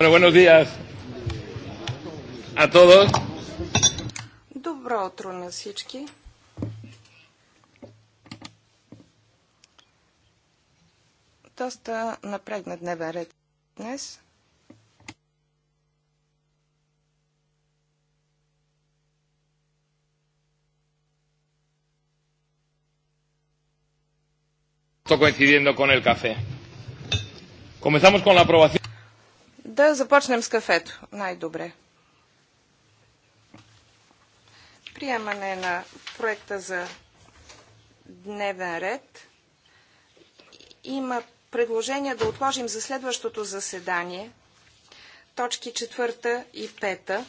Bueno, buenos días a todos. Добро утро на всички. Доста напрегна дневен ред днес. coincidiendo con el café. Comenzamos con la aprobación. Да започнем с кафето. Най-добре. Приемане на проекта за дневен ред. Има предложение да отложим за следващото заседание точки четвърта и пета,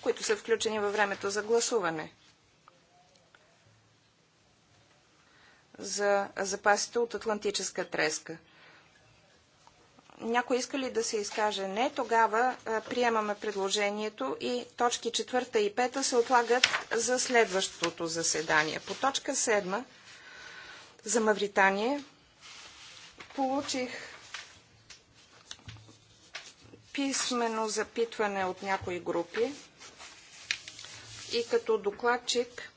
които са включени във времето за гласуване. За запасите от Атлантическа треска някой иска ли да се изкаже? Не. Тогава а, приемаме предложението и точки четвърта и пета се отлагат за следващото заседание. По точка седма за Мавритание получих писмено запитване от някои групи и като докладчик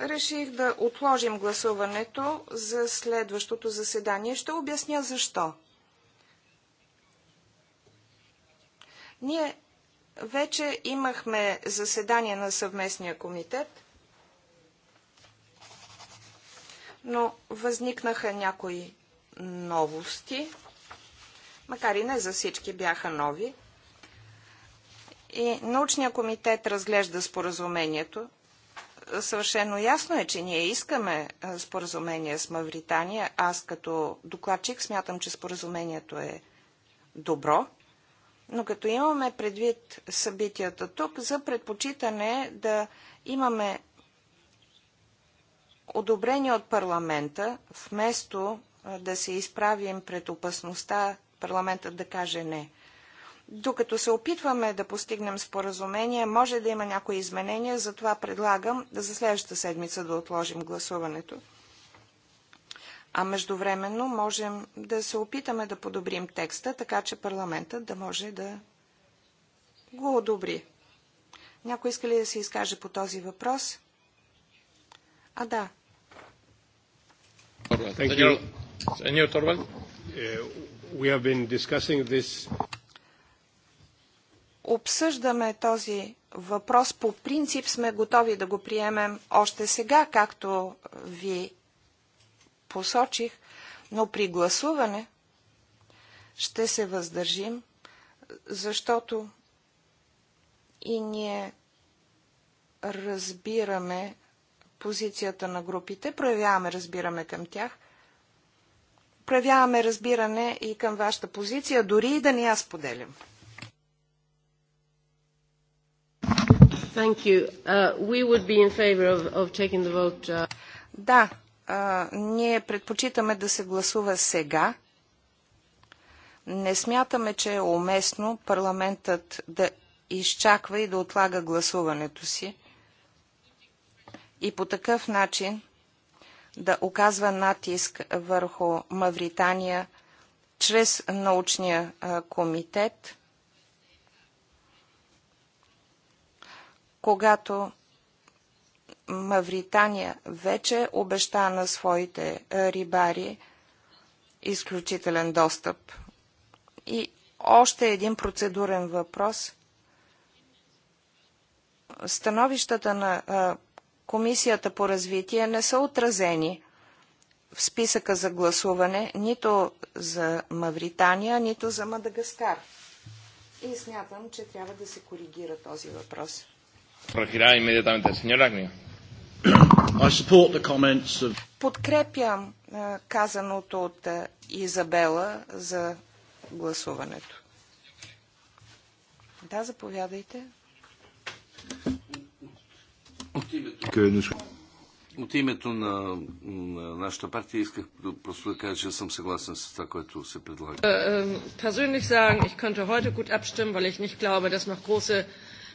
реших да отложим гласуването за следващото заседание. Ще обясня защо. Ние вече имахме заседание на съвместния комитет, но възникнаха някои новости, макар и не за всички бяха нови. И научният комитет разглежда споразумението. Съвършено ясно е, че ние искаме споразумение с Мавритания. Аз като докладчик смятам, че споразумението е добро – но като имаме предвид събитията тук, за предпочитане да имаме одобрение от парламента, вместо да се изправим пред опасността парламентът да каже не. Докато се опитваме да постигнем споразумение, може да има някои изменения, затова предлагам да за следващата седмица да отложим гласуването. А междувременно можем да се опитаме да подобрим текста, така че парламентът да може да го одобри. Някой иска ли да се изкаже по този въпрос? А да. Е, обсъждаме този въпрос. По принцип сме готови да го приемем още сега, както ви посочих, но при гласуване ще се въздържим, защото и ние разбираме позицията на групите, проявяваме разбираме към тях, проявяваме разбиране и към вашата позиция, дори и да ни я споделям. Thank you. Uh, we would be in favor of, of taking the vote. Uh... Да, а, ние предпочитаме да се гласува сега. Не смятаме, че е уместно парламентът да изчаква и да отлага гласуването си и по такъв начин да оказва натиск върху Мавритания чрез научния комитет, когато Мавритания вече обеща на своите е, рибари изключителен достъп. И още един процедурен въпрос. Становищата на е, Комисията по развитие не са отразени в списъка за гласуване нито за Мавритания, нито за Мадагаскар. И смятам, че трябва да се коригира този въпрос. Retirada inmediatamente. сеньор Агния. Подкрепям казаното от Изабела за гласуването. Да, заповядайте. Е от името, на, на нашата партия исках просто да кажа, че съм съгласен с това, което се предлага. Э, э, persönlich sagen, ich könnte heute gut abstimmen, weil ich nicht glaube, dass noch große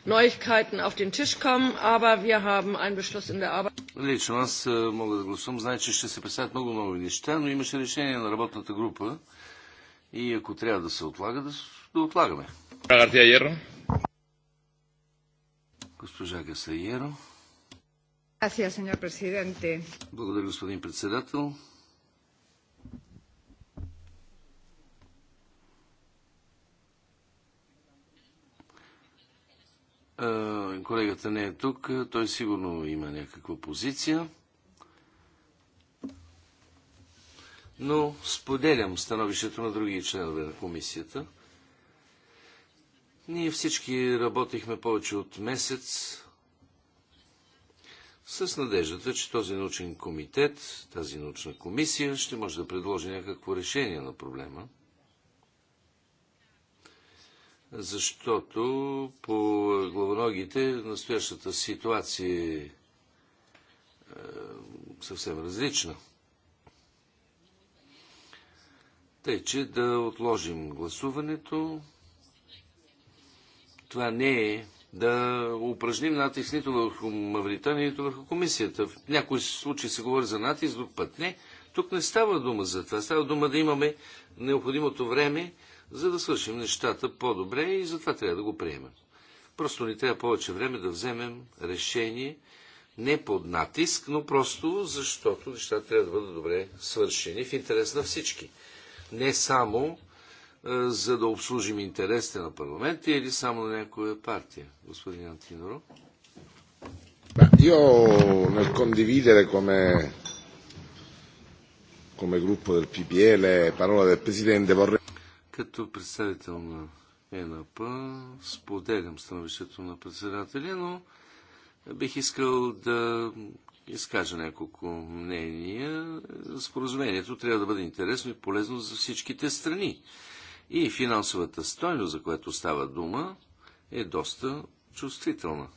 Neuigkeiten auf den Tisch kommen, aber wir haben einen Beschluss in der Arbeit. Лично аз е, мога да гласувам. Знае, че ще се представят много нови неща, но имаше решение на работната група и ако трябва да се отлага, да, да отлагаме. Гарсия Еро. Госпожа Гасаеро. Благодаря, господин председател. Колегата не е тук. Той сигурно има някаква позиция. Но споделям становището на други членове на комисията. Ние всички работихме повече от месец с надеждата, че този научен комитет, тази научна комисия ще може да предложи някакво решение на проблема защото по главоногите настоящата ситуация е, е съвсем различна. Тъй, че да отложим гласуването. Това не е да упражним натиск нито върху Мавритания, нито върху комисията. В някои случаи се говори за натиск, друг път не. Тук не става дума за това. Става дума да имаме необходимото време, за да свършим нещата по-добре и затова трябва да го приемем. Просто ни трябва повече време да вземем решение, не под натиск, но просто защото нещата трябва да бъдат добре свършени в интерес на всички. Не само е, за да обслужим интересите на парламента или само на някоя партия. Господин Антиноро. Io nel condividere come, come gruppo del PPL parola del Presidente vorrei... Като представител на ЕНАП споделям становището на председателя, но бих искал да изкажа няколко мнения. Споразумението трябва да бъде интересно и полезно за всичките страни. И финансовата стойност, за която става дума, е доста чувствителна.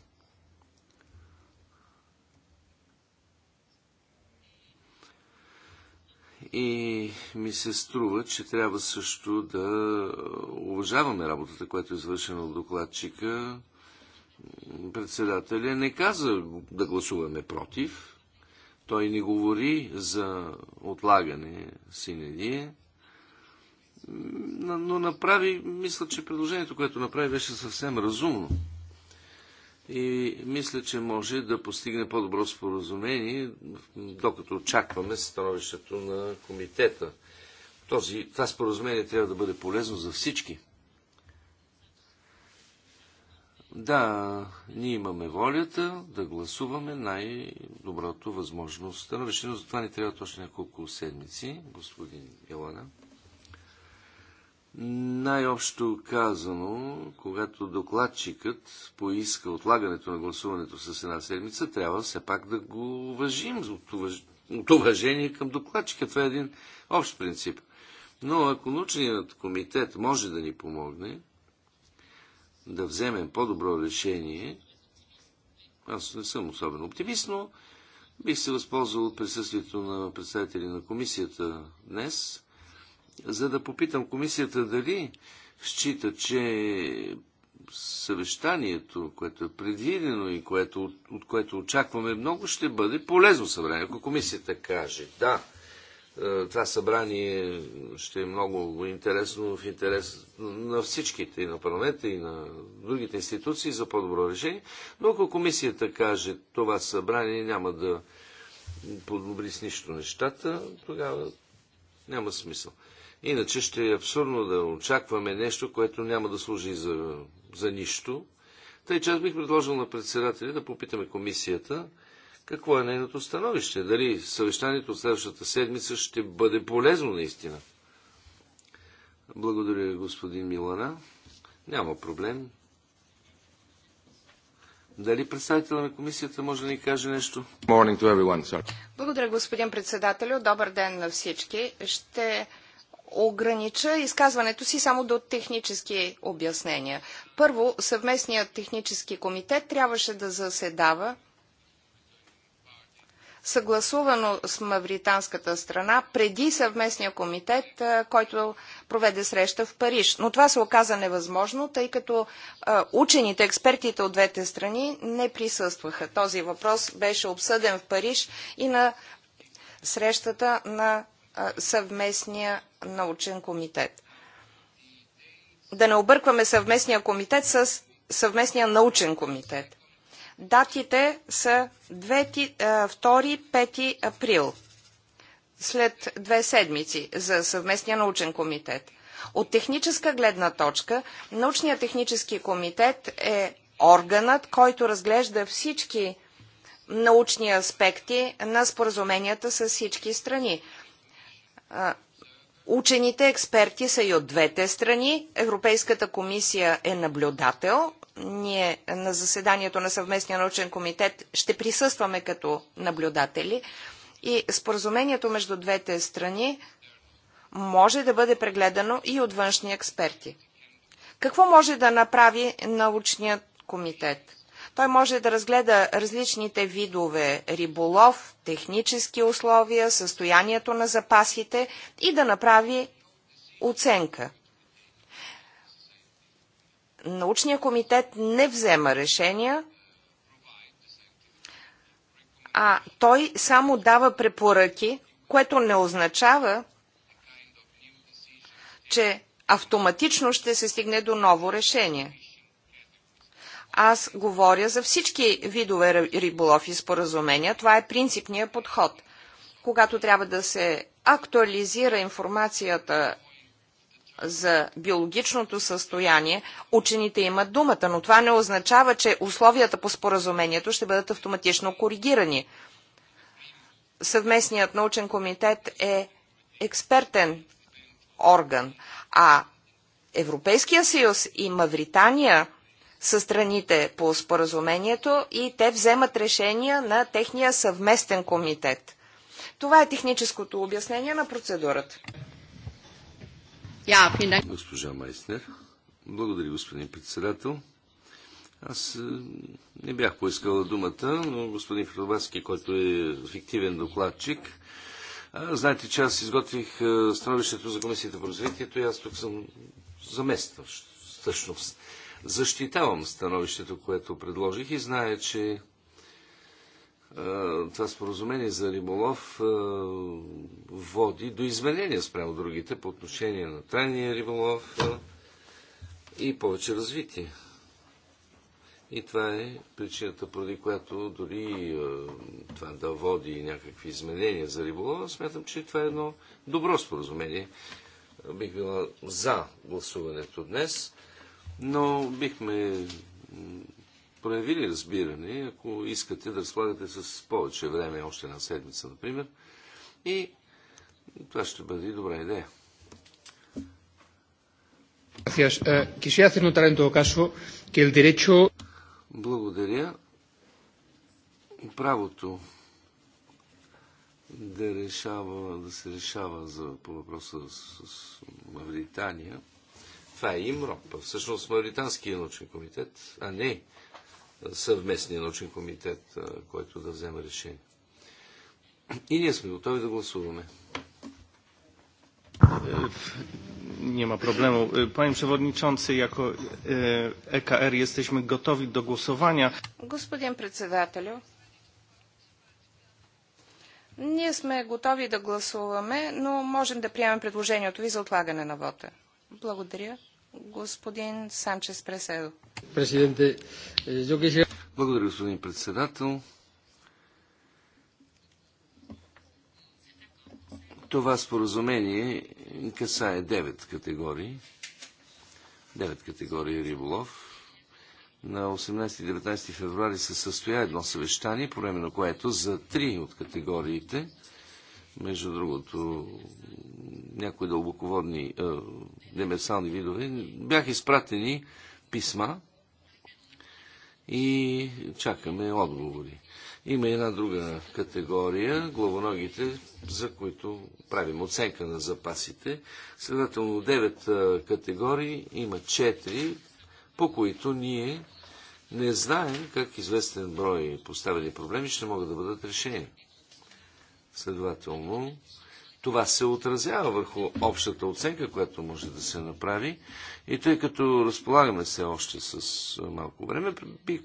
И ми се струва, че трябва също да уважаваме работата, която е извършена от докладчика. Председателя не каза да гласуваме против. Той не говори за отлагане синедие, но направи, мисля, че предложението, което направи, беше съвсем разумно и мисля, че може да постигне по-добро споразумение, докато очакваме становището на комитета. Този, това споразумение трябва да бъде полезно за всички. Да, ние имаме волята да гласуваме най-доброто възможно становище, но за това ни трябва точно няколко седмици, господин Елана. Най-общо казано, когато докладчикът поиска отлагането на гласуването с една седмица, трябва все пак да го уважим от, уваж... от уважение към докладчика. Това е един общ принцип. Но ако научният комитет може да ни помогне да вземем по-добро решение, аз не съм особено оптимист, но бих се възползвал от присъствието на представители на комисията днес, за да попитам комисията дали счита, че съвещанието, което е предвидено и което, от, от което очакваме много, ще бъде полезно събрание. Ако комисията каже да, е, това събрание ще е много интересно в интерес на всичките, и на парламента, и на другите институции за по-добро решение. Но ако комисията каже, това събрание няма да подобри с нищо нещата, тогава няма смисъл. Иначе ще е абсурдно да очакваме нещо, което няма да служи за, за нищо. Тъй, че аз бих предложил на председателя да попитаме комисията какво е нейното становище. Дали съвещанието от следващата седмица ще бъде полезно наистина. Благодаря, господин Милана. Няма проблем. Дали представител на комисията може да ни каже нещо? Everyone, Благодаря, господин председател. Добър ден на всички. Ще огранича изказването си само до технически обяснения. Първо, съвместният технически комитет трябваше да заседава съгласувано с мавританската страна преди съвместния комитет, който проведе среща в Париж. Но това се оказа невъзможно, тъй като учените, експертите от двете страни не присъстваха. Този въпрос беше обсъден в Париж и на срещата на съвместния научен комитет. Да не объркваме съвместния комитет с съвместния научен комитет. Датите са 2-5 април, след две седмици за съвместния научен комитет. От техническа гледна точка, научният технически комитет е органът, който разглежда всички научни аспекти на споразуменията с всички страни. Учените експерти са и от двете страни. Европейската комисия е наблюдател. Ние на заседанието на съвместния научен комитет ще присъстваме като наблюдатели. И споразумението между двете страни може да бъде прегледано и от външни експерти. Какво може да направи научният комитет? Той може да разгледа различните видове риболов, технически условия, състоянието на запасите и да направи оценка. Научният комитет не взема решения, а той само дава препоръки, което не означава, че автоматично ще се стигне до ново решение. Аз говоря за всички видове риболов и споразумения. Това е принципният подход. Когато трябва да се актуализира информацията за биологичното състояние, учените имат думата, но това не означава, че условията по споразумението ще бъдат автоматично коригирани. Съвместният научен комитет е експертен орган, а Европейския съюз и Мавритания са страните по споразумението и те вземат решения на техния съвместен комитет. Това е техническото обяснение на процедурата. Госпожа Майснер. Благодаря, господин председател. Аз е, не бях поискала думата, но господин Филобаски, който е фиктивен докладчик, знаете, че аз изготвих е, становището за Комисията по развитието и аз тук съм заместващ всъщност защитавам становището, което предложих и знае, че е, това споразумение за риболов е, води до изменения спрямо другите по отношение на трайния риболов е, и повече развитие. И това е причината, поради която дори това да води някакви изменения за риболова, смятам, че това е едно добро споразумение. Бих била за гласуването днес. Но бихме проявили разбиране, ако искате да разполагате с повече време, още една седмица, например. И това ще бъде добра идея. Е, Благодаря. Правото да решава, да се решава за, по въпроса с, с Мавритания това е ИМРОП, всъщност Мавританския научен комитет, а не съвместния научен комитет, който да взема решение. И ние сме готови да гласуваме. Nie ma problemu. Panie Przewodniczący, jako EKR jesteśmy gotowi do głosowania. Gospodin Przewodniczący, nie jesteśmy gotowi do głosowania, no możemy да приемем предложението ви за odłaganie na wotę. Благодаря. Господин Санчес Преседо. Президенте, е, Благодаря, господин председател. Това споразумение касае 9 категории. 9 категории риболов. На 18 и 19 февруари се състоя едно съвещание, по време на което за три от категориите – между другото, някои дълбоководни е, демерсални видове, бяха изпратени писма и чакаме отговори. Има една друга категория, главоногите, за които правим оценка на запасите. Следователно 9 е, категории, има 4, по които ние не знаем как известен брой поставени проблеми ще могат да бъдат решени. Следователно, това се отразява върху общата оценка, която може да се направи. И тъй като разполагаме се още с малко време, би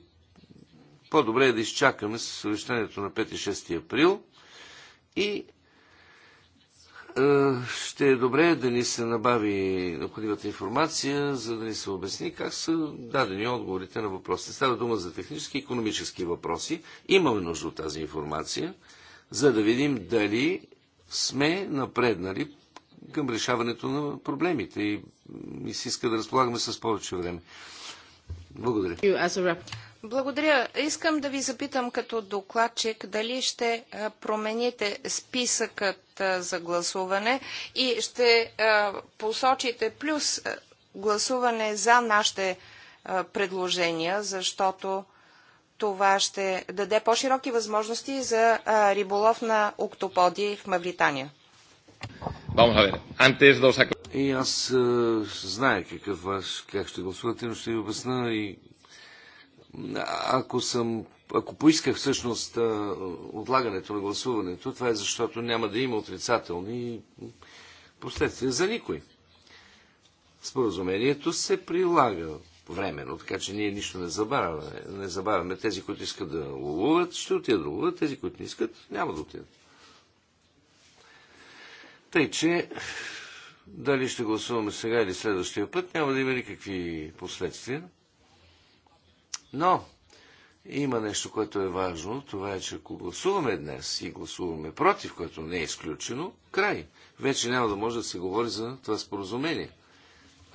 по-добре е да изчакаме съвещанието на 5 и 6 април и е, ще е добре да ни се набави необходимата информация, за да ни се обясни как са дадени отговорите на въпросите. Става дума за технически и економически въпроси. Имаме нужда от тази информация за да видим дали сме напреднали към решаването на проблемите и ми се иска да разполагаме с повече време. Благодаря. Благодаря. Искам да ви запитам като докладчик дали ще промените списъкът за гласуване и ще посочите плюс гласуване за нашите предложения, защото това ще даде по-широки възможности за риболов на октоподи в Мавритания. И аз а, знае какъв ваш, как ще гласувате, но ще ви обясна и ако съм ако поисках всъщност отлагането на гласуването, това е защото няма да има отрицателни последствия за никой. Споразумението се прилага временно, така че ние нищо не забавяме. Не забавяме. Тези, които искат да ловуват, ще отидат да ловуват. Тези, които не искат, няма да отидат. Тъй, че дали ще гласуваме сега или следващия път, няма да има никакви последствия. Но има нещо, което е важно. Това е, че ако гласуваме днес и гласуваме против, което не е изключено, край. Вече няма да може да се говори за това споразумение.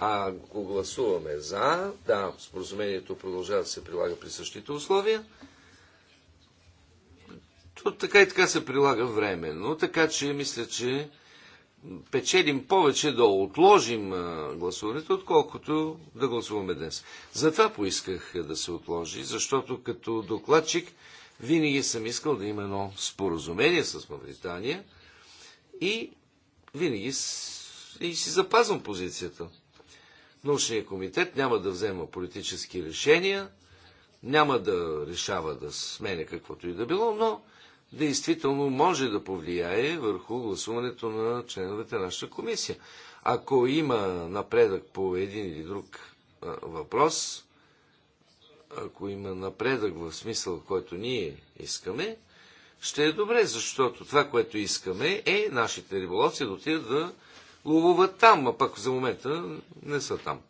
А го гласуваме за, да, споразумението продължава да се прилага при същите условия. То така и така се прилага временно, така че мисля, че печелим повече да отложим гласуването, отколкото да гласуваме днес. Затова поисках да се отложи, защото като докладчик винаги съм искал да има едно споразумение с Мавритания и винаги и си запазвам позицията научния комитет няма да взема политически решения, няма да решава да сменя каквото и да било, но действително може да повлияе върху гласуването на членовете на нашата комисия. Ако има напредък по един или друг въпрос, ако има напредък в смисъл, който ние искаме, ще е добре, защото това, което искаме е нашите риболовци да отидат да ловуват там, а пък за момента не са там.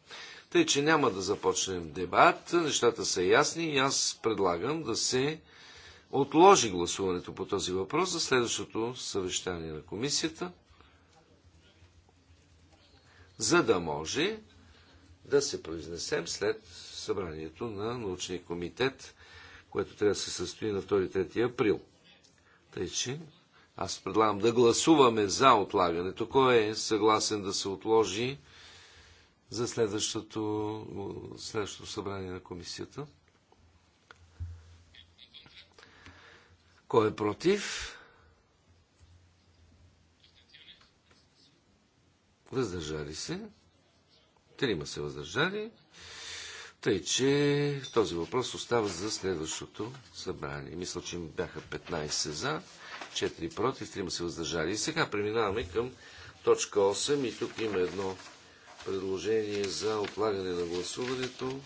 Тъй, че няма да започнем дебат, нещата са ясни и аз предлагам да се отложи гласуването по този въпрос за следващото съвещание на комисията, за да може да се произнесем след събранието на научния комитет, което трябва да се състои на 2-3 април. Тъй, че аз предлагам да гласуваме за отлагането. Кой е съгласен да се отложи за следващото, следващото събрание на комисията? Кой е против? Въздържали се. Трима се въздържали. Тъй, че този въпрос остава за следващото събрание. Мисля, че бяха 15 за. 4 против, 3 се въздържали. И сега преминаваме към точка 8 и тук има едно предложение за отлагане на гласуването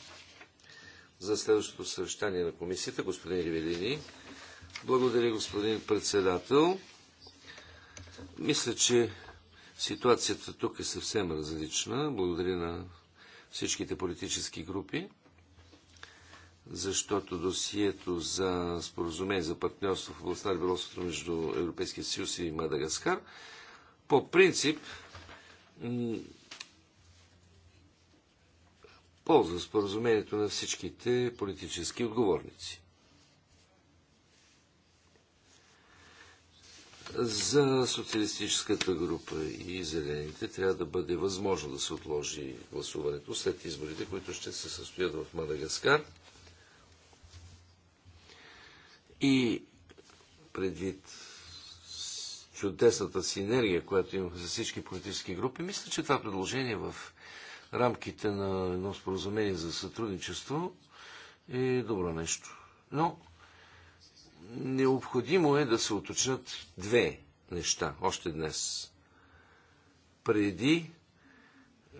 за следващото съвещание на комисията, господин Ривелини. Благодаря, господин председател. Мисля, че ситуацията тук е съвсем различна. Благодаря на всичките политически групи защото досието за споразумение за партньорство в областта на риболовството между Европейския съюз и Мадагаскар по принцип ползва споразумението на всичките политически отговорници. За социалистическата група и зелените трябва да бъде възможно да се отложи гласуването след изборите, които ще се състоят в Мадагаскар – и предвид чудесната синергия, която имахме за всички политически групи, мисля, че това предложение в рамките на едно споразумение за сътрудничество е добро нещо. Но необходимо е да се уточнят две неща още днес. Преди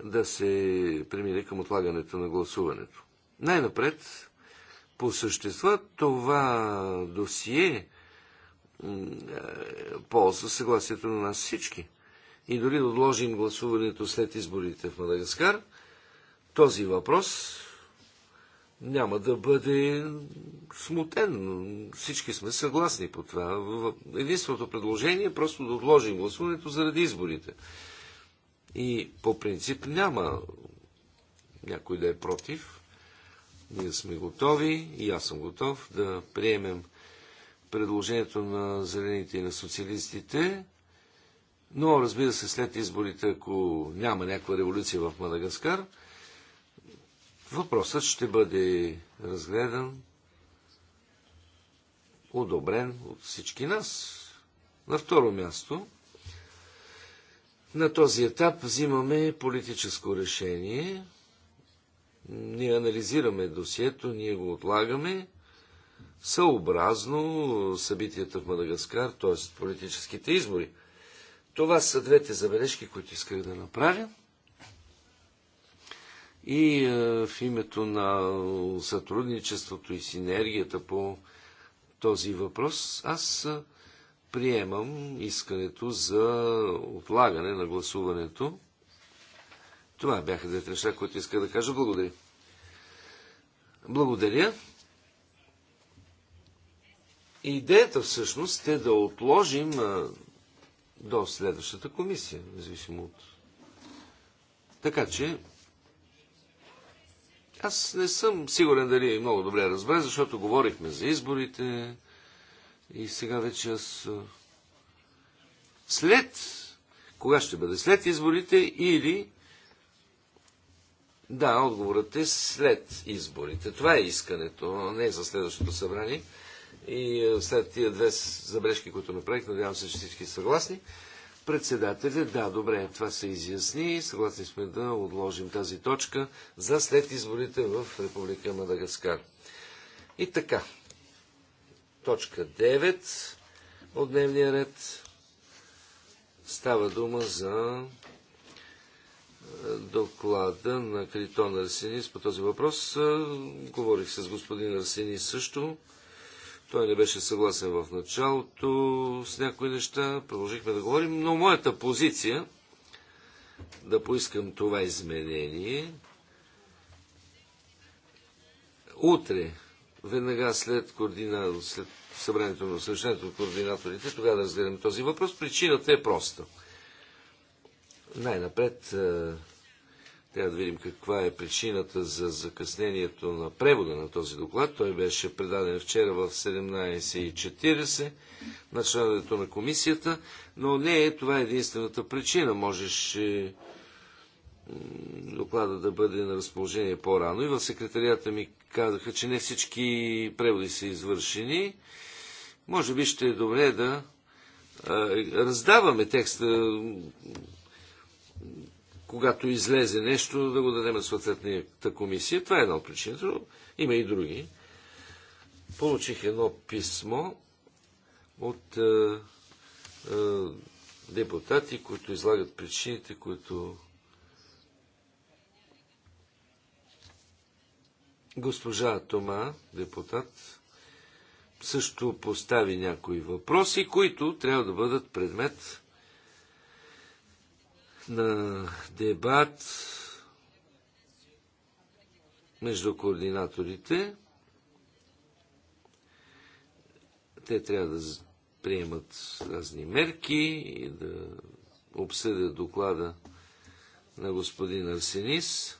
да се премине към отлагането на гласуването. Най-напред по същество това досие е, ползва съгласието на нас всички. И дори да отложим гласуването след изборите в Мадагаскар, този въпрос няма да бъде смутен. Всички сме съгласни по това. Единственото предложение е просто да отложим гласуването заради изборите. И по принцип няма някой да е против. Ние сме готови и аз съм готов да приемем предложението на зелените и на социалистите, но разбира се, след изборите, ако няма някаква революция в Мадагаскар, въпросът ще бъде разгледан, одобрен от всички нас. На второ място, на този етап взимаме политическо решение – ние анализираме досието, ние го отлагаме съобразно събитията в Мадагаскар, т.е. политическите избори. Това са двете забележки, които исках да направя. И е, в името на сътрудничеството и синергията по този въпрос, аз е, приемам искането за отлагане на гласуването. Това бяха двете неща, които исках да кажа. Благодаря. Благодаря. Идеята всъщност е да отложим до следващата комисия, независимо от. Така че, аз не съм сигурен дали много добре разбра, защото говорихме за изборите и сега вече аз. След, кога ще бъде? След изборите или да, отговорът е след изборите. Това е искането, не за следващото събрание. И след тия две забележки, които направих, надявам се, че всички са съгласни. Председателя, да, добре, това се изясни. Съгласни сме да отложим тази точка за след изборите в Република Мадагаскар. И така. Точка 9 от дневния ред. Става дума за доклада на Критон Арсенис по този въпрос. Говорих с господин Арсенис също. Той не беше съгласен в началото с някои неща. Продължихме да говорим, но моята позиция да поискам това изменение утре, веднага след, координа... след събранието на съвещанието на координаторите, тогава да разгледаме този въпрос. Причината е проста – най-напред е, трябва да видим каква е причината за закъснението на превода на този доклад. Той беше предаден вчера в 17.40 на членовете на комисията, но не е това е единствената причина. Можеше доклада да бъде на разположение по-рано. И в секретарията ми казаха, че не всички преводи са извършени. Може би ще е добре да е, раздаваме текста когато излезе нещо, да го дадем на съответната комисия. Това е една от причините, но има и други. Получих едно писмо от е, е, депутати, които излагат причините, които госпожа Тома, депутат, също постави някои въпроси, които трябва да бъдат предмет на дебат между координаторите. Те трябва да приемат разни мерки и да обсъдят доклада на господин Арсенис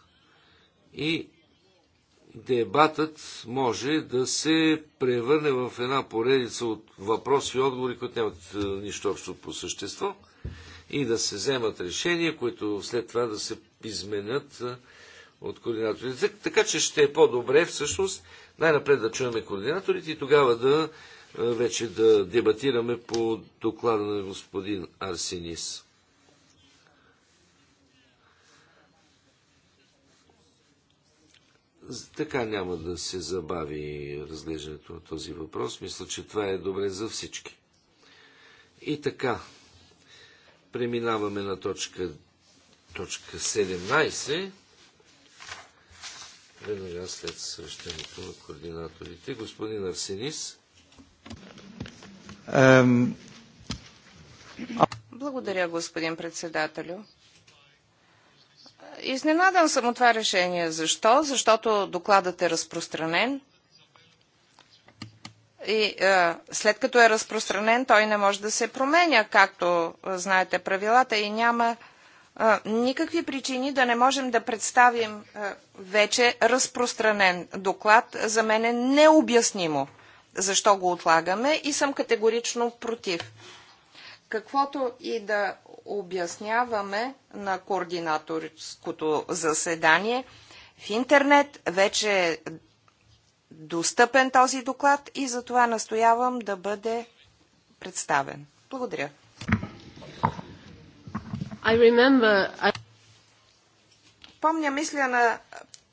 и дебатът може да се превърне в една поредица от въпроси и отговори, които нямат нищо общо по същество – и да се вземат решения, които след това да се изменят от координаторите. Така че ще е по-добре всъщност най-напред да чуваме координаторите и тогава да вече да дебатираме по доклада на господин Арсенис. Така няма да се забави разглеждането на този въпрос. Мисля, че това е добре за всички. И така, Преминаваме на точка, точка 17. Веднага след срещането на координаторите. Господин Арсенис. Благодаря, господин председателю. Изненадан съм от това решение. Защо? Защото докладът е разпространен и а, е, след като е разпространен, той не може да се променя, както е, знаете правилата, и няма а, е, никакви причини да не можем да представим а, вече разпространен доклад. За мен е необяснимо защо го отлагаме и съм категорично против. Каквото и да обясняваме на координаторското заседание, в интернет вече е достъпен този доклад и за това настоявам да бъде представен. Благодаря. I remember, I... Помня, мисля, на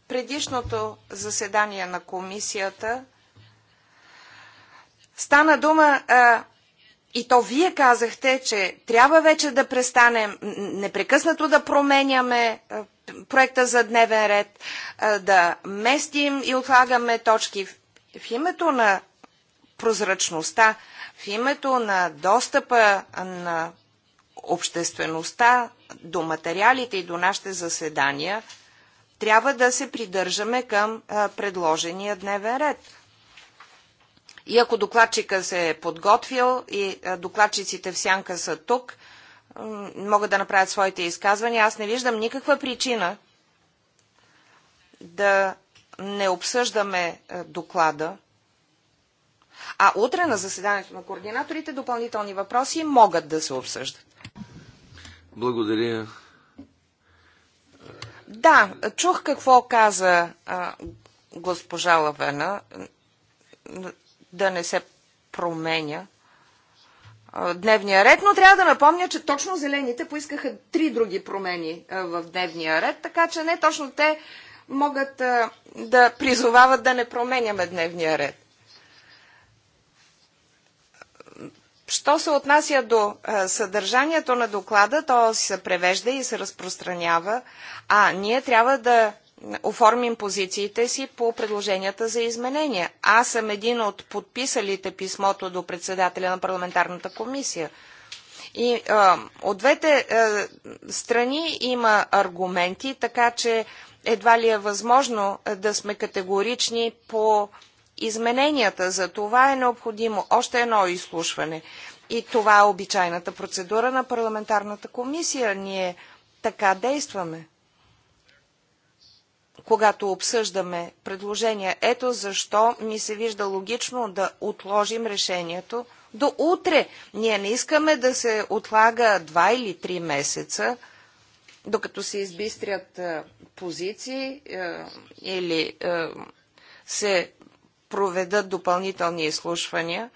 предишното заседание на комисията стана дума а, и то вие казахте, че трябва вече да престанем непрекъснато да променяме е, проекта за дневен ред, е, да местим и отлагаме точки в името на прозрачността, в името на достъпа е, на обществеността до материалите и до нашите заседания, трябва да се придържаме към предложения дневен ред. И ако докладчика се е подготвил и докладчиците в сянка са тук, могат да направят своите изказвания. Аз не виждам никаква причина да не обсъждаме доклада. А утре на заседанието на координаторите допълнителни въпроси могат да се обсъждат. Благодаря. Да, чух какво каза а, госпожа Лавена да не се променя дневния ред, но трябва да напомня, че точно зелените поискаха три други промени в дневния ред, така че не точно те могат да призовават да не променяме дневния ред. Що се отнася до съдържанието на доклада, то се превежда и се разпространява, а ние трябва да оформим позициите си по предложенията за изменения. Аз съм един от подписалите писмото до председателя на парламентарната комисия. И а, от двете а, страни има аргументи, така че едва ли е възможно да сме категорични по измененията. За това е необходимо още едно изслушване. И това е обичайната процедура на парламентарната комисия. Ние така действаме когато обсъждаме предложения. Ето защо ми се вижда логично да отложим решението до утре. Ние не искаме да се отлага два или три месеца, докато се избистрят е, позиции е, или е, се проведат допълнителни изслушвания.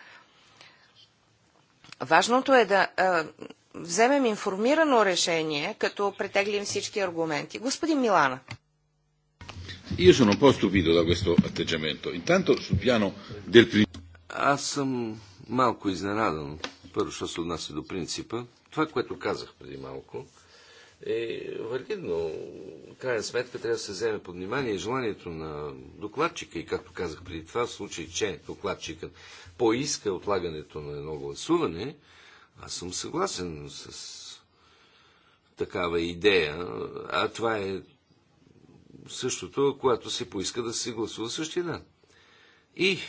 Важното е да вземем информирано решение, като претеглим всички аргументи. Господин Милана. Io sono un po' stupito da questo atteggiamento. Intanto sul piano del principio. Аз съм малко изненадан. Първо, що се отнася до принципа. Това, което казах преди малко, е валидно. Крайна сметка трябва да се вземе под внимание желанието на докладчика и, както казах преди това, в случай, че докладчикът поиска отлагането на едно гласуване, аз съм съгласен с такава идея, а това е същото, когато се поиска да се гласува същия ден. И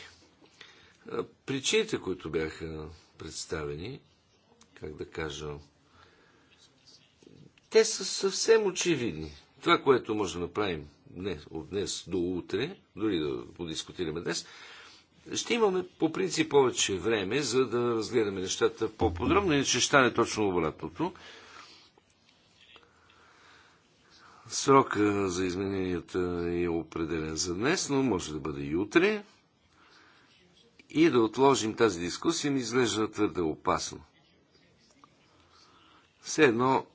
причините, които бяха представени, как да кажа, те са съвсем очевидни. Това, което може да направим днес, от днес до утре, дори да подискутираме днес, ще имаме по принцип повече време, за да разгледаме нещата по-подробно, иначе ще стане точно обратното. Срок за измененията е определен за днес, но може да бъде и утре. И да отложим тази дискусия ми изглежда твърде опасно. Все едно,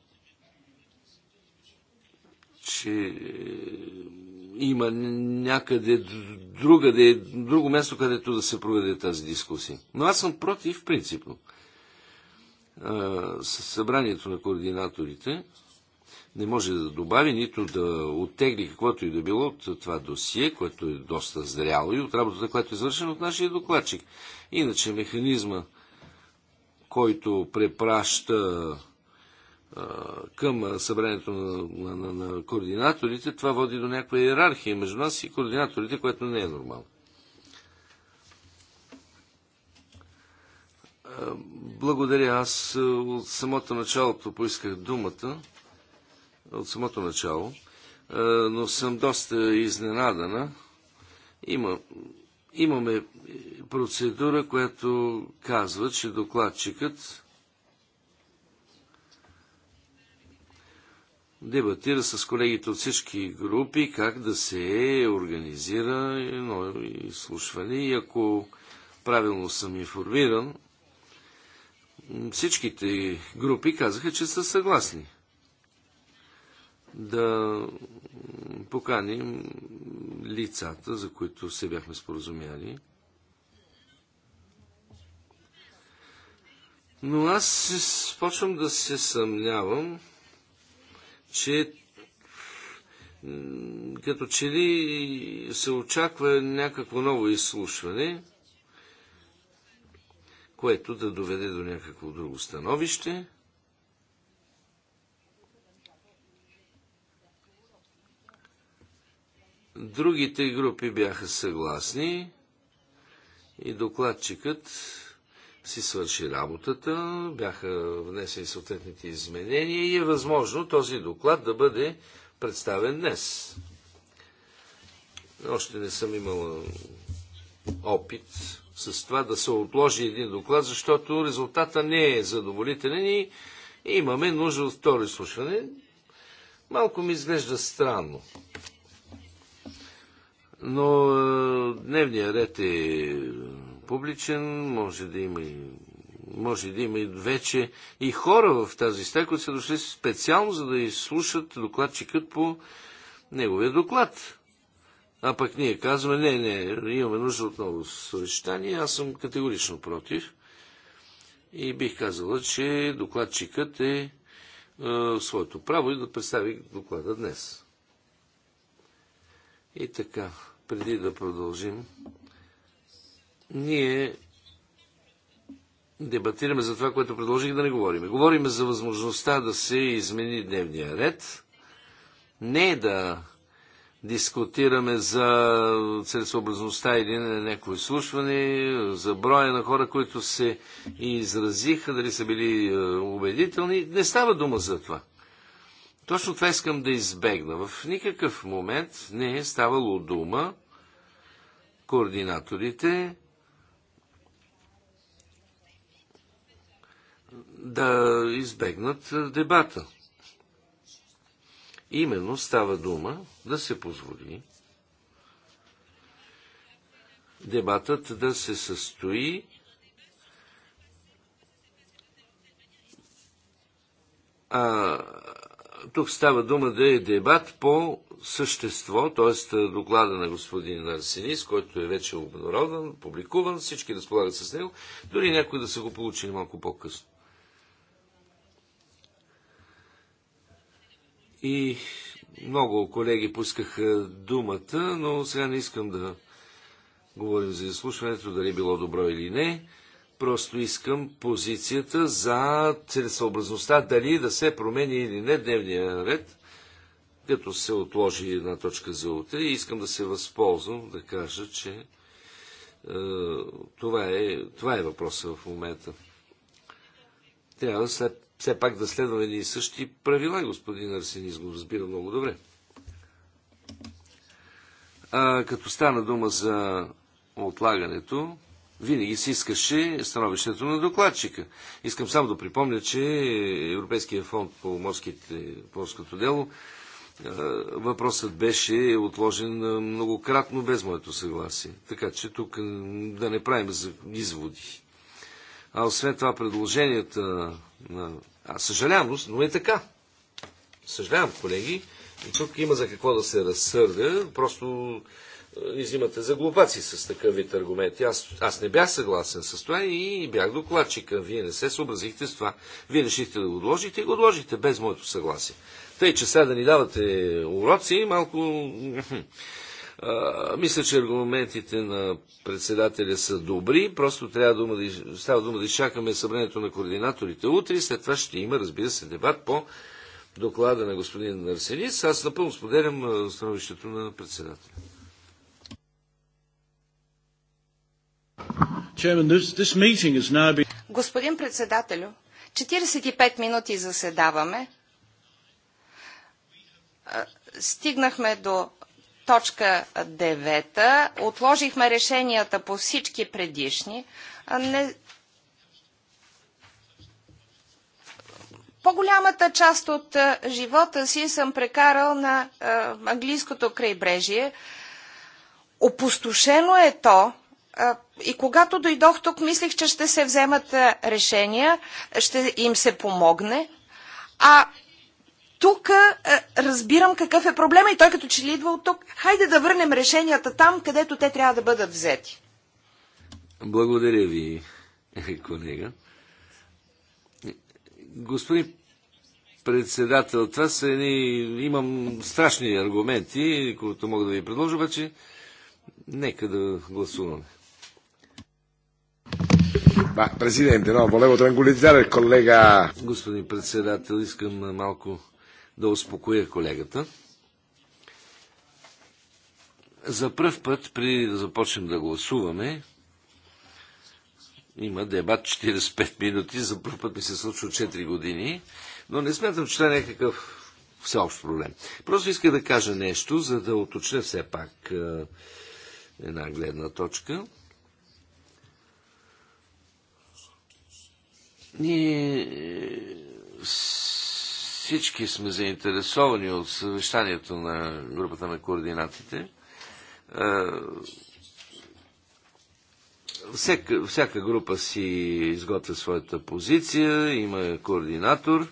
че е, има някъде другаде, друго място, където да се проведе тази дискусия. Но аз съм против принципно. Със събранието на координаторите не може да добави, нито да оттегли каквото и да било от това досие, което е доста зряло и от работата, която е извършена от нашия докладчик. Иначе механизма, който препраща към събранието на, на, на, на координаторите, това води до някаква иерархия между нас и координаторите, което не е нормално. Благодаря. Аз от самото началото поисках думата от самото начало, е, но съм доста изненадана. Има, имаме процедура, която казва, че докладчикът дебатира с колегите от всички групи как да се организира едно изслушване и ако правилно съм информиран, всичките групи казаха, че са съгласни да поканим лицата, за които се бяхме споразумяли. Но аз почвам да се съмнявам, че като че ли се очаква някакво ново изслушване, което да доведе до някакво друго становище. Другите групи бяха съгласни и докладчикът си свърши работата, бяха внесени съответните изменения и е възможно този доклад да бъде представен днес. Още не съм имал опит с това да се отложи един доклад, защото резултата не е задоволителен и имаме нужда от второ изслушване. Малко ми изглежда странно. Но е, дневният ред е публичен, може да има и може да има и вече и хора в тази стая, които са дошли специално, за да изслушат докладчикът по неговия доклад. А пък ние казваме, не, не, имаме нужда от ново съвещание. Аз съм категорично против. И бих казала, че докладчикът е, е своето право и да представи доклада днес. И така, преди да продължим, ние дебатираме за това, което предложих да не говорим. Говорим за възможността да се измени дневния ред, не да дискутираме за целесообразността или на някои изслушване, за броя на хора, които се изразиха, дали са били е, убедителни. Не става дума за това. Точно това искам да избегна. В никакъв момент не е ставало дума координаторите да избегнат дебата. Именно става дума да се позволи дебатът да се състои а, тук става дума да е дебат по същество, т.е. доклада на господин Арсенис, който е вече обнародан, публикуван, всички разполагат с него, дори някой да са го получили малко по-късно. И много колеги поискаха думата, но сега не искам да говорим за изслушването, дали било добро или не. Просто искам позицията за целесообразността, дали да се промени или не дневния ред, като се отложи една точка за утре. И искам да се възползвам да кажа, че е, това, е, това е въпросът в момента. Трябва след, все пак да следваме и същи правила, господин Арсениз го разбира много добре. А, като стана дума за отлагането, винаги се искаше становището на докладчика. Искам само да припомня, че Европейския фонд по морските, морското дело въпросът беше отложен многократно без моето съгласие. Така че тук да не правим изводи. А освен това предложенията на... А съжалявам, но е така. Съжалявам, колеги. И тук има за какво да се разсърда. Просто е, изимате взимате за глупаци с вид аргументи. Аз, аз не бях съгласен с това и бях докладчика. Вие не се съобразихте с това. Вие решихте да го отложите и го отложите без моето съгласие. Тъй, че сега да ни давате уроци, малко... А, мисля, че аргументите на председателя са добри, просто трябва дума да, става дума да изчакаме събранието на координаторите утре, след това ще има, разбира се, дебат по доклада на господин Арсенис. Аз напълно споделям становището на председателя. Господин председателю, 45 минути заседаваме. Стигнахме до точка 9. Отложихме решенията по всички предишни. Не... По-голямата част от живота си съм прекарал на английското крайбрежие. Опустошено е то и когато дойдох тук, мислих, че ще се вземат решения, ще им се помогне. А тук разбирам какъв е проблема и той като че ли идва от тук. Хайде да върнем решенията там, където те трябва да бъдат взети. Благодаря ви, колега. Господин председател, това са едни... Имам страшни аргументи, които мога да ви предложа, обаче нека да гласуваме. Господин председател, искам малко да успокоя колегата. За пръв път, преди да започнем да гласуваме, има дебат 45 минути, за първ път ми се случва 4 години, но не смятам, че това е някакъв всеобщ проблем. Просто иска да кажа нещо, за да уточня все пак е, една гледна точка. Ние е, всички сме заинтересовани от съвещанието на групата на координатите. Е, всяка, всяка група си изготвя своята позиция, има координатор,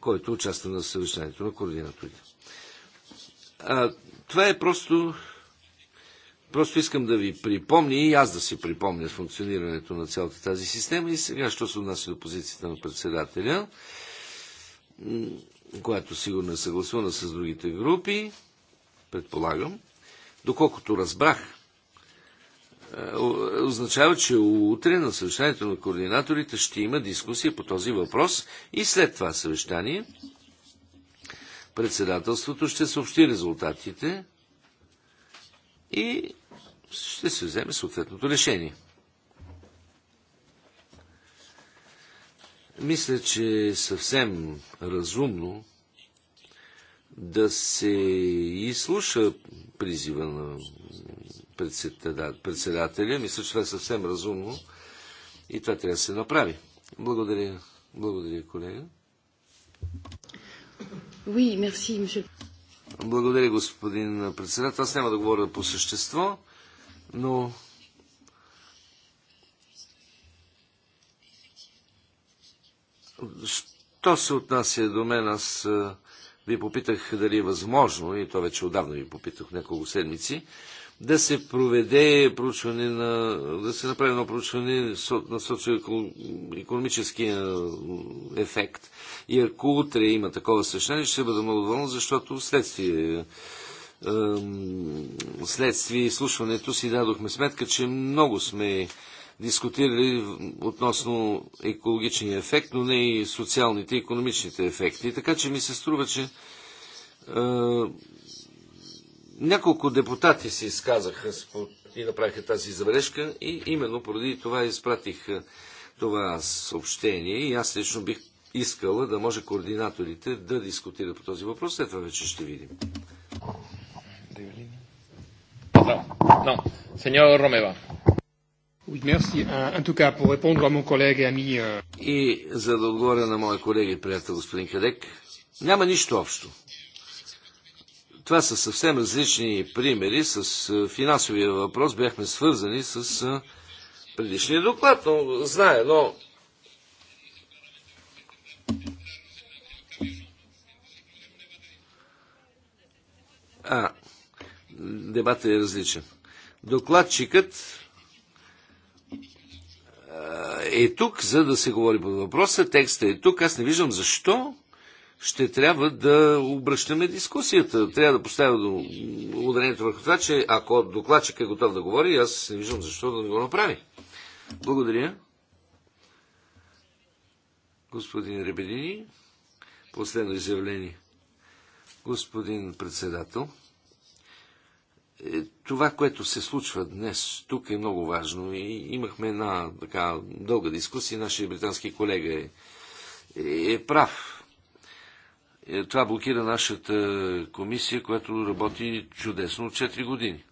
който участва на съвещанието на координаторите. А, това е просто Просто искам да ви припомня и аз да си припомня функционирането на цялата тази система и сега, що се отнася до позицията на председателя, която сигурно е съгласувана с другите групи, предполагам, доколкото разбрах, е, означава, че утре на съвещанието на координаторите ще има дискусия по този въпрос и след това съвещание председателството ще съобщи резултатите и ще се вземе съответното решение. Мисля, че е съвсем разумно да се изслуша призива на председателя. Мисля, че това е съвсем разумно и това трябва да се направи. Благодаря. Благодаря, колега. Oui, merci, monsieur. Благодаря, господин председател. Аз няма да говоря по същество, но Що се отнася до мен, аз ви попитах дали е възможно, и то вече отдавна ви попитах няколко седмици, да се проведе проучване на, да се направи едно проучване на социо-економическия е, ефект. И ако утре има такова съвещание, ще бъда много доволен, защото следствие следствие изслушването си дадохме сметка, че много сме дискутирали относно екологичния ефект, но не и социалните и економичните ефекти. Така че ми се струва, че е, няколко депутати се изказаха и направиха тази забележка и именно поради това изпратих е, това съобщение и аз лично бих искала да може координаторите да дискутират по този въпрос. След това вече ще видим. No, Señor Romeva. Oui, merci. En tout cas, pour répondre à mon collègue et ami... И за да отговоря на моя колега и приятел господин Кадек, няма нищо общо това са съвсем различни примери. С финансовия въпрос бяхме свързани с предишния доклад, но знае, но А, дебатът е различен. Докладчикът е тук, за да се говори по въпроса. Текстът е тук. Аз не виждам защо ще трябва да обръщаме дискусията. Трябва да поставя ударението върху това, че ако докладчик е готов да говори, аз не виждам защо да не го направи. Благодаря. Господин Ребедини, последно изявление. Господин председател, е, това, което се случва днес тук е много важно. И имахме една така дълга дискусия. Нашия британски колега е, е прав е, това блокира нашата комисия, която работи чудесно от 4 години.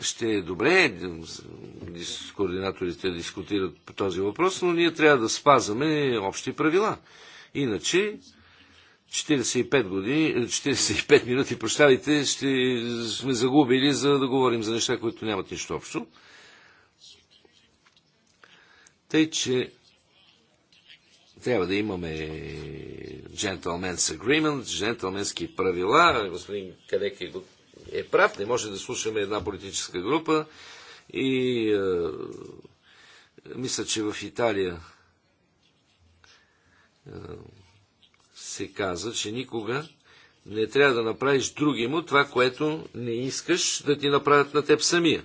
ще е добре координаторите дискутират по този въпрос, но ние трябва да спазваме общи правила. Иначе 45, години, 45 е, минути, прощавайте, ще сме загубили за да говорим за неща, които нямат нищо общо. Тъй, че трябва да имаме gentleman's агримент, джентълменски правила. Господин Кадек е прав, не може да слушаме една политическа група и е, мисля, че в Италия е, се каза, че никога не трябва да направиш други му това, което не искаш да ти направят на теб самия.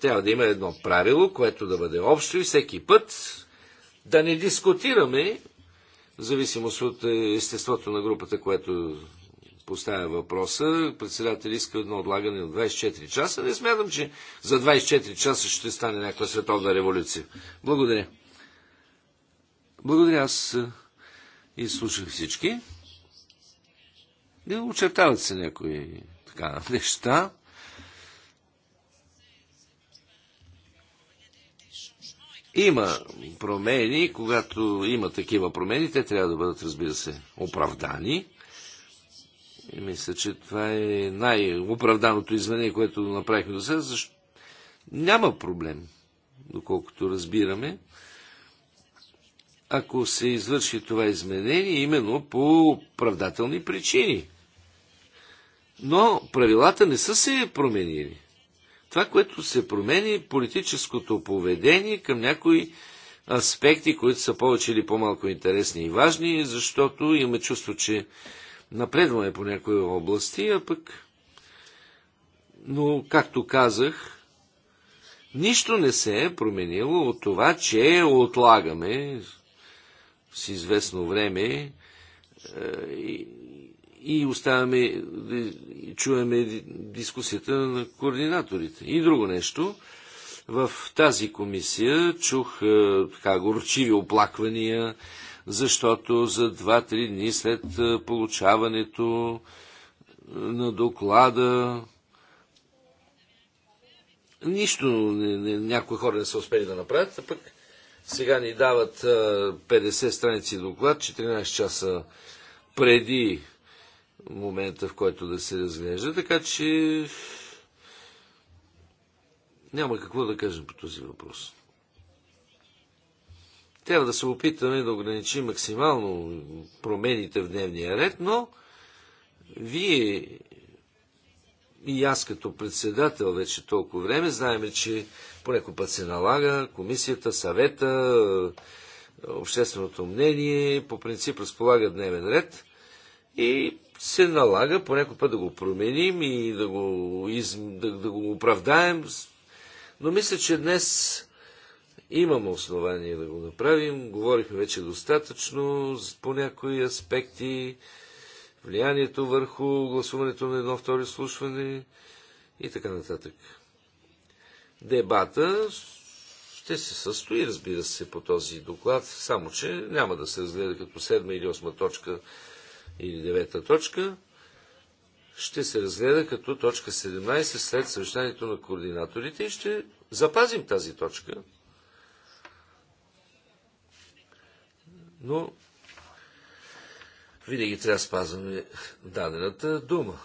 Трябва да има едно правило, което да бъде общо и всеки път да не дискутираме, в зависимост от е, естеството на групата, която поставя въпроса, председател иска едно отлагане на 24 часа. Не смятам, че за 24 часа ще стане някаква световна революция. Благодаря. Благодаря, аз е, и слушах всички. Не очертават се някои така неща. Има промени, когато има такива промени, те трябва да бъдат, разбира се, оправдани. И мисля, че това е най-оправданото изменение, което направихме до сега, защото няма проблем, доколкото разбираме, ако се извърши това изменение именно по оправдателни причини. Но правилата не са се променили. Това, което се промени, е политическото поведение към някои аспекти, които са повече или по-малко интересни и важни, защото има чувство, че напредваме по някои области, а пък, но, както казах, нищо не се е променило от това, че отлагаме с известно време е, и и оставаме и чуваме дискусията на координаторите. И друго нещо, в тази комисия чух е, така горчиви оплаквания, защото за 2-3 дни след е, получаването е, на доклада нищо не, не, някои хора не са успели да направят, а пък сега ни дават 50 страници доклад, 14 часа преди момента, в който да се разглежда. Така че няма какво да кажем по този въпрос. Трябва да се опитаме да ограничим максимално промените в дневния ред, но вие и аз като председател вече толкова време знаеме, че понеко път се налага комисията, съвета, общественото мнение, по принцип разполага дневен ред и се налага по някой път да го променим и да го, из... да, да го оправдаем. Но мисля, че днес имаме основание да го направим. Говорихме вече достатъчно по някои аспекти, влиянието върху гласуването на едно второ слушване и така нататък. Дебата ще се състои, разбира се, по този доклад, само че няма да се разгледа като седма или осма точка или девета точка ще се разгледа като точка 17 след съвещанието на координаторите и ще запазим тази точка. Но винаги трябва да спазваме дадената дума.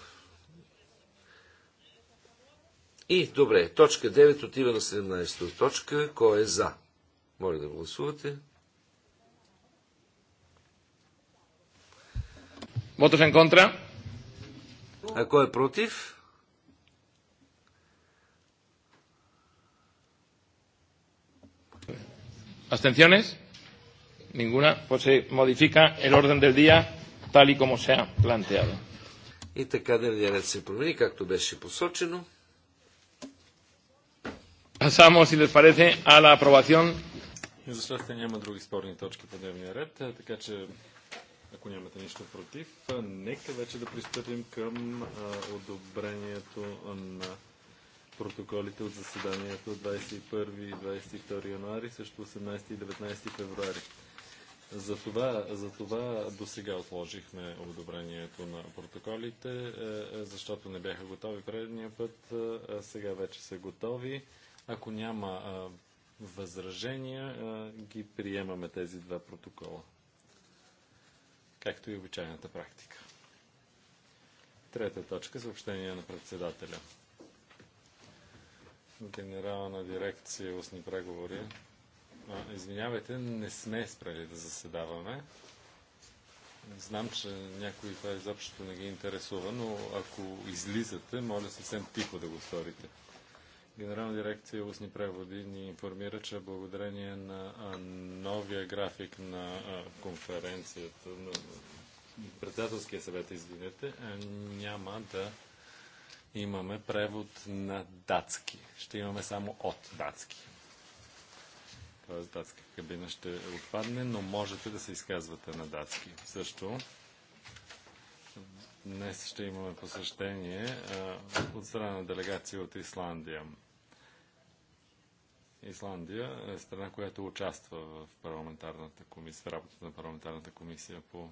И, добре, точка 9 отива на 17 точка. Кой е за? Моля да гласувате. Votos en contra. ¿A кой е против? ¿Abstenciones? Ninguna. Pues se modifica el orden del día tal y como se ha planteado. И така дневния ред се промени, както беше посочено. Pasamos, si les parece, a la aprobación. За щастие няма други спорни точки по дневния ред, така че ако нямате нищо против, нека вече да пристъпим към а, одобрението на протоколите от заседанието 21 и 22 януари, също 18 и 19 февруари. За това, за това до сега отложихме одобрението на протоколите, е, е, защото не бяха готови предния път, а е, сега вече са готови. Ако няма възражения, ги приемаме тези два протокола както и обичайната практика. Трета точка съобщение на председателя. Генерална дирекция устни преговори. А, извинявайте, не сме спрели да заседаваме. Знам, че някои това изобщо не ги интересува, но ако излизате, моля съвсем тихо да го сторите. Генерална дирекция Устни преводи ни информира, че благодарение на новия график на конференцията, на председателския съвет, извинете, няма да имаме превод на датски. Ще имаме само от датски. Тоест датска кабина ще отпадне, но можете да се изказвате на датски. Също днес ще имаме посещение от страна на делегация от Исландия. Исландия е страна, която участва в, парламентарната комисия, в работата на парламентарната комисия по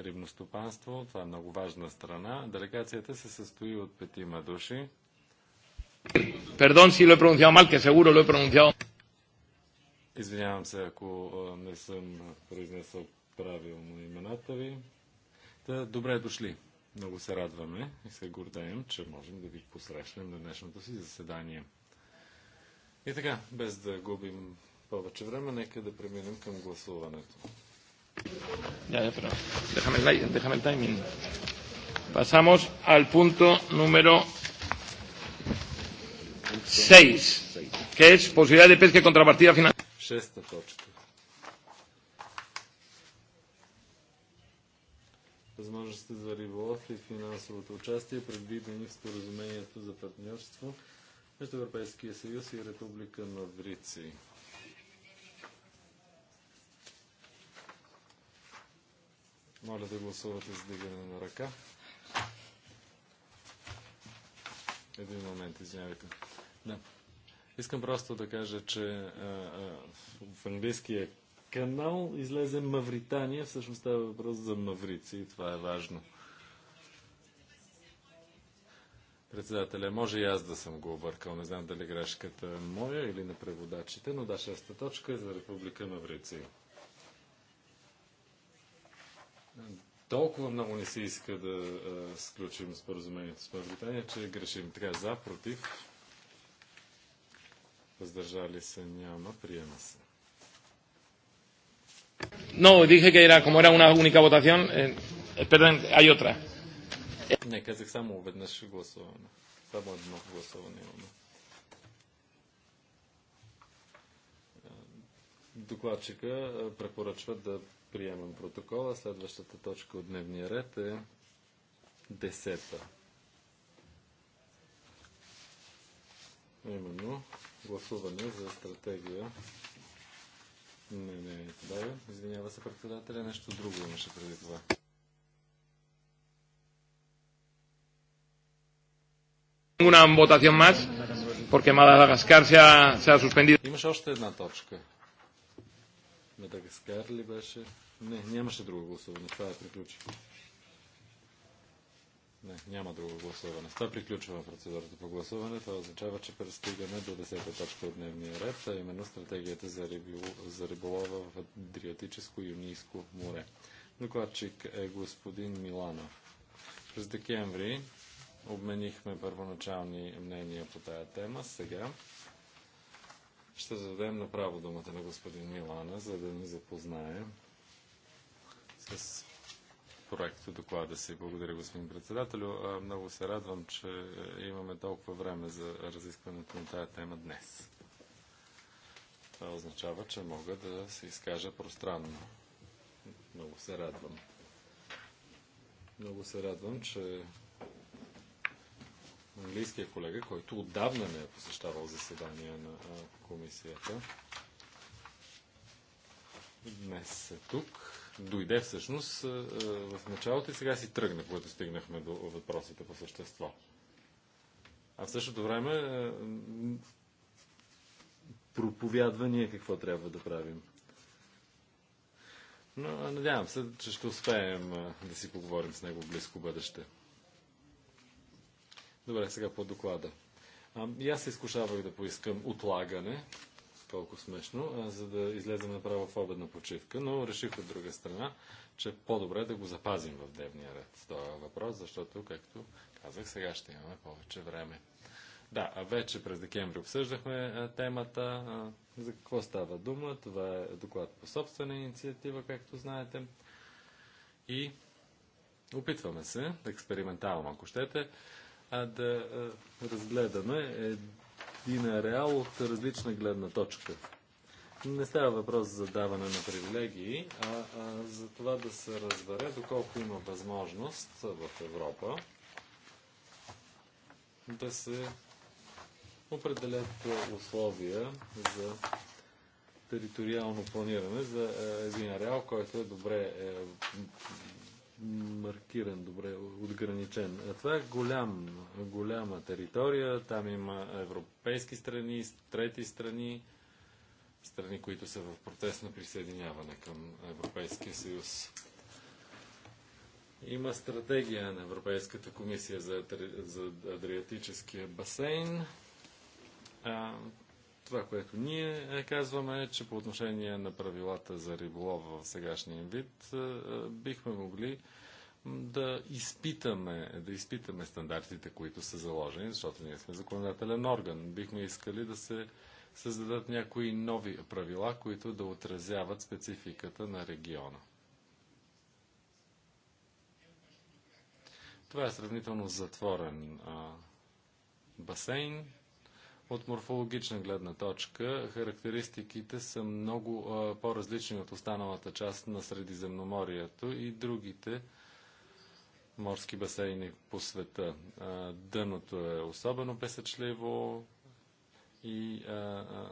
рибно стопанство. Това е много важна страна. Делегацията се състои от петима души. Пердон си lo he pronunciado mal, que Извинявам се, ако не съм произнесъл правилно имената ви. Та, добре дошли. Много се радваме и се гордеем, че можем да ви посрещнем на днешното си заседание. И така, без да губим повече време, нека да преминем към гласуването. Ya, ya, pero déjame el, déjame el timing. Pasamos al punto número 6, que es posibilidad de pesca y contrapartida financiera. Шеста точка. Възможности за риболов и финансовото участие, предвидени в споразумението за партньорство между Европейския съюз и Република Маврици. Моля да гласувате с дигане на ръка. Един момент, извинявайте. Да. Искам просто да кажа, че а, а, в английския канал излезе Мавритания, всъщност става въпрос за Маврици и това е важно. председателя. Може и аз да съм го объркал. Не знам дали грешката е моя или на преводачите, но да, шеста точка е за Република Маврици. Толкова много не се иска да а, сключим споразумението с Мавритания, че грешим. Така, за, против, въздържали се няма, приема се. No, dije que era, como era una única votación, eh, perdón, hay otra. Не, казах само веднъж гласуваме. Само едно гласуване имаме. Докладчика препоръчва да приемем протокола. Следващата точка от дневния ред е десета. Именно гласуване за стратегия. Не, не, това Извинява се председателя, нещо друго имаше преди това. ninguna votación más, porque Madagascar se ha, se ha suspendido. Имаше още една точка. Мадагаскар ли беше? Не, нямаше друго гласуване. Това е приключи. Не, няма друго гласуване. това приключваме процедурата по гласуване. Това означава, че пристигаме до 10-та точка от дневния ред, а именно стратегията за, рибол... за риболова в Адриатическо-Юнийско море. Докладчик е господин Миланов. През декември Обменихме първоначални мнения по тая тема. Сега ще зададем направо думата на господин Милана, за да ни запознае с проекта доклада си. Благодаря, господин председател. Много се радвам, че е, имаме толкова време за разискването на тая тема днес. Това означава, че мога да се изкажа пространно. Много се радвам. Много се радвам, че английския колега, който отдавна не е посещавал заседания на комисията, днес е тук. Дойде всъщност в началото и сега си тръгна, когато стигнахме до въпросите по същество. А в същото време проповядва ние какво трябва да правим. Но надявам се, че ще успеем да си поговорим с него в близко бъдеще. Добре, сега по доклада. А, и аз се изкушавах да поискам отлагане, колко смешно, а, за да излезем направо в обедна почивка, но реших от друга страна, че по-добре да го запазим в дневния ред. Това е въпрос, защото, както казах, сега ще имаме повече време. Да, а вече през декември обсъждахме темата. А, за какво става дума? Това е доклад по собствена инициатива, както знаете. И опитваме се, експериментално, ако щете, а да разгледаме един реал от различна гледна точка. Не става въпрос за даване на привилегии, а, а за това да се разбере доколко има възможност в Европа да се определят условия за териториално планиране за един ареал, който е добре е, маркиран, добре отграничен. Това е голям, голяма територия, там има европейски страни, трети страни, страни, които са в процес на присъединяване към Европейския съюз. Има стратегия на Европейската комисия за, за Адриатическия басейн. Това, което ние е, казваме е, че по отношение на правилата за риболов в сегашния вид е, е, бихме могли да изпитаме, да изпитаме стандартите, които са заложени, защото ние сме законодателен орган. Бихме искали да се създадат някои нови правила, които да отразяват спецификата на региона. Това е сравнително затворен а, басейн, от морфологична гледна точка характеристиките са много по-различни от останалата част на Средиземноморието и другите морски басейни по света. А, дъното е особено песъчливо и а, а,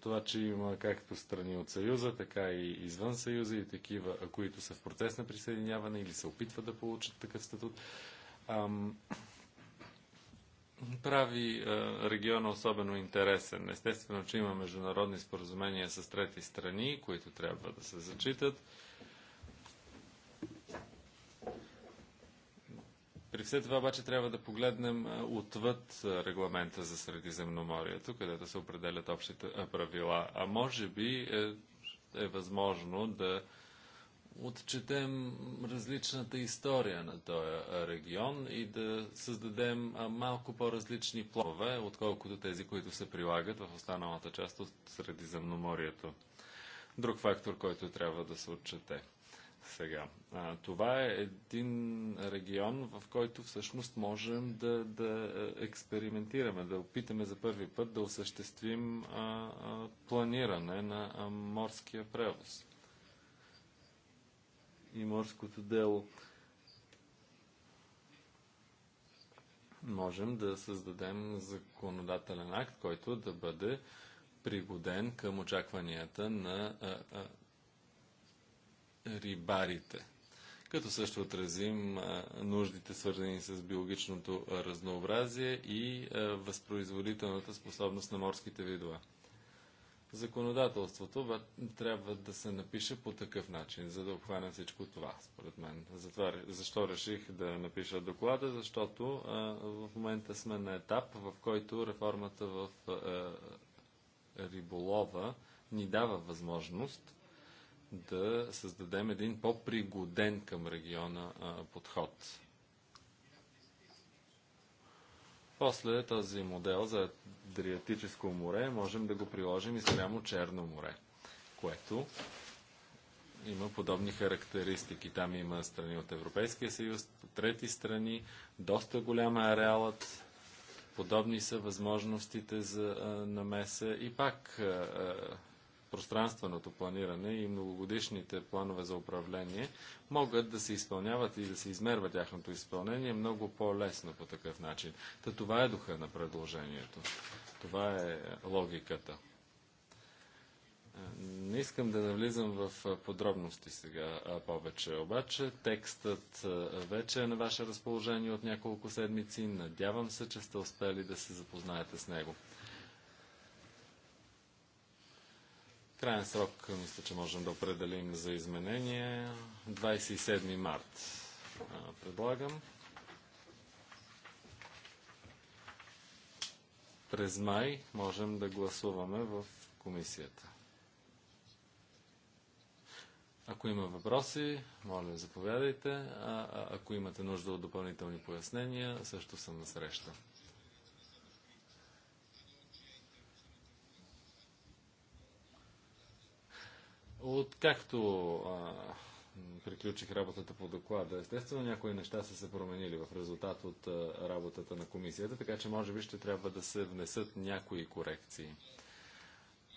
това, че има както страни от Съюза, така и извън Съюза и такива, които са в процес на присъединяване или се опитват да получат такъв статут. Ам, прави е, региона особено интересен. Естествено, че има международни споразумения с трети страни, които трябва да се зачитат. При все това обаче трябва да погледнем е, отвъд е, регламента за Средиземноморието, където се определят общите правила. А може би е, е възможно да отчетем различната история на този регион и да създадем малко по-различни плове, отколкото тези, които се прилагат в останалата част от Средиземноморието. Друг фактор, който трябва да се отчете сега. А, това е един регион, в който всъщност можем да, да експериментираме, да опитаме за първи път да осъществим а, а, планиране на а, морския превоз и морското дело. Можем да създадем законодателен акт, който да бъде пригоден към очакванията на а, а, рибарите. Като също отразим а, нуждите, свързани с биологичното разнообразие и а, възпроизводителната способност на морските видове. Законодателството трябва да се напише по такъв начин, за да обхване всичко това, според мен. Затова, защо реших да напиша доклада? Защото а, в момента сме на етап, в който реформата в а, риболова ни дава възможност да създадем един по-пригоден към региона а, подход. После този модел за Адриатическо море можем да го приложим и спрямо Черно море, което има подобни характеристики. Там има страни от Европейския съюз, трети страни, доста голям е ареалът, подобни са възможностите за а, намеса и пак а, пространственото планиране и многогодишните планове за управление могат да се изпълняват и да се измерва тяхното изпълнение много по-лесно по такъв начин. Та това е духа на предложението. Това е логиката. Е, не искам да навлизам в е, подробности сега повече, обаче текстът е, вече е на ваше разположение от няколко седмици. Надявам се, че сте успели да се запознаете с него. Крайен срок мисля, че можем да определим за изменение. 27 март предлагам. През май можем да гласуваме в комисията. Ако има въпроси, моля, заповядайте. А, а, ако имате нужда от допълнителни пояснения, също съм на среща. Откакто а, приключих работата по доклада, естествено някои неща са се променили в резултат от а, работата на комисията, така че може би ще трябва да се внесат някои корекции.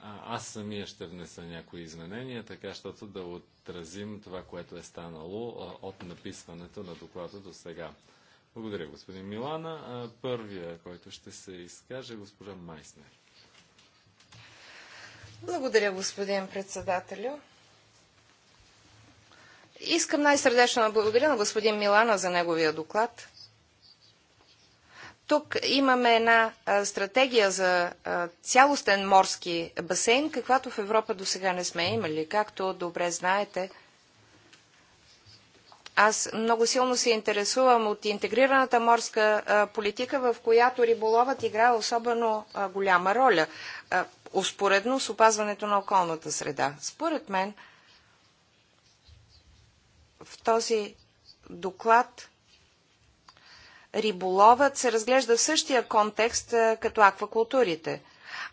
А, аз самия ще внеса някои изменения, така щото да отразим това, което е станало а, от написването на доклада до сега. Благодаря, господин Милана. Първия, който ще се изкаже, е госпожа Майснер. Благодаря, господин председателю. Искам най-сърдечно да благодаря на господин Милана за неговия доклад. Тук имаме една стратегия за цялостен морски басейн, каквато в Европа до сега не сме имали. Както добре знаете, аз много силно се интересувам от интегрираната морска политика, в която риболовът играе особено голяма роля успоредно с опазването на околната среда. Според мен, в този доклад риболовът се разглежда в същия контекст като аквакултурите.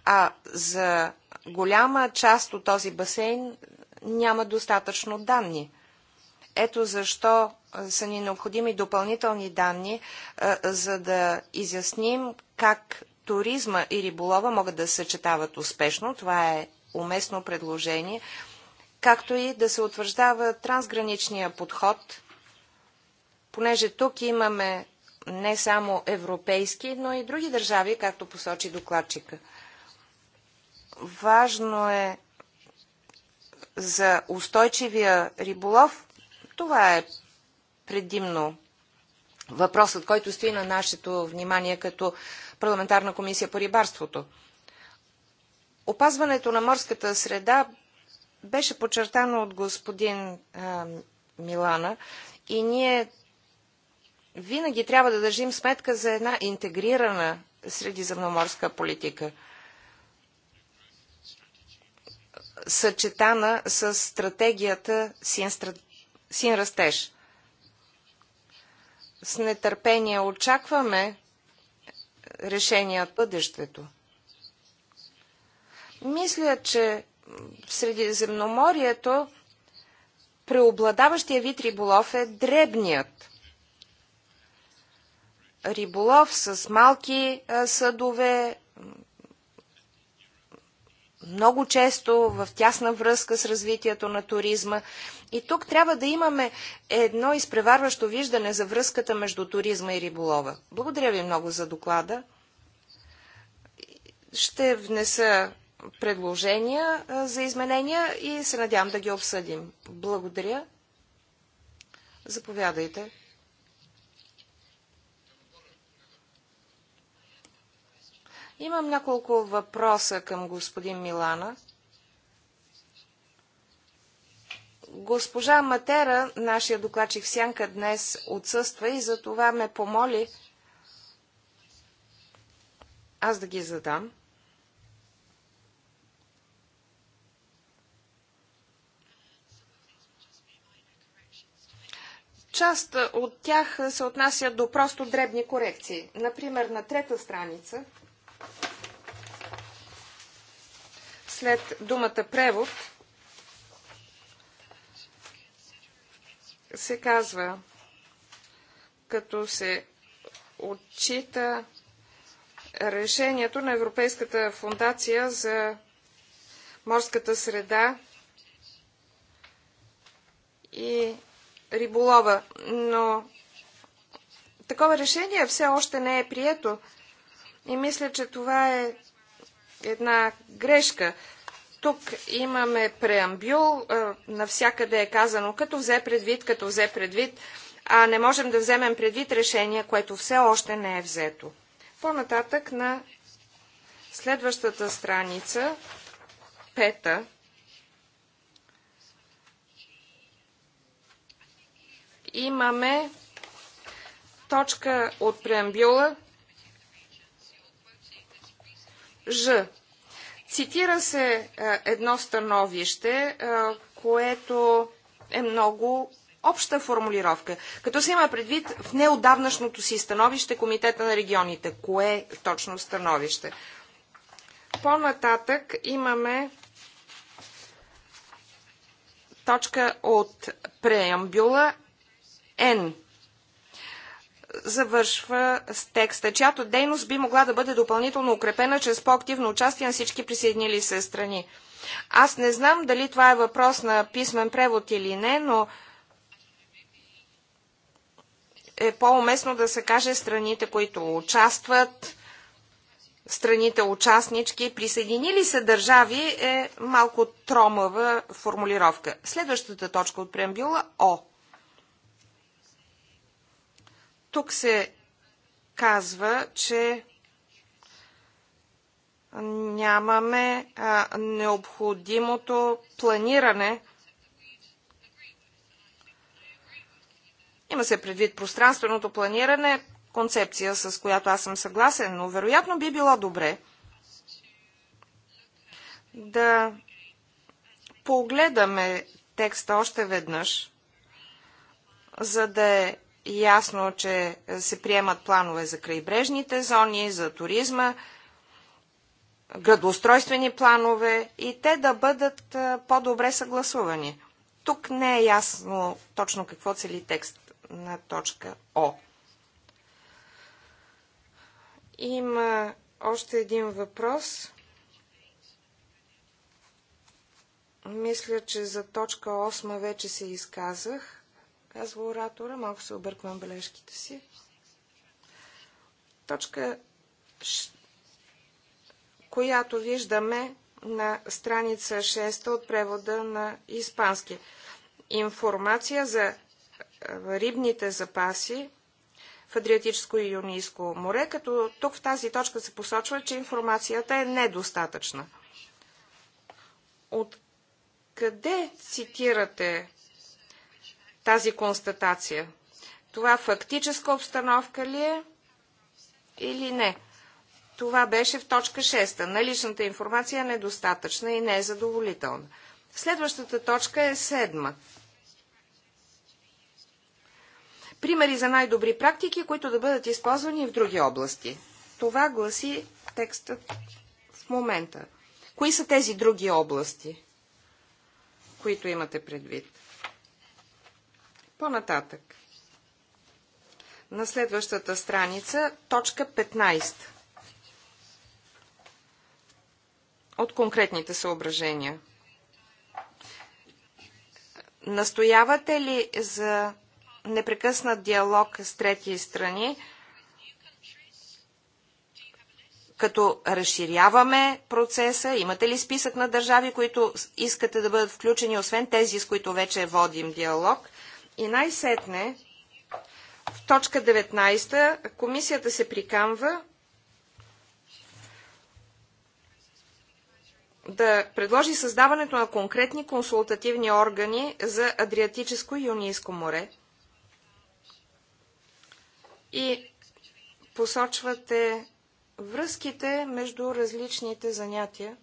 А за голяма част от този басейн няма достатъчно данни. Ето защо са ни необходими допълнителни данни, за да изясним как туризма и риболова могат да се съчетават успешно. Това е уместно предложение, както и да се утвърждава трансграничния подход, понеже тук имаме не само европейски, но и други държави, както посочи докладчика. Важно е за устойчивия риболов, това е предимно въпросът, който стои на нашето внимание като парламентарна комисия по рибарството. Опазването на морската среда беше подчертано от господин а, Милана и ние винаги трябва да държим сметка за една интегрирана средиземноморска политика, съчетана с стратегията син, син растеж с нетърпение очакваме решения от бъдещето. Мисля, че в Средиземноморието преобладаващия вид риболов е дребният. Риболов с малки съдове, много често в тясна връзка с развитието на туризма. И тук трябва да имаме едно изпреварващо виждане за връзката между туризма и риболова. Благодаря ви много за доклада. Ще внеса предложения за изменения и се надявам да ги обсъдим. Благодаря. Заповядайте. Имам няколко въпроса към господин Милана. Госпожа Матера, нашия докладчик в Сянка, днес отсъства и за това ме помоли аз да ги задам. Част от тях се отнасят до просто дребни корекции. Например, на трета страница, след думата превод, се казва, като се отчита решението на Европейската фундация за морската среда и риболова. Но такова решение все още не е прието и мисля, че това е една грешка. Тук имаме преамбюл, навсякъде е казано като взе предвид, като взе предвид, а не можем да вземем предвид решение, което все още не е взето. По-нататък на следващата страница, пета, имаме точка от преамбюла Ж. Цитира се е, едно становище, е, което е много обща формулировка. Като се има предвид в неодавнашното си становище Комитета на регионите. Кое е точно становище? По-нататък имаме точка от преамбюла N – завършва с текста, чиято дейност би могла да бъде допълнително укрепена чрез по-активно участие на всички присъединили се страни. Аз не знам дали това е въпрос на писмен превод или не, но е по-уместно да се каже страните, които участват, страните участнички, присъединили се държави е малко тромава формулировка. Следващата точка от преамбюла – О – тук се казва, че нямаме а, необходимото планиране. Има се предвид пространственото планиране, концепция, с която аз съм съгласен, но вероятно би било добре да погледаме текста още веднъж, за да е ясно, че се приемат планове за крайбрежните зони, за туризма, градоустройствени планове и те да бъдат по-добре съгласувани. Тук не е ясно точно какво цели текст на точка О. Има още един въпрос. Мисля, че за точка 8 вече се изказах казва оратора. Малко се обърквам бележките си. Точка, която виждаме на страница 6 от превода на испански. Информация за е, рибните запаси в Адриатическо и Юнийско море, като тук в тази точка се посочва, че информацията е недостатъчна. От къде цитирате тази констатация? Това фактическа обстановка ли е или не? Това беше в точка 6. Наличната информация е недостатъчна и не е задоволителна. Следващата точка е 7. Примери за най-добри практики, които да бъдат използвани в други области. Това гласи текстът в момента. Кои са тези други области, които имате предвид? По-нататък. На следващата страница, точка 15. От конкретните съображения. Настоявате ли за непрекъснат диалог с трети страни, като разширяваме процеса? Имате ли списък на държави, които искате да бъдат включени, освен тези, с които вече водим диалог? И най-сетне, в точка 19, комисията се приканва да предложи създаването на конкретни консултативни органи за Адриатическо и Юнийско море. И посочвате връзките между различните занятия.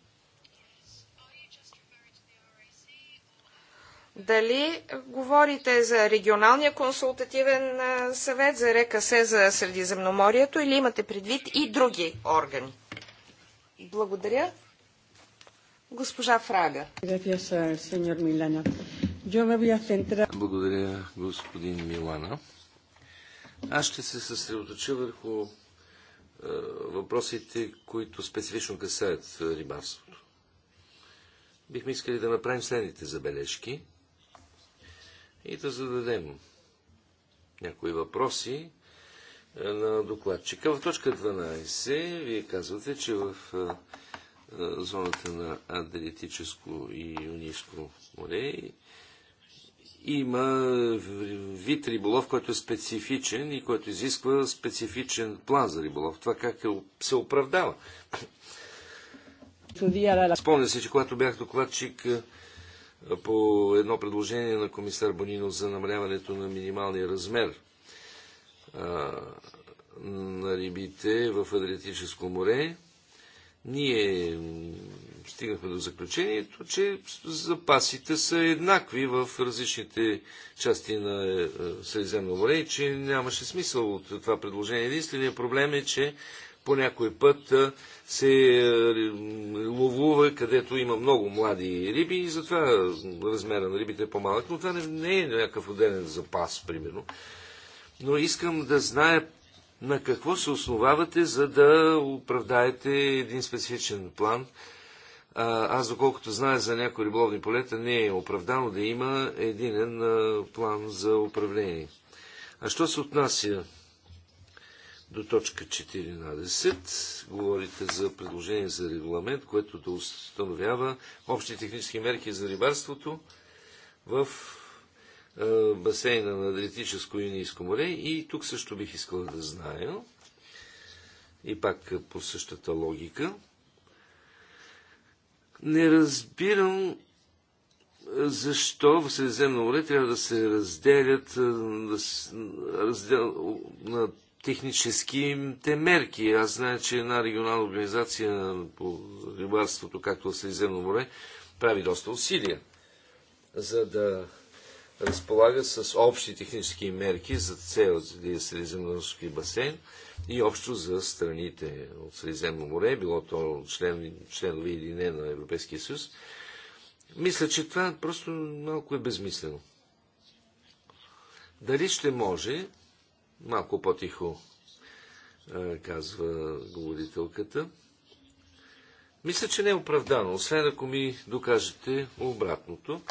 Дали говорите за регионалния консултативен съвет, за РКС за Средиземноморието или имате предвид и други органи? Благодаря. Госпожа Фрага. Благодаря, господин Милана. Аз ще се съсредоточа върху въпросите, които специфично касаят рибарството. Бихме искали да направим следните забележки – и да зададем някои въпроси е, на докладчика. В точка 12 вие казвате, че в е, е, зоната на Адриатическо и Юнийско море има вид риболов, който е специфичен и който изисква специфичен план за риболов. Това как е, се оправдава? Спомня се, че когато бях докладчик по едно предложение на комисар Бонино за намаляването на минималния размер на рибите в Адриатическо море, ние стигнахме до заключението, че запасите са еднакви в различните части на е, е, Средиземно море и че нямаше смисъл от това предложение. Единственият проблем е, че по някой път се ловува, където има много млади риби и затова размера на рибите е по-малък, но това не е някакъв отделен запас, примерно. Но искам да зная на какво се основавате, за да оправдаете един специфичен план. аз, доколкото знае за някои риболовни полета, не е оправдано да има единен план за управление. А що се отнася до точка 14 говорите за предложение за регламент, което да установява общи технически мерки за рибарството в е, басейна на Адриатическо и Ниско море. И тук също бих искал да зная, и пак по същата логика, не разбирам е, защо в Средиземно море трябва да се разделят е, да се, раздел, на техническите мерки. Аз знае, че една регионална организация по рибарството, както в Средиземно море, прави доста усилия, за да разполага с общи технически мерки за цел за е Средиземноморски басейн и общо за страните от Средиземно море, било то член, членове или не на Европейския съюз. Мисля, че това просто малко е безмислено. Дали ще може Малко по-тихо, е, казва говорителката. Мисля, че не е оправдано, освен ако ми докажете обратното.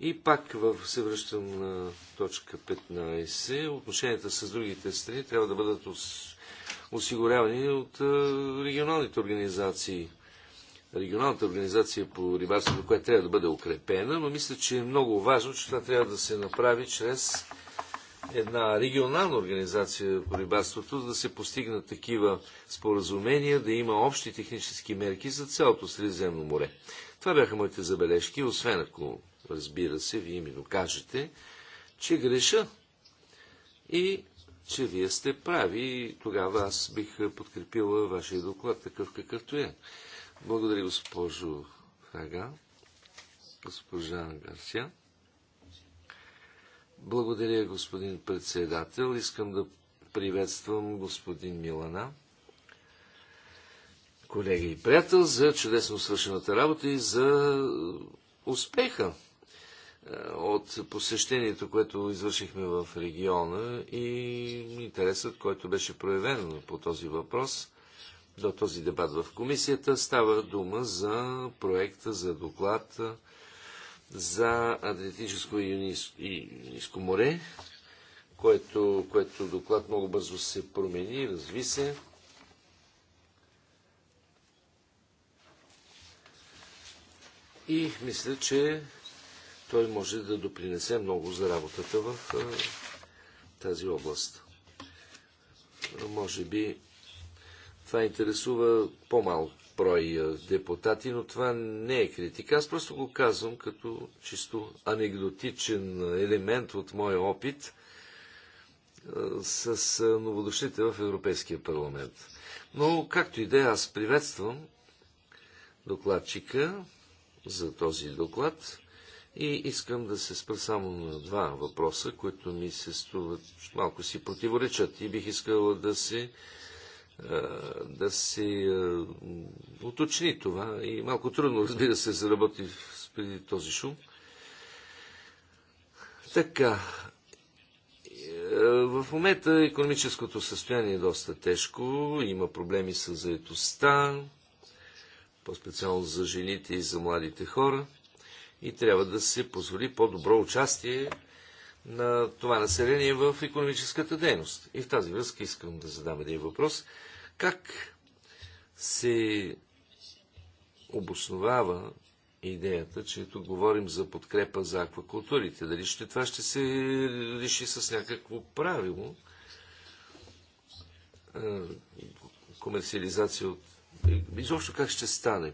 И пак в, се връщам на точка 15. Отношенията с другите страни трябва да бъдат осигурявани от е, регионалните организации. Регионалната организация по рибарството, която трябва да бъде укрепена, но мисля, че е много важно, че това трябва да се направи чрез една регионална организация по рибарството, да се постигнат такива споразумения, да има общи технически мерки за цялото Средиземно море. Това бяха моите забележки, освен ако, разбира се, вие ми докажете, че греша и че вие сте прави и тогава аз бих подкрепила вашия доклад такъв какъвто е. Благодаря, госпожо Хага, госпожа Гарсия. Благодаря, господин председател. Искам да приветствам господин Милана, колега и приятел, за чудесно свършената работа и за успеха е, от посещението, което извършихме в региона и интересът, който беше проявен по този въпрос до този дебат в комисията. Става дума за проекта за доклад за Адриатическо и Юнийско, и море, което, което доклад много бързо се промени, разви се. И мисля, че той може да допринесе много за работата в тази област. Може би това интересува по-малко брой депутати, но това не е критика. Аз просто го казвам като чисто анекдотичен елемент от моя опит с новодошлите в Европейския парламент. Но, както и да е, аз приветствам докладчика за този доклад и искам да се спра само на два въпроса, които ми се струват малко си противоречат и бих искала да се да се уточни това и малко трудно, разбира се, заработи преди този шум. Така, в момента економическото състояние е доста тежко, има проблеми с заетостта, по-специално за жените и за младите хора и трябва да се позволи по-добро участие на това население в економическата дейност. И в тази връзка искам да задам един въпрос – как се обосновава идеята, че тук говорим за подкрепа за аквакултурите? Дали ще, това ще се реши с някакво правило? комерциализация от... Изобщо как ще стане?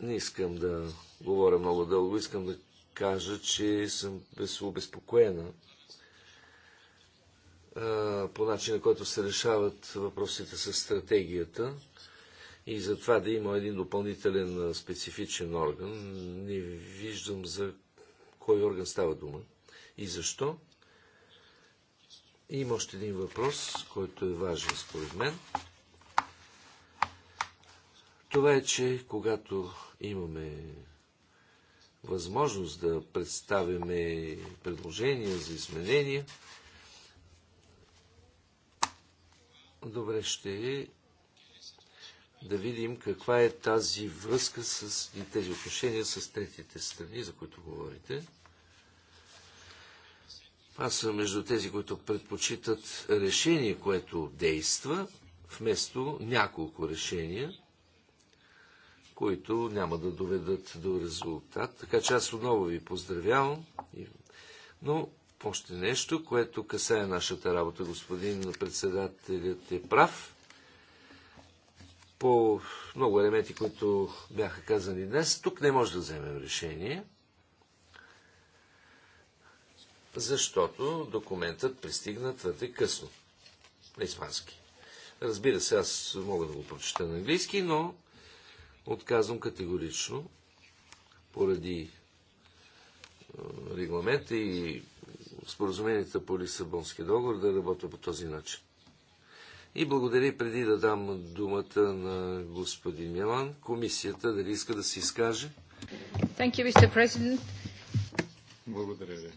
Не искам да говоря много дълго. Искам да кажа, че съм обезпокоена по начина, който се решават въпросите с стратегията и за това да има един допълнителен специфичен орган. Не виждам за кой орган става дума и защо. има още един въпрос, който е важен според мен. Това е, че когато имаме възможност да представяме предложения за изменения, Добре ще е да видим каква е тази връзка с, и тези отношения с третите страни, за които говорите. Аз съм между тези, които предпочитат решение, което действа, вместо няколко решения, които няма да доведат до резултат. Така че аз отново ви поздравявам. Но още нещо, което касае нашата работа. Господин председателят е прав. По много елементи, които бяха казани днес, тук не може да вземем решение, защото документът пристигна твърде късно на испански. Разбира се, аз мога да го прочета на английски, но отказвам категорично поради регламента и споразуменията по Лисабонски договор да работя по този начин. И благодаря преди да дам думата на господин Милан. комисията дали иска да се изкаже. Thank you, Mr. President. Благодаря ви.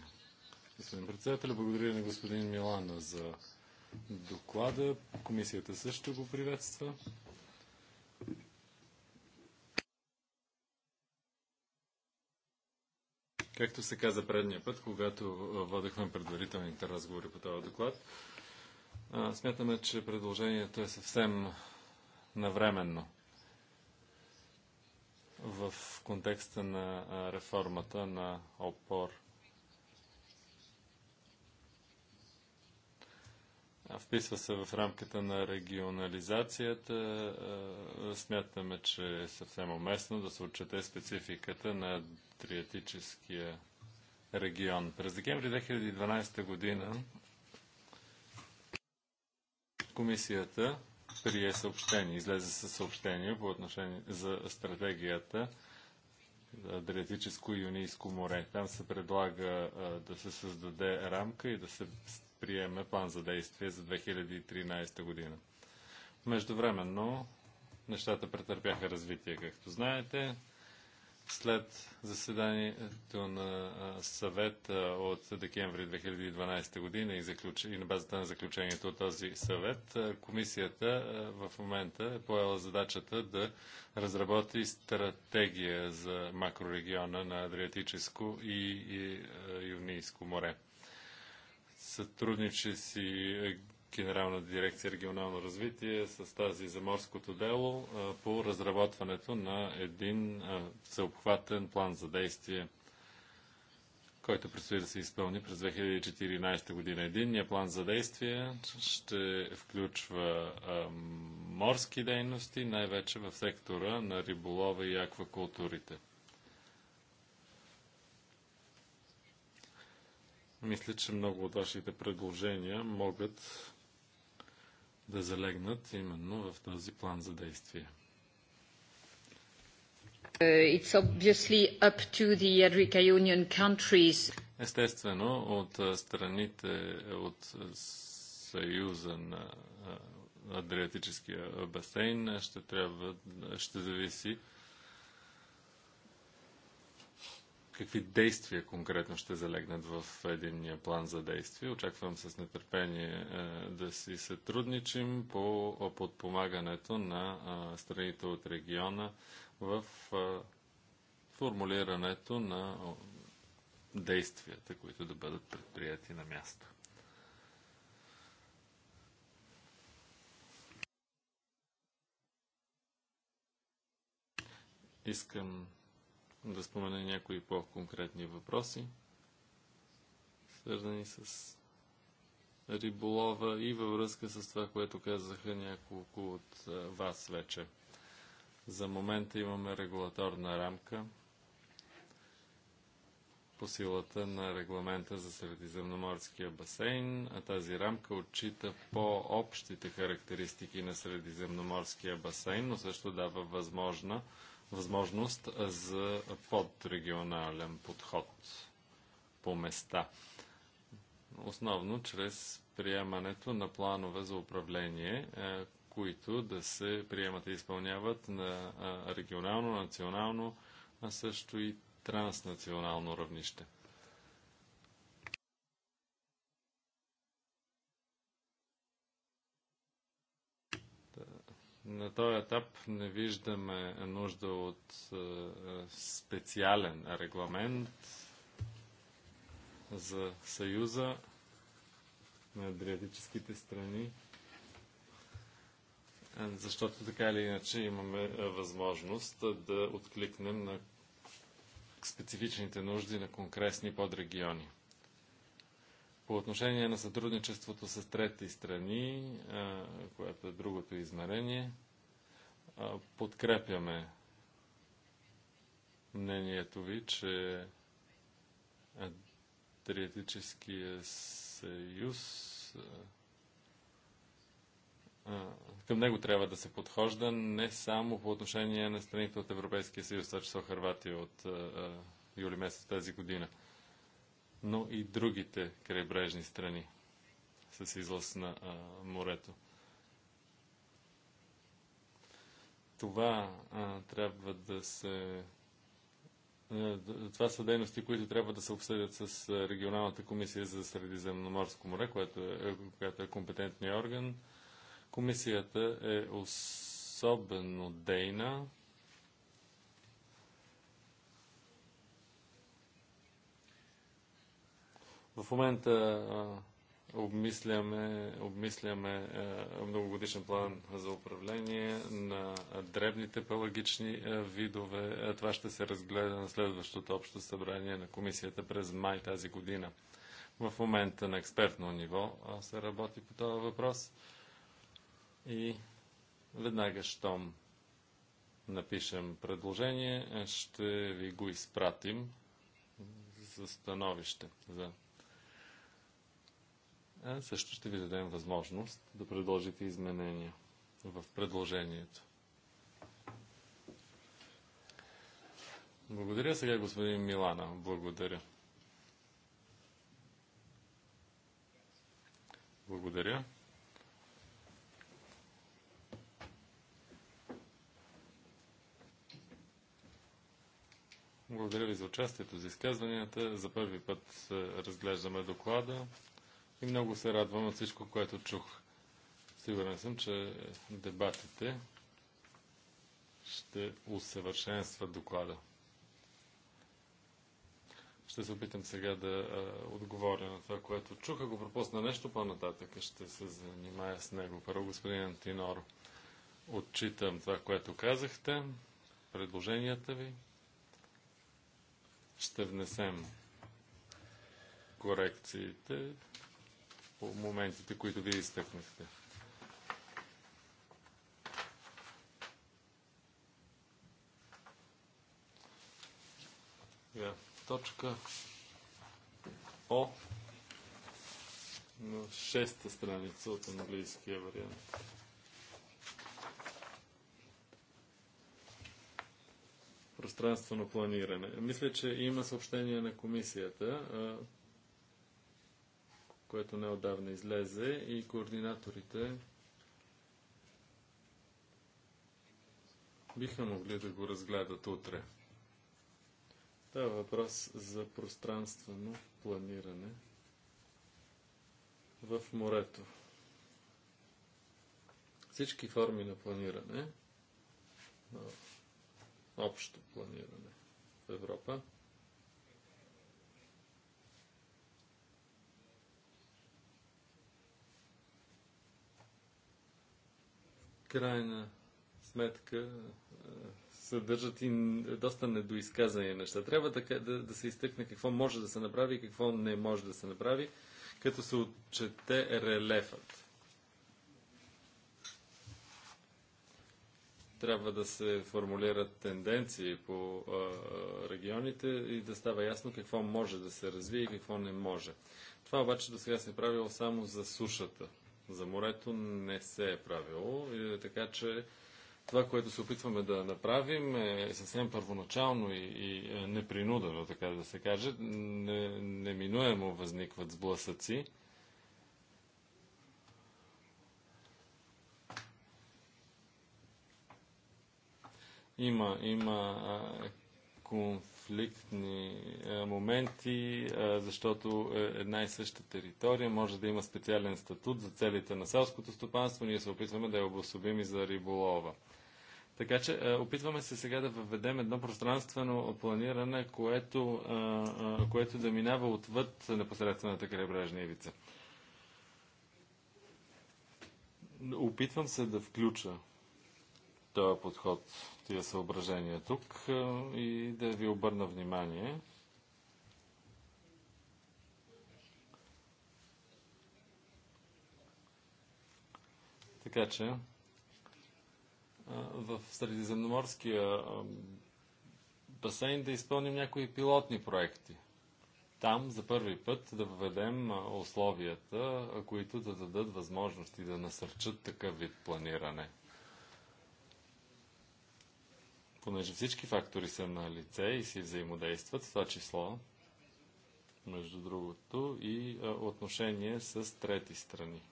Господин председател, благодаря на господин Милана за доклада. Комисията също го приветства. Както се каза предния път, когато водехме предварителните разговори по този доклад, смятаме, че предложението е съвсем навременно в контекста на реформата на опор Вписва се в рамката на регионализацията. Смятаме, че е съвсем уместно да се отчете спецификата на Адриатическия регион. През декември 2012 година комисията прие съобщение, излезе със съобщение по отношение за стратегията Адриатическо и Юнийско море. Там се предлага да се създаде рамка и да се приеме план за действие за 2013 година. Междувременно нещата претърпяха развитие, както знаете. След заседанието на съвет от декември 2012 година и, заключ... и на базата на заключението от този съвет, комисията в момента е поела задачата да разработи стратегия за макрорегиона на Адриатическо и, и Юнийско море. Сътрудничи си е, Генерална дирекция регионално развитие с тази за морското дело по разработването на един всеобхватен план за действие който предстои да се изпълни през 2014 година. Единният план за действие ще включва морски дейности, най-вече в сектора на риболова и аквакултурите. Мисля, че много от вашите предложения могат да залегнат именно в този план за действие. Uh, Естествено, от страните от Съюза на Адриатическия басейн ще трябва, ще зависи какви действия конкретно ще залегнат в единния план за действие. Очаквам с нетърпение е, да си сътрудничим по подпомагането на е, страните от региона в е, формулирането на действията, които да бъдат предприяти на място. Искам да спомена някои по-конкретни въпроси, свързани с риболова и във връзка с това, което казаха няколко от вас вече. За момента имаме регулаторна рамка по силата на регламента за Средиземноморския басейн, а тази рамка отчита по-общите характеристики на Средиземноморския басейн, но също дава възможна, възможност за подрегионален подход по места. Основно чрез приемането на планове за управление, които да се приемат и изпълняват на регионално, национално, а също и транснационално равнище. На този етап не виждаме нужда от е, е, специален регламент за Съюза на Адриатическите страни, е, защото така или иначе имаме възможност да откликнем на специфичните нужди на конкретни подрегиони. По отношение на сътрудничеството с трети страни, което е другото измерение, подкрепяме мнението ви, че Адриатическия съюз към него трябва да се подхожда не само по отношение на страните от Европейския съюз, това число Харватия от юли месец тази година но и другите крайбрежни страни с излъз на а, морето. Това а, трябва да се. А, това са дейности, които трябва да се обсъдят с регионалната комисия за Средиземноморско море, която е, е, която е компетентния орган. Комисията е особено дейна В момента обмисляме, обмисляме многогодишен план за управление на дребните пелагични видове. Това ще се разгледа на следващото общо събрание на комисията през май тази година. В момента на експертно ниво се работи по този въпрос и веднага щом напишем предложение, ще ви го изпратим за становище, за също ще ви дадем възможност да предложите изменения в предложението. Благодаря сега, господин Милана. Благодаря. Благодаря. Благодаря ви за участието, за изказванията. За първи път е, разглеждаме доклада и много се радвам от всичко, което чух. Сигурен съм, че дебатите ще усъвършенстват доклада. Ще се опитам сега да а, отговоря на това, което чух. Ако пропусна нещо по-нататък, ще се занимая с него. Първо, господин Антинор, отчитам това, което казахте, предложенията ви. Ще внесем корекциите по моментите, които вие изтъкнахте. Yeah. Точка О на шеста страница от английския вариант. Пространствено планиране. Мисля, че има съобщение на комисията което неодавна излезе и координаторите биха могли да го разгледат утре. Това е въпрос за пространствено планиране в морето. Всички форми на планиране, общо планиране в Европа, крайна сметка е, съдържат и доста недоизказани неща. Трябва да, да, да се изтъкне какво може да се направи и какво не може да се направи, като се отчете релефът. Трябва да се формулират тенденции по а, е, регионите и да става ясно какво може да се развие и какво не може. Това обаче до сега се е правило само за сушата за морето не се е правило. И, така че това, което се опитваме да направим е съвсем първоначално и, и е, непринудено, така да се каже. Не, неминуемо възникват сблъсъци. Има, има а, конфликт конфликтни е, моменти, е, защото е една и съща територия може да има специален статут за целите на селското стопанство. Ние се опитваме да я обособим и за риболова. Така че опитваме се сега да въведем едно пространствено планиране, което, което да минава отвъд непосредствената крайбрежна ивица. Опитвам се да включа този подход, тия съображения тук е, и да ви обърна внимание. Така че е, в Средиземноморския е, басейн да изпълним някои пилотни проекти. Там за първи път да въведем условията, които да дадат възможности да насърчат такъв вид планиране понеже всички фактори са на лице и си взаимодействат, това число, между другото, и отношение с трети страни.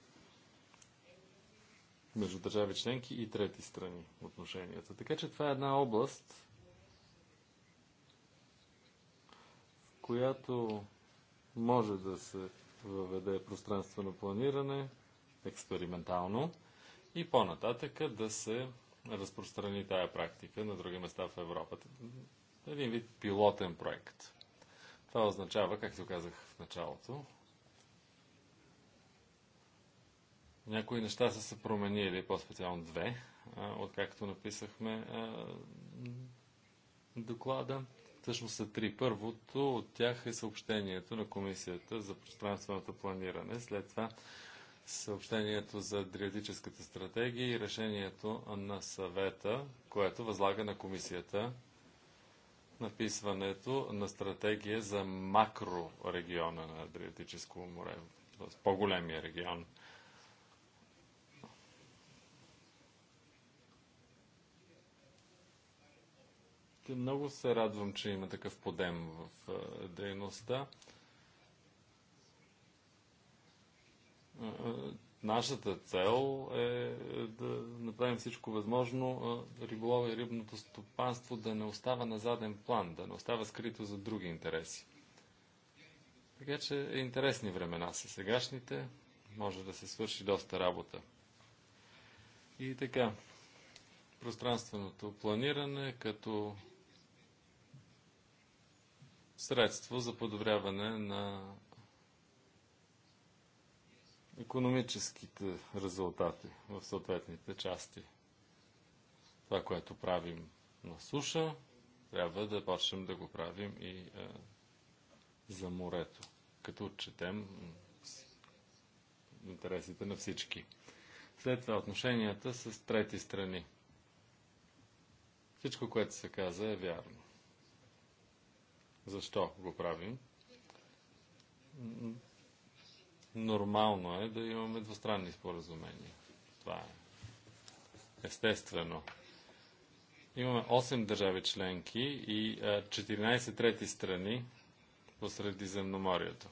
Между държави членки и трети страни отношенията. Така че това е една област, в която може да се въведе пространствено планиране, експериментално, и по-нататъка да се разпространи тая практика на други места в Европа. Един вид пилотен проект. Това означава, както казах в началото, някои неща са се променили, по-специално две, откакто написахме доклада. Всъщност са три. Първото от тях е съобщението на Комисията за пространственото планиране. След това съобщението за дриадическата стратегия и решението на съвета, което възлага на комисията написването на стратегия за макрорегиона на Адриатическо море, т.е. по-големия регион. Много се радвам, че има такъв подем в дейността. Нашата цел е, е да направим всичко възможно риболова и рибното стопанство да не остава на заден план, да не остава скрито за други интереси. Така че е интересни времена са сегашните, може да се свърши доста работа. И така, пространственото планиране като средство за подобряване на економическите резултати в съответните части. Това, което правим на суша, трябва да почнем да го правим и е, за морето, като отчетем интересите на всички. След това отношенията с трети страни. Всичко, което се каза, е вярно. Защо го правим? Нормално е да имаме двустранни споразумения. Това е естествено. Имаме 8 държави членки и 14 трети страни по Средиземноморието.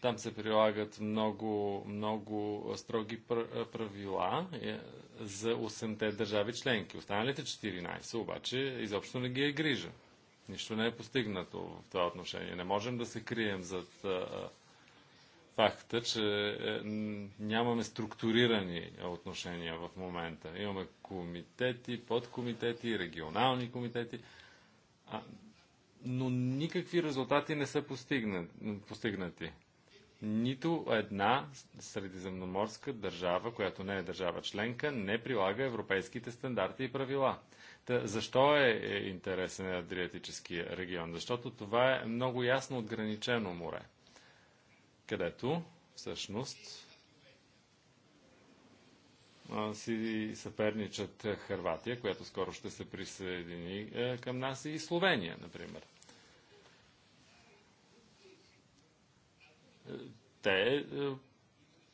Там се прилагат много, много строги правила е, за 8-те държави членки. Останалите 14 обаче изобщо не ги е грижа. Нищо не е постигнато в това отношение. Не можем да се крием зад факта, че е, нямаме структурирани отношения в момента. Имаме комитети, подкомитети, регионални комитети, а, но никакви резултати не са постигнати. Нито една средиземноморска държава, която не е държава членка, не прилага европейските стандарти и правила. Та, защо е, е интересен Адриатическия регион? Защото това е много ясно отграничено море където всъщност си съперничат е, Харватия, която скоро ще се присъедини е, към нас и Словения, например. Е, те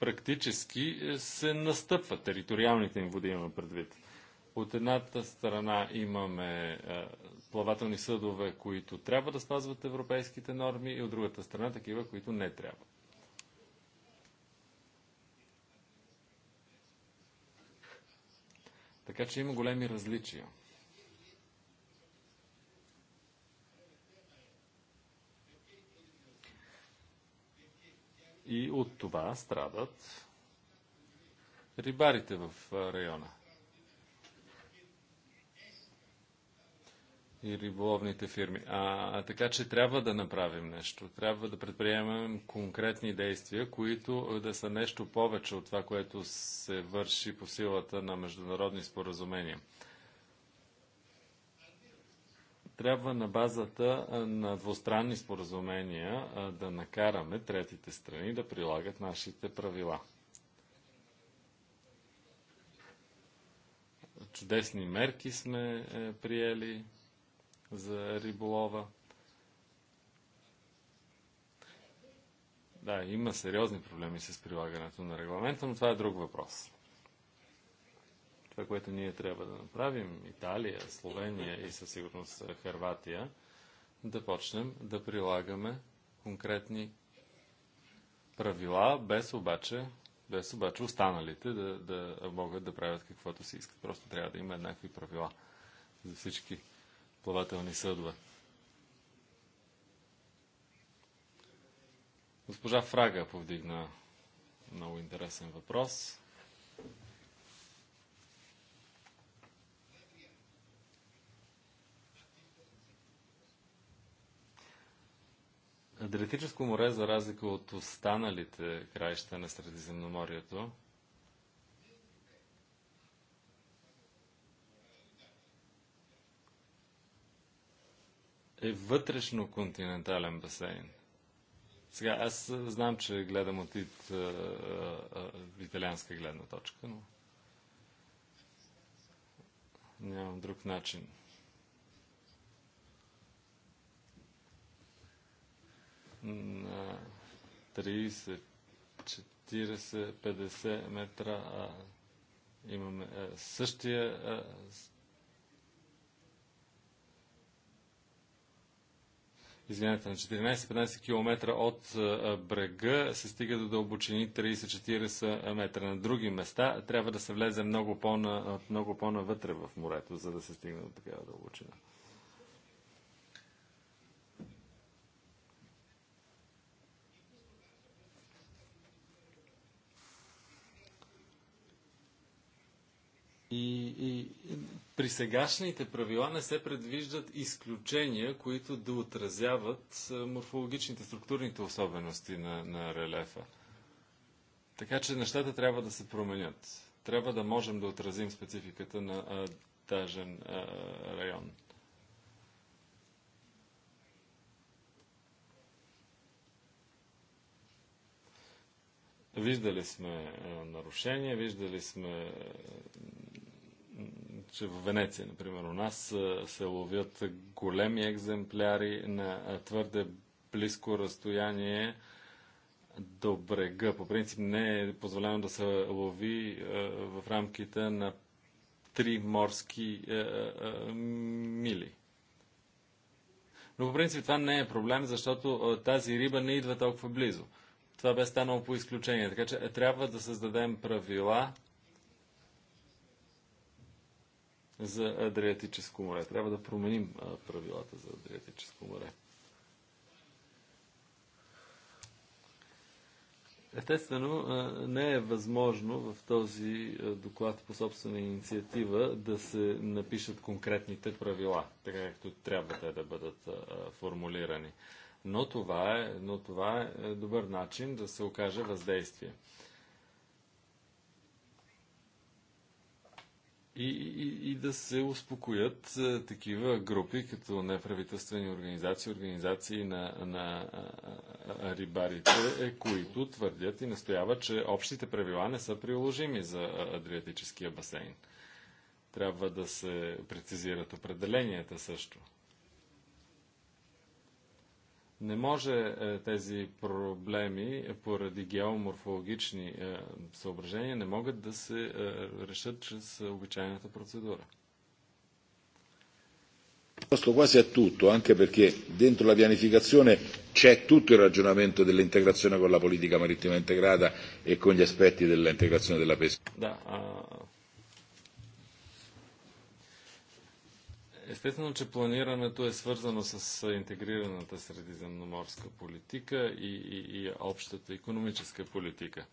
практически се настъпват, териториалните им води има предвид. От едната страна имаме плавателни съдове, които трябва да спазват европейските норми, и от другата страна такива, които не трябва. Така че има големи различия. И от това страдат рибарите в района. и риболовните фирми. А, така че трябва да направим нещо. Трябва да предприемем конкретни действия, които да са нещо повече от това, което се върши по силата на международни споразумения. Трябва на базата на двустранни споразумения да накараме третите страни да прилагат нашите правила. Чудесни мерки сме е, приели за риболова. Да, има сериозни проблеми с прилагането на регламента, но това е друг въпрос. Това, което ние трябва да направим, Италия, Словения и със сигурност Харватия, да почнем да прилагаме конкретни правила, без обаче, без обаче останалите да, да могат да правят каквото си искат. Просто трябва да има еднакви правила за всички плавателни съдове. Госпожа Фрага повдигна много интересен въпрос. Адриатическо море, за разлика от останалите краища на Средиземноморието, е вътрешно континентален басейн. Сега, аз знам, че гледам от ит, а, а, италианска гледна точка, но нямам друг начин. На 30, 40, 50 метра а, имаме а, същия а, извинете, на 14-15 км от брега се стига до дълбочини 30-40 метра. На други места трябва да се влезе много, по-на, много по-навътре в морето, за да се стигне до такава дълбочина. И, и, при сегашните правила не се предвиждат изключения, които да отразяват морфологичните, структурните особености на, на релефа. Така че нещата трябва да се променят. Трябва да можем да отразим спецификата на а, дажен а, район. Виждали сме а, нарушения, виждали сме че в Венеция, например, у нас се ловят големи екземпляри на твърде близко разстояние до брега. По принцип не е позволено да се лови в рамките на три морски мили. Но по принцип това не е проблем, защото тази риба не идва толкова близо. Това бе станало по изключение. Така че трябва да създадем правила, за Адриатическо море. Трябва да променим правилата за Адриатическо море. Естествено, не е възможно в този доклад по собствена инициатива да се напишат конкретните правила, така както трябва те да бъдат формулирани. Но това е, но това е, е добър начин да се окаже въздействие. и, и, и да се успокоят е, такива групи, като неправителствени организации, организации на, на рибарите, е, които твърдят и настояват, че общите правила не са приложими за Адриатическия басейн. Трябва да се прецизират определенията също. Не може тези проблеми поради геоморфологични съображения не могат да се решат чрез обичайната процедура. Questo quasi è tutto, anche perché dentro la pianificazione c'è tutto il ragionamento dell'integrazione con la politica marittima integrata e con gli aspetti dell'integrazione della pesca. Da, uh... Естествено, че планирането е свързано с интегрираната средиземноморска политика и, и, и общата економическа политика.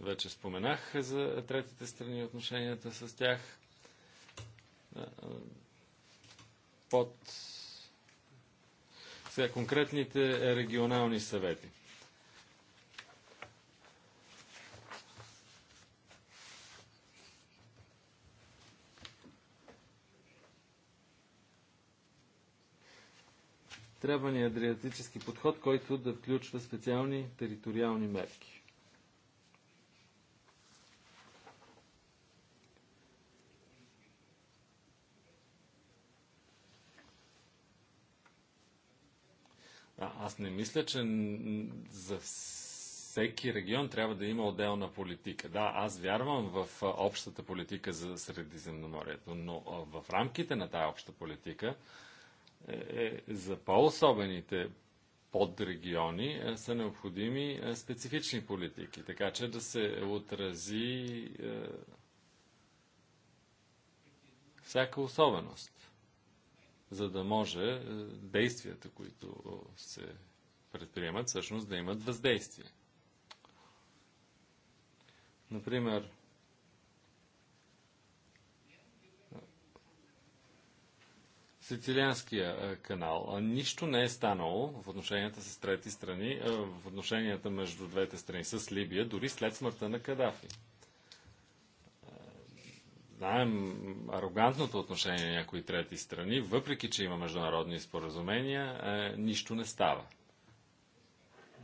Вече споменах за третите страни отношенията с тях. Под сега конкретните регионални съвети. Трябва ни адриатически подход, който да включва специални териториални мерки. А, аз не мисля, че за всеки регион трябва да има отделна политика. Да, аз вярвам в общата политика за Средиземноморието, но в рамките на тая обща политика е, е, за по-особените подрегиони е, са необходими е, специфични политики, така че да се отрази всяка особеност, за да може действията, които се предприемат, всъщност да имат въздействие. Например, Сицилианския канал. Нищо не е станало в отношенията с трети страни, в отношенията между двете страни с Либия, дори след смъртта на Кадафи. Знаем арогантното отношение на някои трети страни, въпреки че има международни споразумения, нищо не става.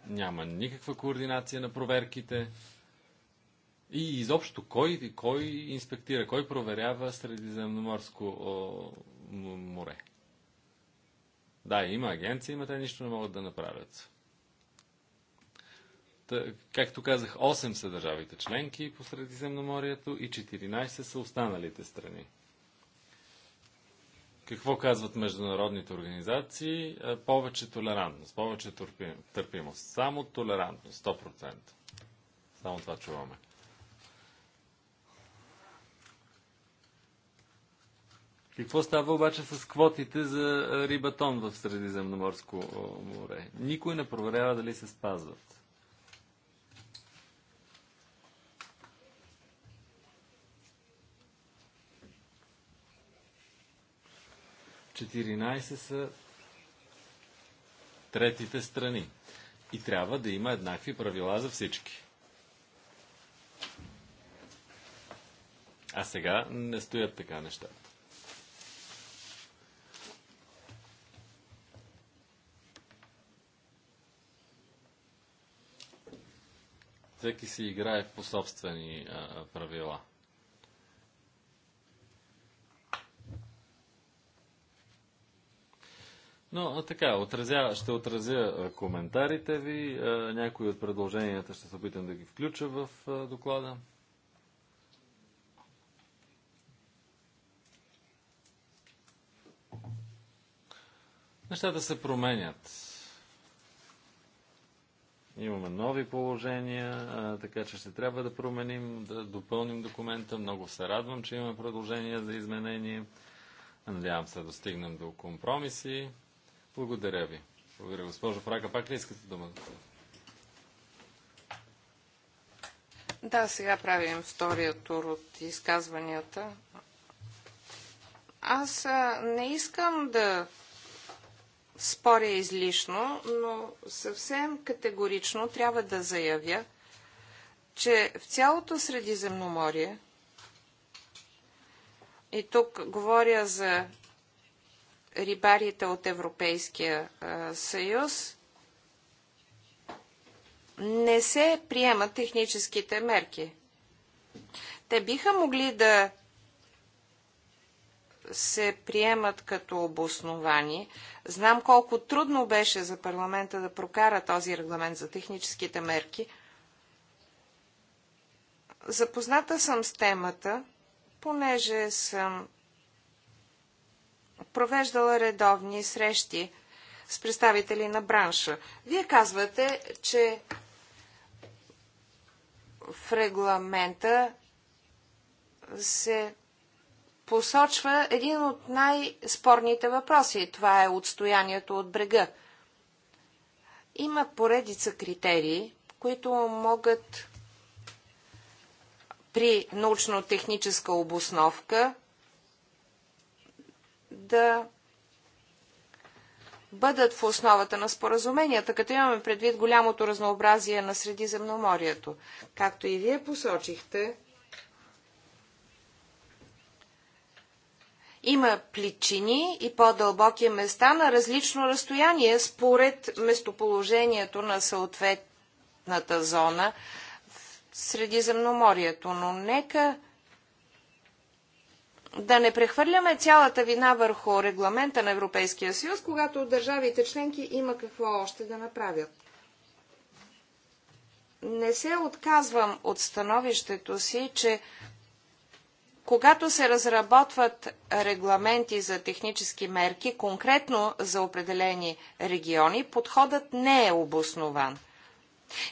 Няма никаква координация на проверките. И изобщо кой, кой инспектира, кой проверява средиземноморско море. Да, има агенции, но те нищо не могат да направят. Та, както казах, 8 са държавите членки по Средиземноморието и 14 са останалите страни. Какво казват международните организации? Е, повече толерантност, повече търпимост. Само толерантност, 100%. Само това чуваме. Какво става обаче с квотите за рибатон в Средиземноморско море? Никой не проверява дали се спазват. Четиринайсе са третите страни. И трябва да има еднакви правила за всички. А сега не стоят така нещата. всеки си играе по собствени а, правила. Но така, отразя, ще отразя коментарите ви. Някои от предложенията ще се опитам да ги включа в доклада. Нещата се променят. Имаме нови положения, така че ще трябва да променим, да допълним документа. Много се радвам, че имаме предложения за изменение. Надявам се да достигнем до компромиси. Благодаря ви. Благодаря, госпожо Фрака. Пак ли искате думата? Да, сега правим втория тур от изказванията. Аз не искам да споря излишно, но съвсем категорично трябва да заявя, че в цялото Средиземноморие, и тук говоря за рибарите от Европейския съюз, не се приемат техническите мерки. Те биха могли да се приемат като обосновани. Знам колко трудно беше за парламента да прокара този регламент за техническите мерки. Запозната съм с темата, понеже съм провеждала редовни срещи с представители на бранша. Вие казвате, че в регламента се посочва един от най-спорните въпроси. Това е отстоянието от брега. Има поредица критерии, които могат при научно-техническа обосновка да бъдат в основата на споразуменията, като имаме предвид голямото разнообразие на Средиземноморието. Както и вие посочихте, Има плечини и по-дълбоки места на различно разстояние според местоположението на съответната зона в Средиземноморието. Но нека да не прехвърляме цялата вина върху регламента на Европейския съюз, когато държавите членки има какво още да направят. Не се отказвам от становището си, че когато се разработват регламенти за технически мерки, конкретно за определени региони, подходът не е обоснован.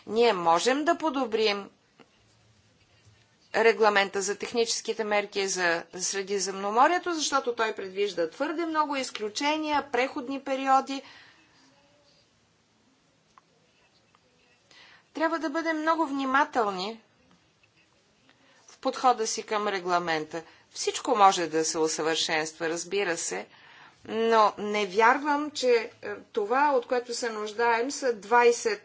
Ние можем да подобрим регламента за техническите мерки за Средиземноморието, защото той предвижда твърде много изключения, преходни периоди. Трябва да бъдем много внимателни подхода си към регламента. Всичко може да се усъвършенства, разбира се, но не вярвам, че е, това, от което се нуждаем, са 20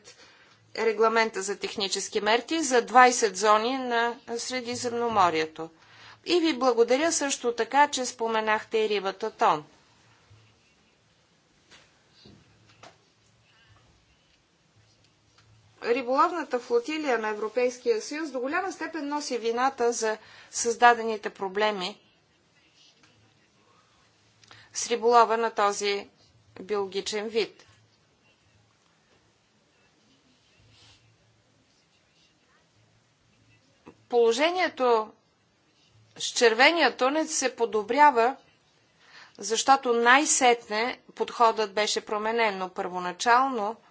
регламента за технически мерки за 20 зони на Средиземноморието. И ви благодаря също така, че споменахте и рибата тон. риболовната флотилия на Европейския съюз до голяма степен носи вината за създадените проблеми с риболова на този биологичен вид. Положението с червения тунец се подобрява, защото най-сетне подходът беше променен, но първоначално –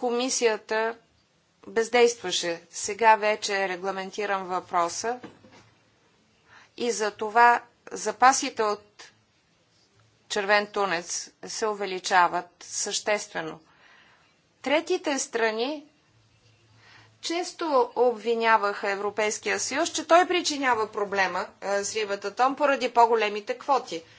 комисията бездействаше. Сега вече е регламентиран въпроса и за това запасите от червен тунец се увеличават съществено. Третите страни често обвиняваха Европейския съюз, че той причинява проблема е, с рибата тон поради по-големите квоти –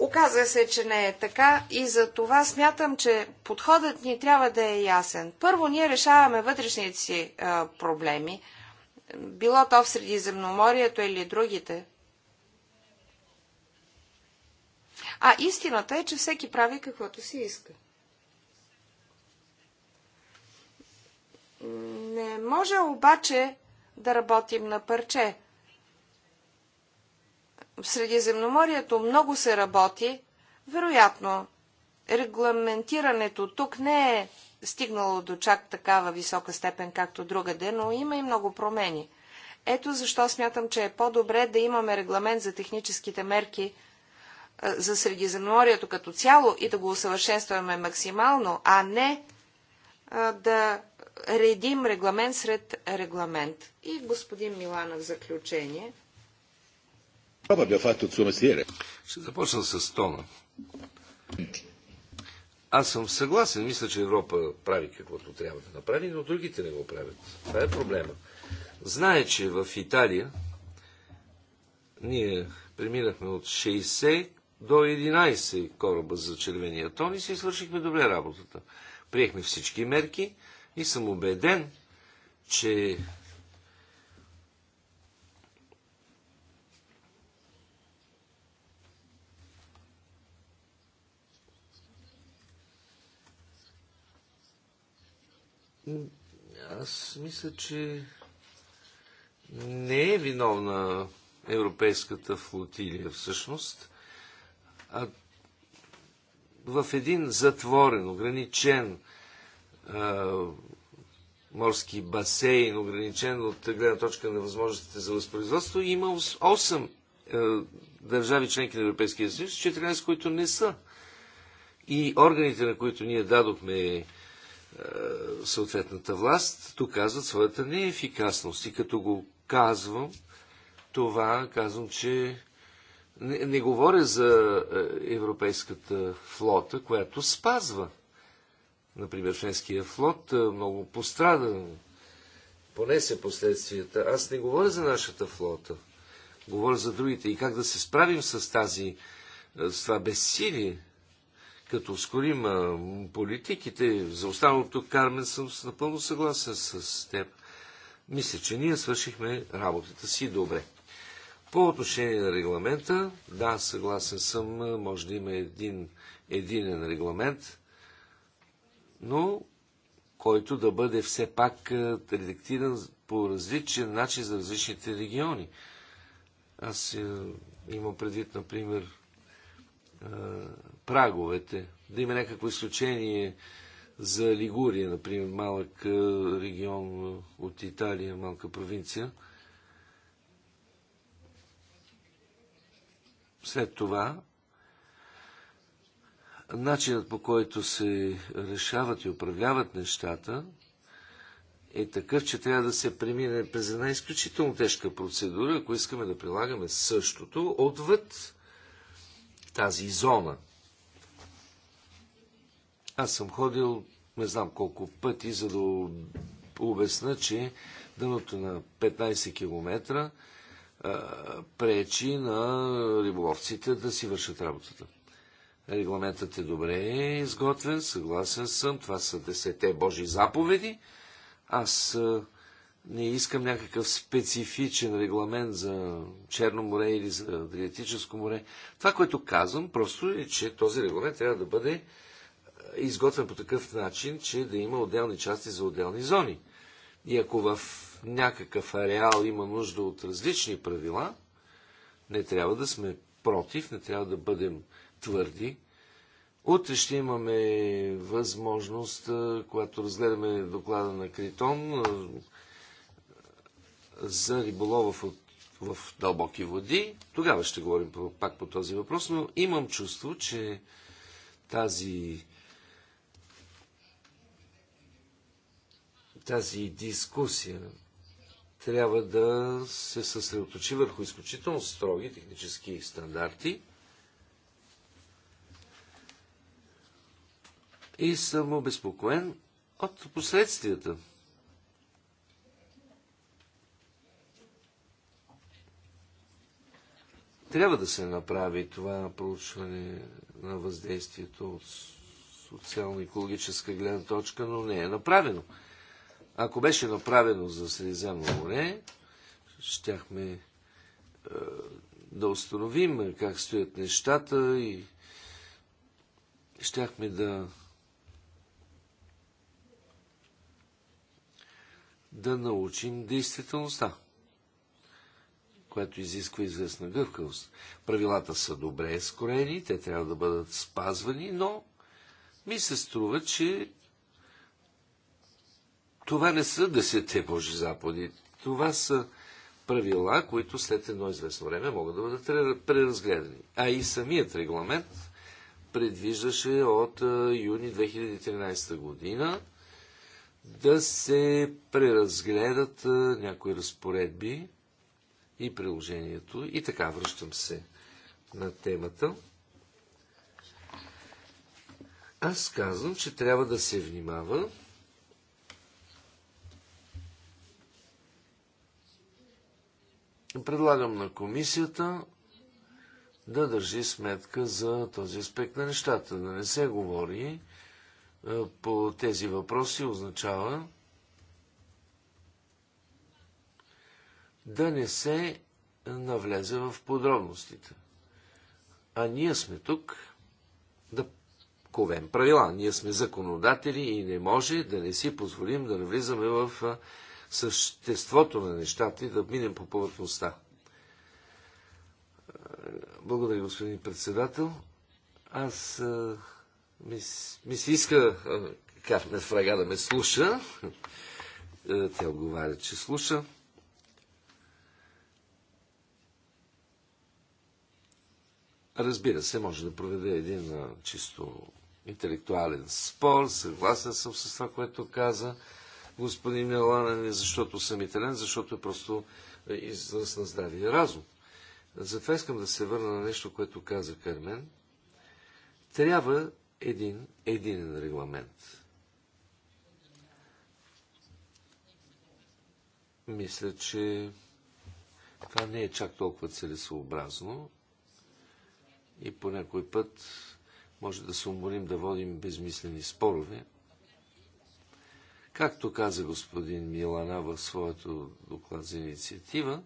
Оказва се, че не е така и за това смятам, че подходът ни трябва да е ясен. Първо, ние решаваме вътрешните си а, проблеми, било то в Средиземноморието или другите. А истината е, че всеки прави каквото си иска. Не може обаче да работим на парче. В Средиземноморието много се работи. Вероятно, регламентирането тук не е стигнало до чак такава висока степен, както другаде, но има и много промени. Ето защо смятам, че е по-добре да имаме регламент за техническите мерки за Средиземноморието като цяло и да го усъвършенстваме максимално, а не да редим регламент сред регламент. И господин Милана в заключение – ще започна с тона. Аз съм съгласен, мисля, че Европа прави каквото трябва да направи, но другите не го правят. Това е проблема. Знае, че в Италия ние преминахме от 60 до 11 кораба за червения тон и си свършихме добре работата. Приехме всички мерки и съм убеден, че Аз мисля, че не е виновна европейската флотилия всъщност, а в един затворен, ограничен а, морски басейн, ограничен от гледна точка на възможностите за възпроизводство, има 8 а, държави членки на Европейския съюз, 14 които не са. И органите, на които ние дадохме е, съответната власт, доказват казват своята неефикасност. И като го казвам, това казвам, че не, не говоря за е, европейската флота, която спазва. Например, френския флот е, много пострада, понесе последствията. Аз не говоря за нашата флота, говоря за другите и как да се справим с тази, с това безсилие като ускорим политиките за останалото, Кармен, съм напълно съгласен с теб. Мисля, че ние свършихме работата си добре. По отношение на регламента, да, съгласен съм, може да има един единен регламент, но който да бъде все пак редактиран по различен начин за различните региони. Аз имам предвид, например, е, праговете, да има някакво изключение за Лигурия, например, малък е, регион от Италия, малка провинция. След това, начинът по който се решават и управляват нещата е такъв, че трябва да се премине през една изключително тежка процедура, ако искаме да прилагаме същото отвъд тази зона. Аз съм ходил не знам колко пъти, за да обясна, че дъното на 15 км пречи на риболовците да си вършат работата. Регламентът е добре изготвен, съгласен съм. Това са десете Божи заповеди. Аз не искам някакъв специфичен регламент за Черно море или за Адриатическо море. Това, което казвам, просто е, че този регламент трябва да бъде е, изготвен по такъв начин, че да има отделни части за отделни зони. И ако в някакъв ареал има нужда от различни правила, не трябва да сме против, не трябва да бъдем твърди. Утре ще имаме възможност, е, когато разгледаме доклада на Критон, е, за риболова в дълбоки води. Тогава ще говорим пак по този въпрос, но имам чувство, че тази тази дискусия трябва да се съсредоточи върху изключително строги технически стандарти. И съм обезпокоен от последствията – Трябва да се направи това проучване на въздействието от социално-екологическа гледна точка, но не е направено. Ако беше направено за Средиземно море, щяхме е, да установим как стоят нещата и щяхме да да научим действителността което изисква известна гъвкавост. Правилата са добре скорени, те трябва да бъдат спазвани, но ми се струва, че това не са десете Божи заповеди. Това са правила, които след едно известно време могат да бъдат преразгледани. А и самият регламент предвиждаше от юни 2013 година да се преразгледат някои разпоредби, и приложението. И така връщам се на темата. Аз казвам, че трябва да се внимава Предлагам на комисията да държи сметка за този аспект на нещата. Да не се говори по тези въпроси означава да не се навлезе в подробностите. А ние сме тук да ковем правила. Ние сме законодатели и не може да не си позволим да навлизаме в съществото на нещата и да минем по повърхността. Благодаря, господин председател. Аз ми, ми се иска как Кафнер врага да ме слуша. Тя отговаря, че слуша. Разбира се, може да проведе един а, чисто интелектуален спор. Съгласен съм с това, което каза господин Миланен, защото съм итален, защото е просто израз на здравия разум. Затова искам да се върна на нещо, което каза Кармен. Трябва един единен регламент. Мисля, че това не е чак толкова целесообразно, и по някой път може да се уморим да водим безмислени спорове. Както каза господин Милана в своето доклад за инициатива,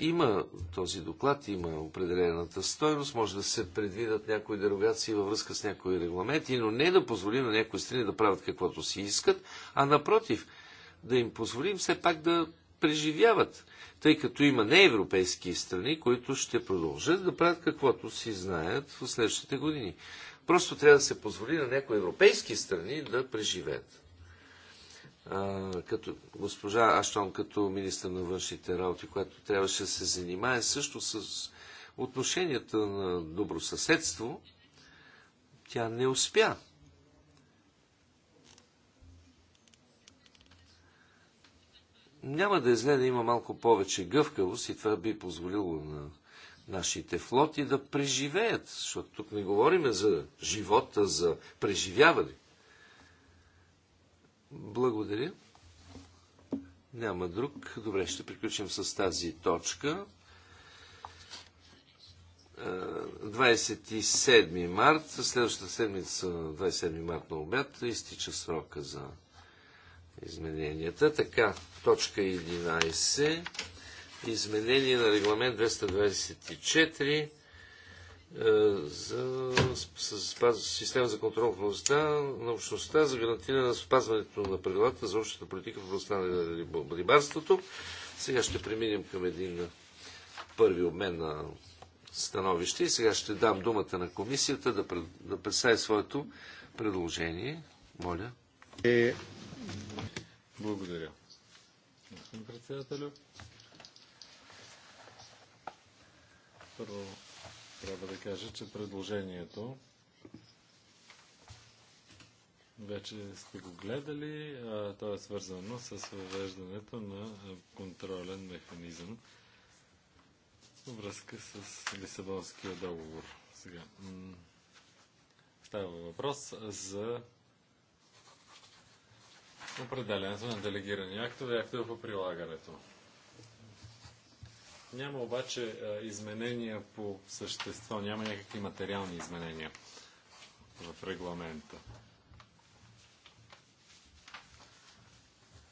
има този доклад, има определената стоеност, може да се предвидат някои дерогации във връзка с някои регламенти, но не да позволим на някои страни да правят каквото си искат, а напротив, да им позволим все пак да преживяват, тъй като има неевропейски страни, които ще продължат да правят каквото си знаят в следващите години. Просто трябва да се позволи на някои европейски страни да преживеят. А, като госпожа Аштон, като министър на външните работи, която трябваше да се занимае също с отношенията на добросъседство, тя не успя. няма да е зле да има малко повече гъвкавост и това би позволило на нашите флоти да преживеят, защото тук не говорим за живота, за преживяване. Благодаря. Няма друг. Добре, ще приключим с тази точка. 27 е, март, следващата седмица, 27 март на обяд, изтича срока за измененията. Така, точка 11. Изменение на регламент 224 е, за система за контрол в областта на общността за гарантиране на спазването на правилата за общата политика в областта на рибарството. Сега ще преминем към един първи обмен на становище и сега ще дам думата на комисията да, да представи своето предложение. Моля. Е, благодаря. Господин председателю, първо трябва да кажа, че предложението вече сте го гледали. А, то е свързано с въвеждането на контролен механизъм във връзка с Лисабонския договор. Сега. Става въпрос за определенство на делегирани актове и актове по прилагането. Няма обаче е, изменения по същество, няма някакви материални изменения в регламента.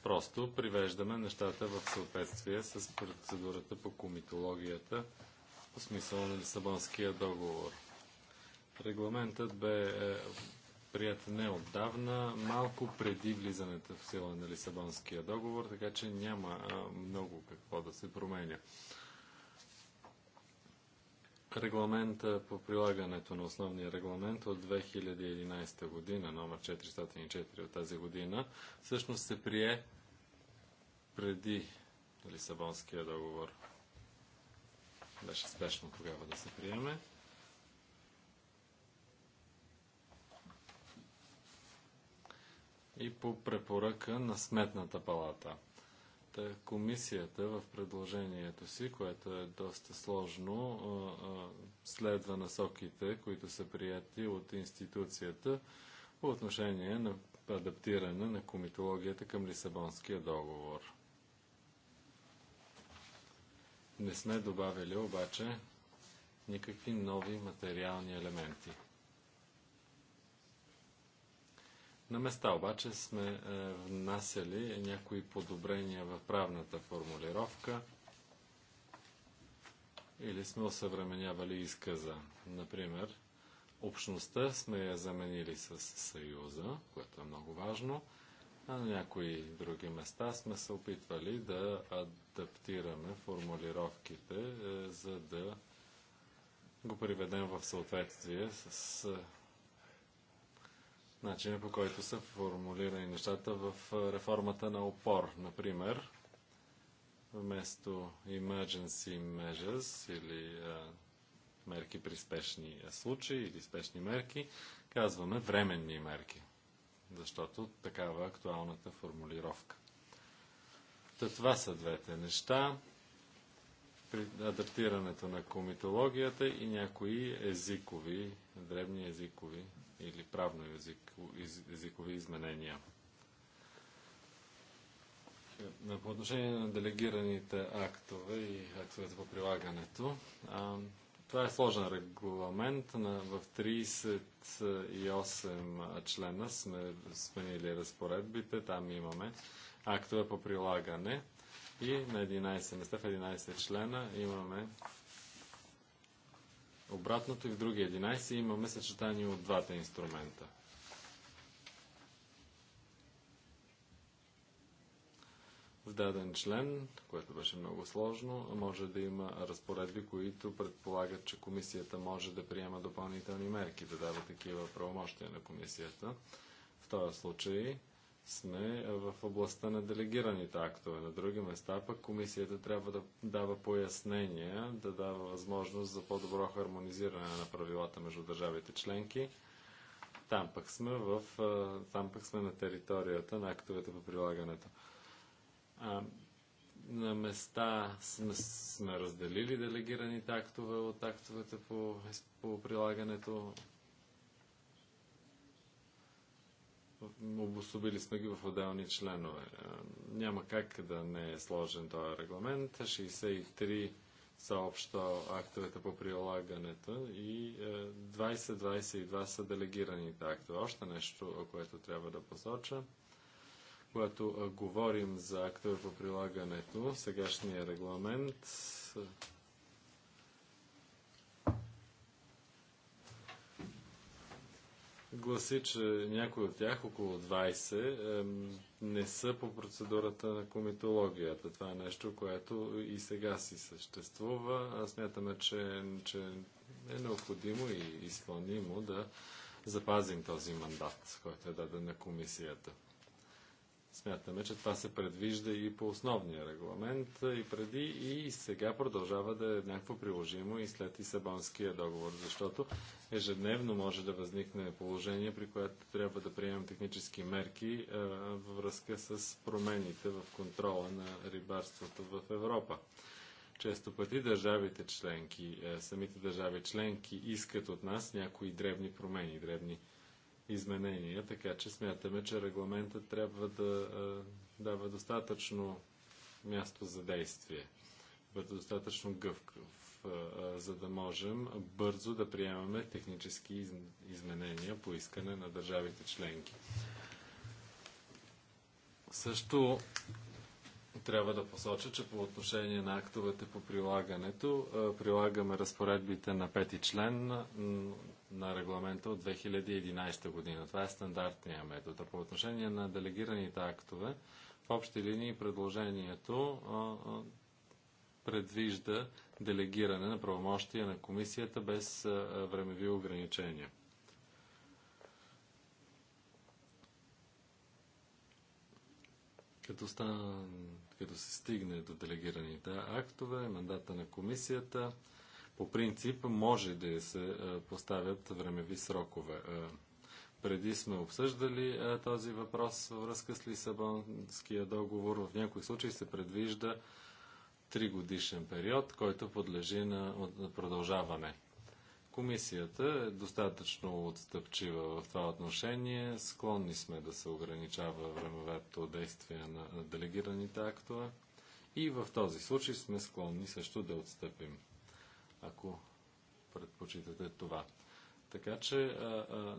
Просто привеждаме нещата в съответствие с процедурата по комитологията по смисъла на Лисабонския договор. Регламентът бе е, прият отдавна малко преди влизането в сила на Лисабонския договор, така че няма много какво да се променя. Регламента по прилагането на основния регламент от 2011 година, номер 404 от тази година, всъщност се прие преди Лисабонския договор. Беше спешно тогава да се приеме. и по препоръка на Сметната палата. Та комисията в предложението си, което е доста сложно, следва насоките, които са прияти от институцията по отношение на адаптиране на комитологията към Лисабонския договор. Не сме добавили обаче никакви нови материални елементи. На места обаче сме е, внасяли някои подобрения в правната формулировка или сме осъвременявали изказа. Например, общността сме я заменили с съюза, което е много важно, а на някои други места сме се опитвали да адаптираме формулировките, е, за да го приведем в съответствие с Начинът по който са формулирани нещата в реформата на опор. Например, вместо emergency measures или а, мерки при спешни случаи или спешни мерки, казваме временни мерки, защото такава е актуалната формулировка. Та това са двете неща. При адаптирането на комитологията и някои езикови, древни езикови или правно езикови изменения. Е, по отношение на делегираните актове и актовете по прилагането, това е сложен регламент. в 38 члена сме сменили разпоредбите, там имаме актове по прилагане и на 11 места, в 11 члена имаме Обратното и в други 11 имаме съчетание от двата инструмента. В даден член, което беше много сложно, може да има разпоредби, които предполагат, че комисията може да приема допълнителни мерки, да дава такива правомощия на комисията. В този случай сме в областта на делегираните актове. На други места пък комисията трябва да дава пояснения, да дава възможност за по-добро хармонизиране на правилата между държавите членки. Там пък сме, в, там пък сме на територията на актовете по прилагането. А, на места сме, сме разделили делегираните актове от актовете по, по прилагането обособили сме ги в отделни членове. Е, няма как да не е сложен този регламент. 63 са общо актовете по прилагането и 20-22 е, са делегираните актове. Още нещо, което трябва да посоча. Когато е, говорим за актове по прилагането, сегашния регламент гласи, че някои от тях, около 20, не са по процедурата на комитологията. Това е нещо, което и сега си съществува. Смятаме, че, че е необходимо и изпълнимо да запазим този мандат, който е даден на комисията. Смятаме, че това се предвижда и по основния регламент и преди, и сега продължава да е еднакво приложимо и след Исабонския договор, защото ежедневно може да възникне положение, при което трябва да приемем технически мерки а, във връзка с промените в контрола на рибарството в Европа. Често пъти държавите членки, е, самите държави членки искат от нас някои древни промени, древни промени изменения, така че смятаме, че регламентът трябва да дава достатъчно място за действие, бъде достатъчно гъвкав, за да можем бързо да приемаме технически из, изменения по искане на държавите членки. Също трябва да посоча, че по отношение на актовете по прилагането, прилагаме разпоредбите на пети член на регламента от 2011 година. Това е стандартния метод. А по отношение на делегираните актове, в общи линии предложението предвижда делегиране на правомощия на комисията без времеви ограничения. Като, стан, като се стигне до делегираните актове, мандата на комисията, по принцип може да се е, поставят времеви срокове. Е, преди сме обсъждали е, този въпрос във връзка с Лисабонския договор. В някои случаи се предвижда тригодишен период, който подлежи на продължаване. Комисията е достатъчно отстъпчива в това отношение. Склонни сме да се ограничава времевето действие на делегираните актове. И в този случай сме склонни също да отстъпим ако предпочитате това. Така че а, а,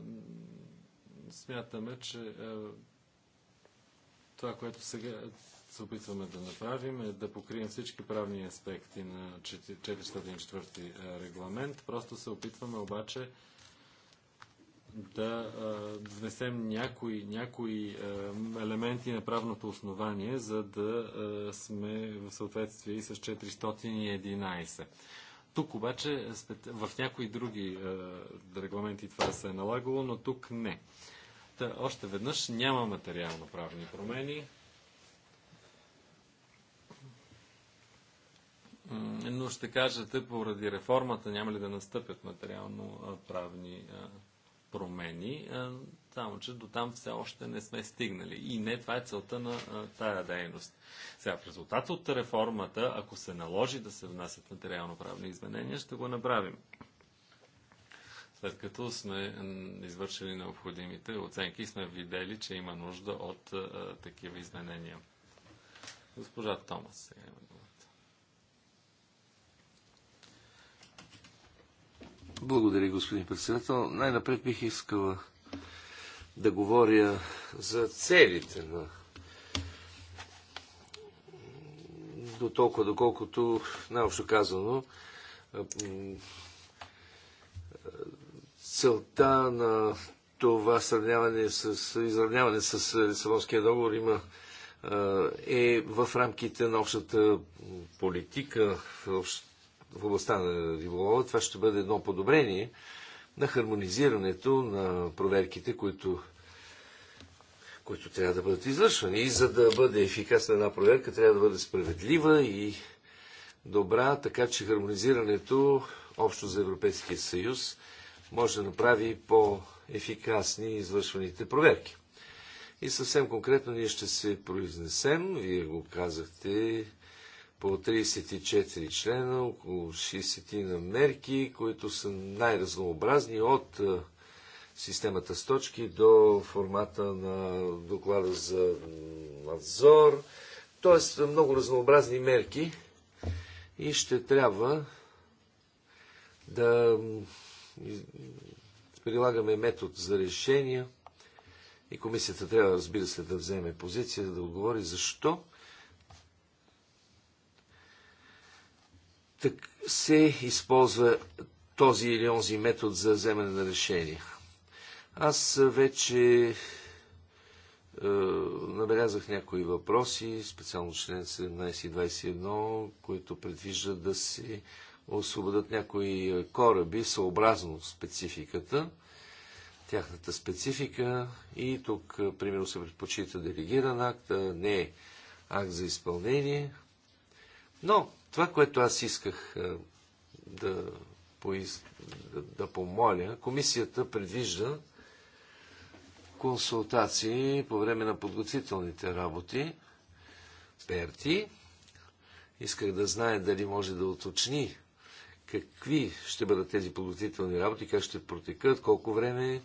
смятаме, че а, това, което сега се опитваме да направим е да покрием всички правни аспекти на 404 регламент. Просто се опитваме обаче да внесем някои, някои елементи на правното основание, за да сме в съответствие и с 411. Тук обаче, е, в някои други е, регламенти това се е налагало, но тук не. Та, още веднъж няма материално правни промени. Но ще кажете, поради реформата няма ли да настъпят материално правни промени? Само, че до там все още не сме стигнали. И не това е целта на а, тая дейност. Сега, в резултат от реформата, ако се наложи да се внасят материално-правни изменения, ще го направим. След като сме извършили необходимите оценки и сме видели, че има нужда от а, такива изменения. Госпожа Томас сега има думата. Благодаря, господин председател. Най-напред бих искала да говоря за целите на до толкова, доколкото, най-общо казано, целта на това сравняване с, изравняване с Лисабонския договор има е в рамките на общата политика в, областта на риболова. Това ще бъде едно подобрение на хармонизирането на проверките, които, които трябва да бъдат извършвани. И за да бъде ефикасна една проверка, трябва да бъде справедлива и добра, така че хармонизирането общо за Европейския съюз може да направи по-ефикасни извършваните проверки. И съвсем конкретно ние ще се произнесем, вие го казахте, по 34 члена, около 60 на мерки, които са най-разнообразни от е, системата с точки до формата на доклада за надзор. Тоест много разнообразни мерки и ще трябва да прилагаме метод за решения и комисията трябва, разбира се, да вземе позиция, да отговори защо так се използва този или онзи метод за вземане на решения. Аз вече е, набелязах някои въпроси, специално член 17 и 21, които предвиждат да се освободят някои кораби съобразно спецификата, тяхната специфика и тук, е, примерно, се предпочита делегиран акт, а не акт за изпълнение. Но това, което аз исках е, да, да, да помоля, комисията предвижда консултации по време на подготвителните работи, перти. Исках да знае дали може да уточни какви ще бъдат тези подготвителни работи, как ще протекат, колко време,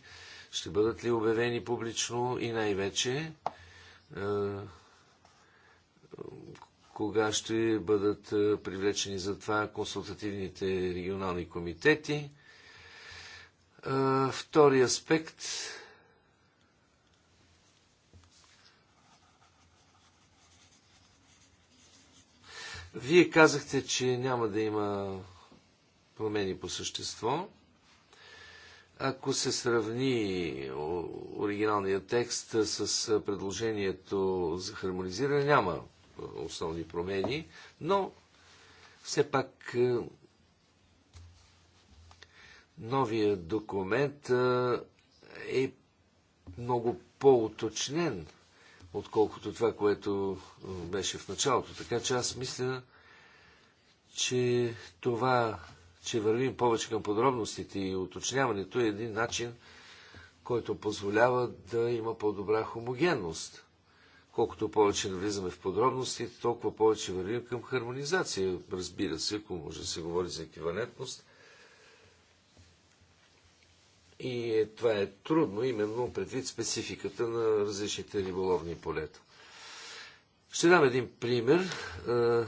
ще бъдат ли обявени публично и най-вече е, кога ще бъдат е, привлечени за това консултативните регионални комитети. Е, втори аспект Вие казахте, че няма да има промени по същество. Ако се сравни оригиналния текст с предложението за хармонизиране, няма основни промени, но все пак новия документ е много по-уточнен, отколкото това, което беше в началото. Така че аз мисля, че това, че вървим повече към подробностите и уточняването е един начин, който позволява да има по-добра хомогенност. Колкото повече навлизаме в подробности, толкова повече вървим към хармонизация. Разбира се, ако може да се говори за еквивалентност. И е, това е трудно, именно предвид спецификата на различните риболовни полета. Ще дам един пример. Е,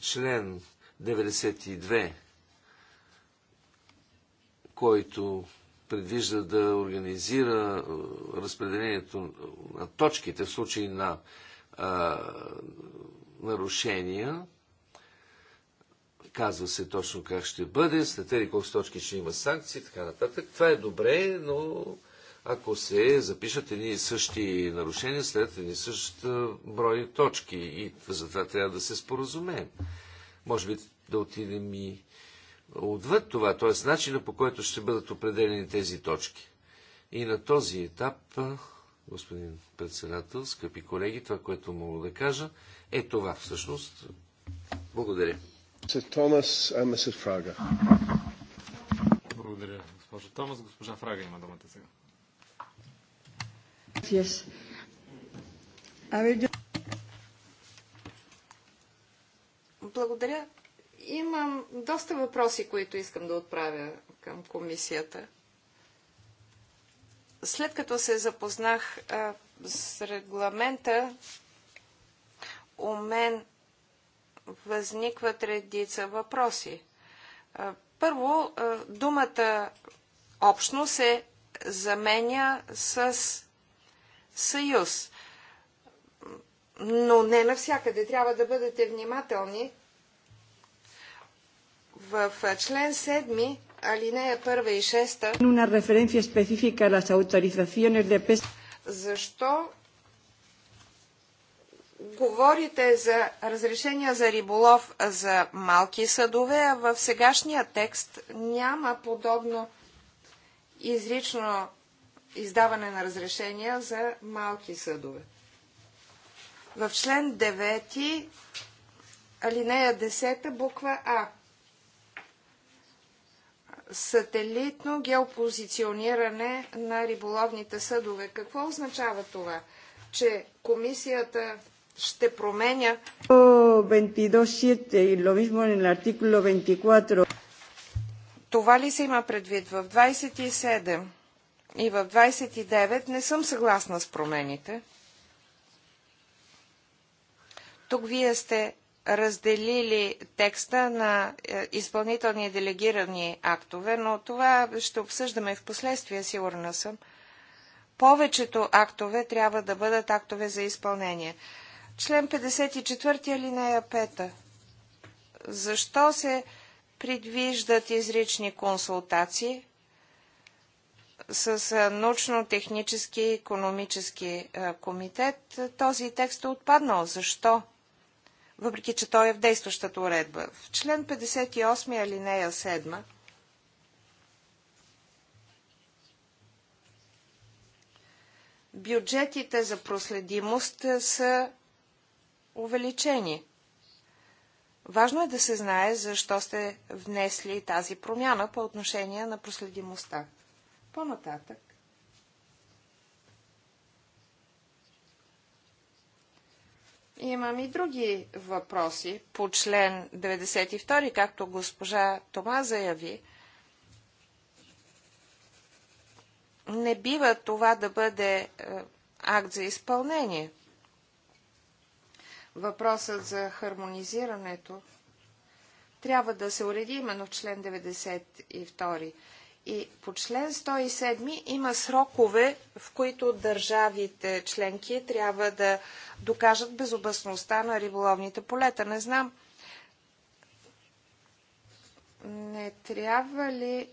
член 92, който предвижда да организира разпределението на точките в случай на а, нарушения. Казва се точно как ще бъде, след тези колко точки ще има санкции, така нататък. Това е добре, но ако се запишат едни и същи нарушения след едни и същ брой точки и затова трябва да се споразумеем. Може би да отидем и отвъд това, т.е. начина по който ще бъдат определени тези точки. И на този етап, господин председател, скъпи колеги, това, което мога да кажа, е това всъщност. Благодаря. Томас, Фрага. Благодаря, госпожо Томас. Госпожа Фрага има думата сега. Yes. Благодаря. Имам доста въпроси, които искам да отправя към комисията. След като се запознах а, с регламента, у мен възникват редица въпроси. А, първо, а, думата общно се заменя с съюз. Но не навсякъде. Трябва да бъдете внимателни в член 7, алинея 1 и 6, una referencia específica a las autorizaciones de pesca. Защо говорите за разрешения за риболов за малки съдове, а в сегашния текст няма подобно изрично издаване на разрешения за малки съдове. В член 9, алинея 10, буква А сателитно геопозициониране на риболовните съдове. Какво означава това? Че комисията ще променя 22.7 и 24. Това ли се има предвид в 27 и в 29? Не съм съгласна с промените. Тук вие сте разделили текста на е, изпълнителни и делегирани актове, но това ще обсъждаме в последствие, сигурна съм. Повечето актове трябва да бъдат актове за изпълнение. Член 54 алинея 5. Защо се предвиждат изрични консултации с е, научно-технически и економически е, комитет? Този текст е отпаднал. Защо? въпреки че той е в действащата уредба. В член 58 алинея 7 бюджетите за проследимост са увеличени. Важно е да се знае защо сте внесли тази промяна по отношение на проследимостта. По-нататък. Имам и други въпроси по член 92, както госпожа Тома заяви. Не бива това да бъде е, акт за изпълнение. Въпросът за хармонизирането трябва да се уреди именно в член 92. И по член 107 има срокове, в които държавите членки трябва да докажат безопасността на риболовните полета. Не знам, не трябва ли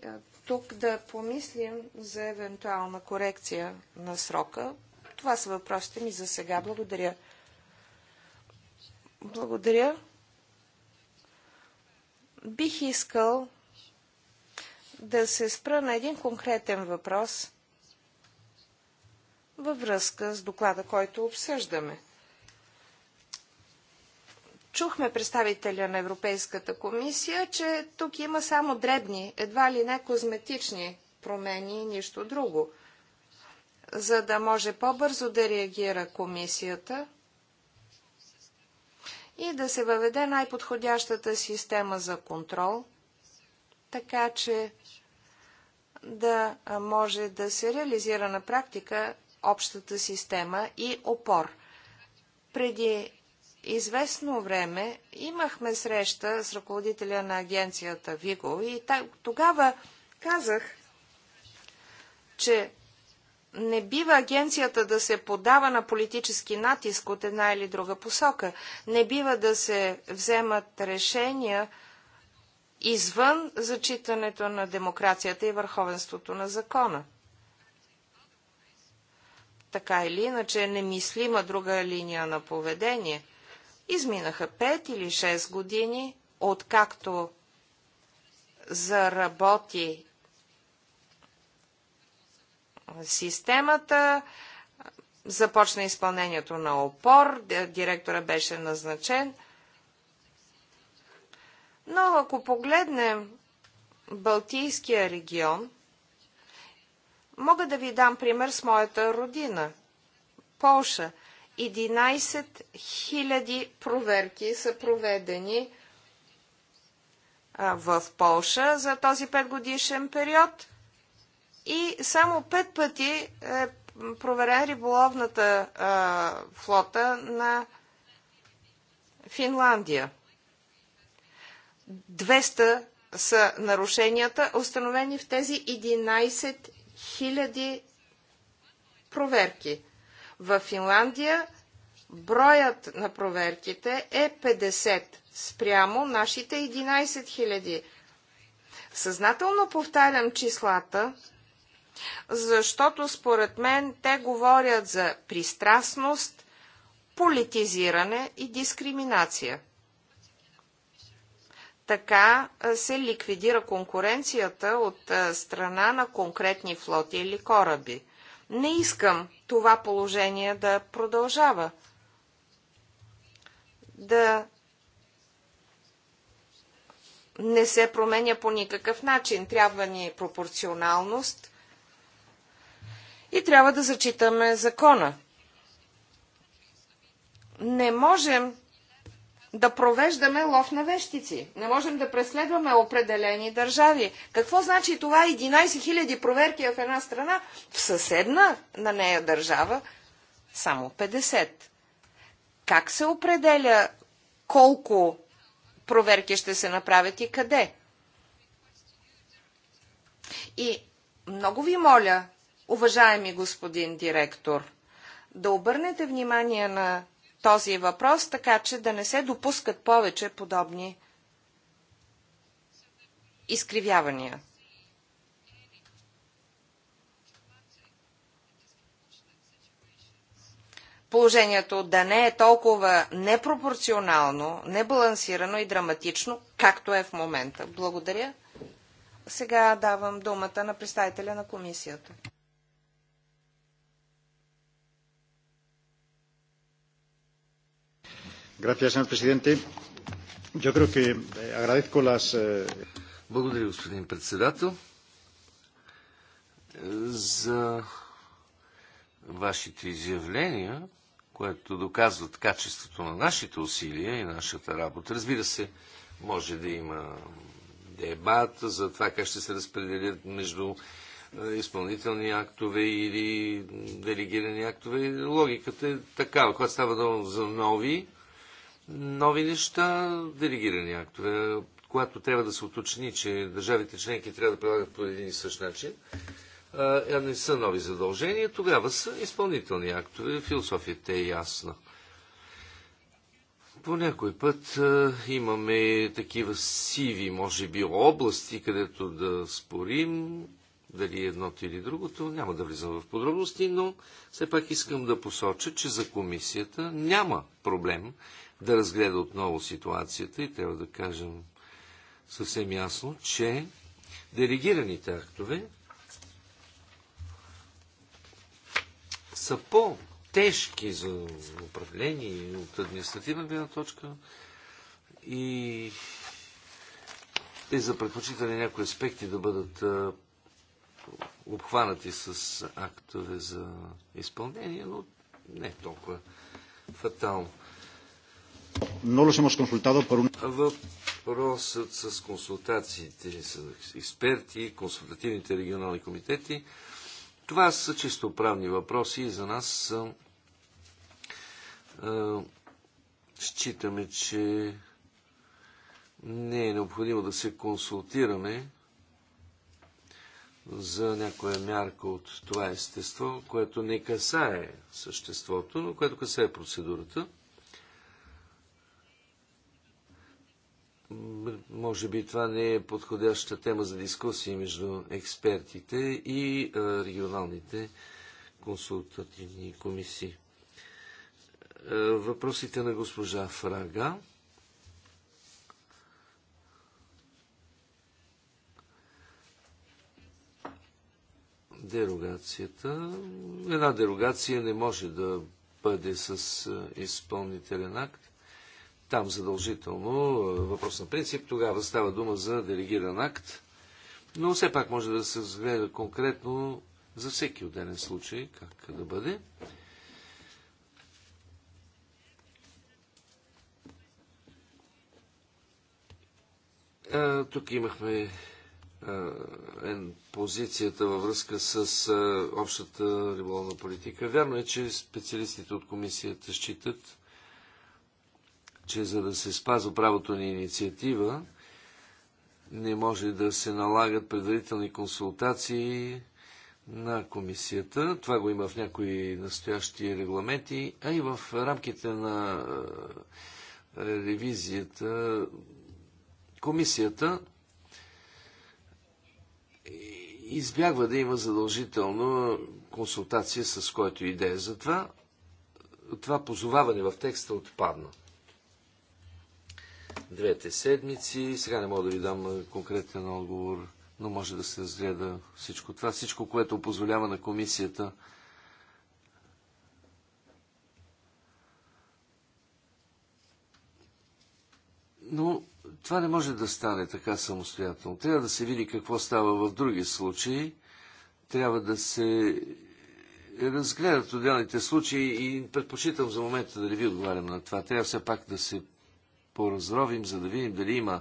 тук да помислим за евентуална корекция на срока? Това са въпросите ми за сега. Благодаря. Благодаря. Бих искал да се спра на един конкретен въпрос във връзка с доклада, който обсъждаме. Чухме представителя на Европейската комисия, че тук има само дребни, едва ли не козметични промени и нищо друго. За да може по-бързо да реагира комисията, и да се въведе най-подходящата система за контрол, така че да може да се реализира на практика общата система и опор. Преди известно време имахме среща с ръководителя на агенцията Виго и тогава казах, че не бива агенцията да се подава на политически натиск от една или друга посока. Не бива да се вземат решения извън зачитането на демокрацията и върховенството на закона. Така или иначе, немислима друга линия на поведение. Изминаха 5 или 6 години, откакто заработи системата, започна изпълнението на опор, директора беше назначен – но ако погледнем Балтийския регион, мога да ви дам пример с моята родина. Полша. 11 000 проверки са проведени в Полша за този 5 годишен период и само 5 пъти е проверен риболовната а, флота на Финландия. 200 са нарушенията, установени в тези 11 000 проверки. В Финландия броят на проверките е 50 спрямо нашите 11 000. Съзнателно повтарям числата, защото според мен те говорят за пристрастност, политизиране и дискриминация. Така се ликвидира конкуренцията от страна на конкретни флоти или кораби. Не искам това положение да продължава. Да не се променя по никакъв начин. Трябва ни пропорционалност и трябва да зачитаме закона. Не можем да провеждаме лов на вещици. Не можем да преследваме определени държави. Какво значи това 11 000 проверки в една страна, в съседна на нея държава само 50? Как се определя колко проверки ще се направят и къде? И много ви моля, уважаеми господин директор, да обърнете внимание на този въпрос, така че да не се допускат повече подобни изкривявания. Положението да не е толкова непропорционално, небалансирано и драматично, както е в момента. Благодаря. Сега давам думата на представителя на комисията. Señor presidente. Yo creo que eh, agradezco las... Eh, Благодаря, господин председател, е, за вашите изявления, което доказват качеството на нашите усилия и нашата работа. Разбира се, може да има дебат за това как ще се разпределят между е, изпълнителни актове или делегирани актове. Логиката е такава. Когато става дума за нови нови неща, делегирани актове, когато трябва да се уточни, че държавите членки трябва да прилагат по един и същ начин, а не са нови задължения, тогава са изпълнителни актове. Философията е ясна. По някой път а, имаме такива сиви, може би, области, където да спорим, дали едното или другото. Няма да влизам в подробности, но все пак искам да посоча, че за комисията няма проблем да разгледа отново ситуацията и трябва да кажем съвсем ясно, че делегираните актове са по-тежки за управление от административна гледна точка и те за предпочитане някои аспекти да бъдат обхванати с актове за изпълнение, но не толкова фатално no los hemos consultado por un... Въпросът с консултациите, с експерти, консултативните регионални комитети, това са чисто правни въпроси и за нас а, считаме, че не е необходимо да се консултираме за някоя мярка от това естество, което не касае съществото, но което касае процедурата. може би това не е подходяща тема за дискусии между експертите и регионалните консултативни комисии. Въпросите на госпожа Фрага. Дерогацията. Една дерогация не може да бъде с изпълнителен акт там задължително е, въпрос на принцип, тогава става дума за делегиран акт, но все пак може да се разгледа конкретно за всеки отделен случай как да бъде. А, е, тук имахме а, е, позицията във връзка с а, общата риболовна политика. Вярно е, че специалистите от комисията считат, че за да се спазва правото на инициатива, не може да се налагат предварителни консултации на комисията. Това го има в някои настоящи регламенти, а и в рамките на е, ревизията комисията избягва да има задължително консултация с който идея. Затова това позоваване в текста отпадна двете седмици. Сега не мога да ви дам конкретен отговор, но може да се разгледа всичко това. Всичко, което позволява на комисията Но това не може да стане така самостоятелно. Трябва да се види какво става в други случаи. Трябва да се разгледат отделните случаи и предпочитам за момента да не ви отговарям на това. Трябва все пак да се поразровим, за да видим дали има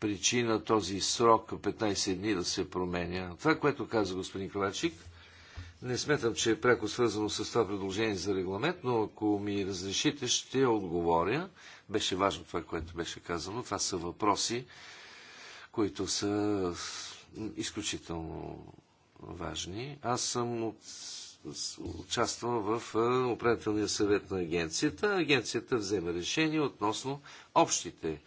причина този срок 15 дни да се променя. Това, което каза господин Ковачик, не сметам, че е пряко свързано с това предложение за регламент, но ако ми разрешите, ще отговоря. Беше важно това, което беше казано. Това са въпроси, които са изключително важни. Аз съм от участва в управителния съвет на агенцията. Агенцията взема решение относно общите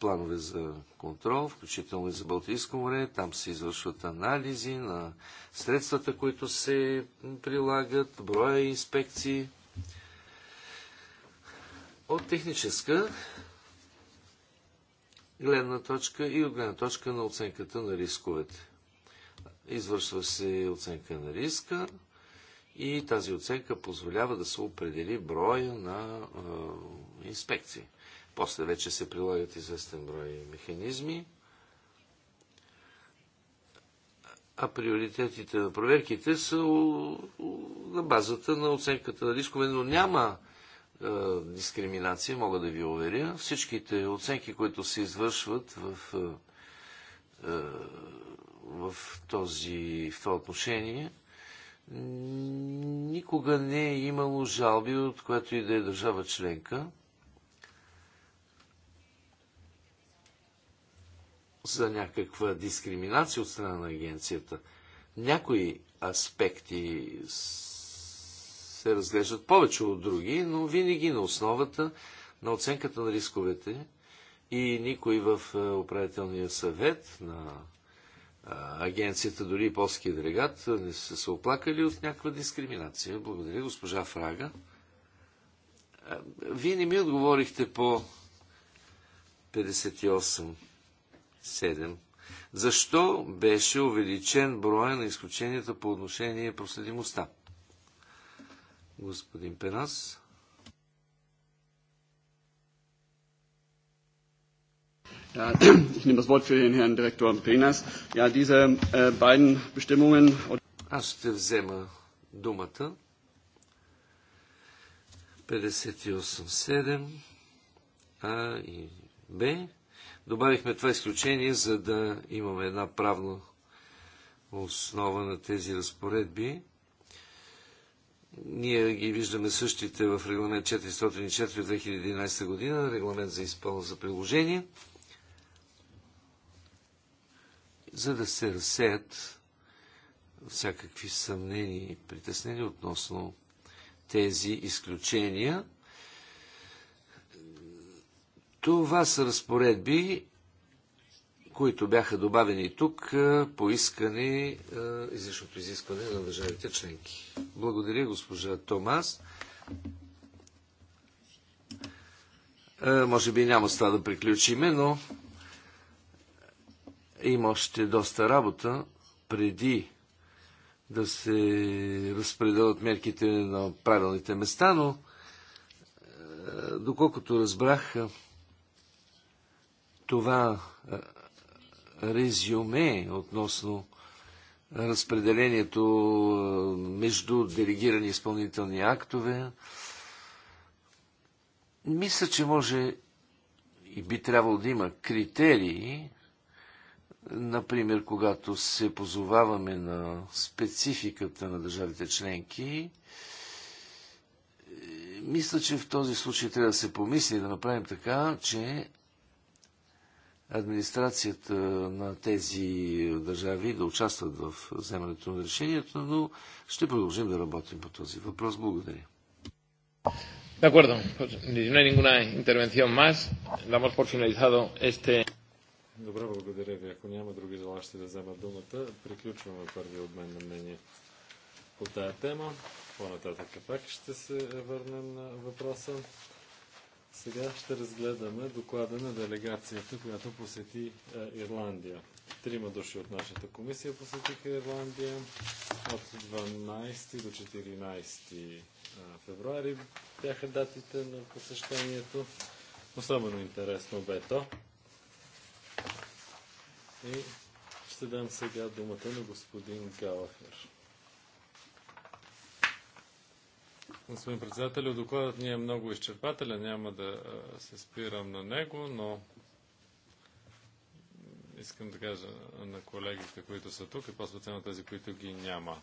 планове за контрол, включително и за Балтийско море. Там се извършват анализи на средствата, които се прилагат, броя инспекции. От техническа гледна точка и от гледна точка на оценката на рисковете. Извършва се оценка на риска, и тази оценка позволява да се определи броя на е, инспекции. После вече се прилагат известен брой механизми, а приоритетите на проверките са на базата на оценката на рискове, но няма е, дискриминация, мога да ви уверя. Всичките оценки, които се извършват в, е, в, този, в това отношение, Никога не е имало жалби от която и да е държава членка. за някаква дискриминация от страна на агенцията. Някои аспекти се разглеждат повече от други, но винаги на основата на оценката на рисковете и никой в е, управителния съвет на агенцията, дори и полския делегат, не са се оплакали от някаква дискриминация. Благодаря, госпожа Фрага. Вие не ми отговорихте по 58.7. Защо беше увеличен броя на изключенията по отношение проследимостта? Господин Пенас. Ja, ich nehme das Wort für den Herrn Direktor Penas. Ja, diese äh, beiden Bestimmungen. Аз ще взема думата. 58.7 А и Б. Добавихме това изключение, за да имаме една правна основа на тези разпоредби. Ние ги виждаме същите в регламент 404 от 2011 година, регламент за изпълнение за приложение за да се разсеят всякакви съмнения и притеснения относно тези изключения. Това са разпоредби, които бяха добавени тук по искане, излишното изискване на държавите членки. Благодаря, госпожа Томас. Може би няма с това да приключиме, но има още доста работа преди да се разпределят мерките на правилните места, но е, доколкото разбрах, е, това е, резюме относно разпределението между делегирани изпълнителни актове, мисля, че може и би трябвало да има критерии, Например, когато се позоваваме на спецификата на държавите членки, мисля, че в този случай трябва да се помисли и да направим така, че администрацията на тези държави да участват в вземането на решението, но ще продължим да работим по този въпрос. Благодаря. De acuerdo, pues si no hay ninguna intervención más, damos por finalizado este. Добре, благодаря ви. Ако няма други желащи да вземат думата, приключваме първи обмен на мнение по тая тема. По-нататък пак ще се върнем на въпроса. Сега ще разгледаме доклада на делегацията, която посети е, Ирландия. Трима души от нашата комисия посетиха Ирландия от 12 до 14 е, февруари бяха датите на посещението. Особено интересно бе то. И ще дам сега думата на господин Галахер. Господин председател, докладът ни е много изчерпателен, няма да се спирам на него, но искам да кажа на колегите, които са тук и по-специално тези, които ги няма.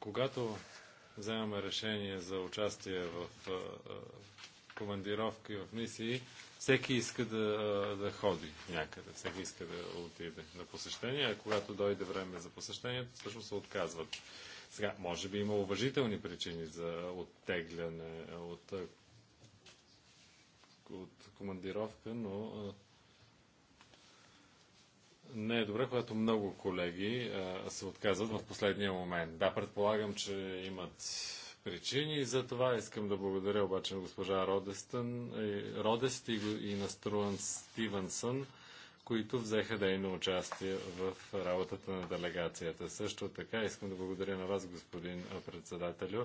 Когато вземаме решение за участие в командировки, в мисии, всеки иска да, да ходи някъде, всеки иска да отиде на посещение, а когато дойде време за посещението, всъщност се отказват. Сега, може би има уважителни причини за оттегляне от, от командировка, но не е добре, когато много колеги а, се отказват в последния момент. Да, предполагам, че имат причини. За това искам да благодаря обаче на госпожа Родестън, е, Родест и, и на Струан Стивенсън, които взеха дейно участие в работата на делегацията. Също така искам да благодаря на вас, господин председателю,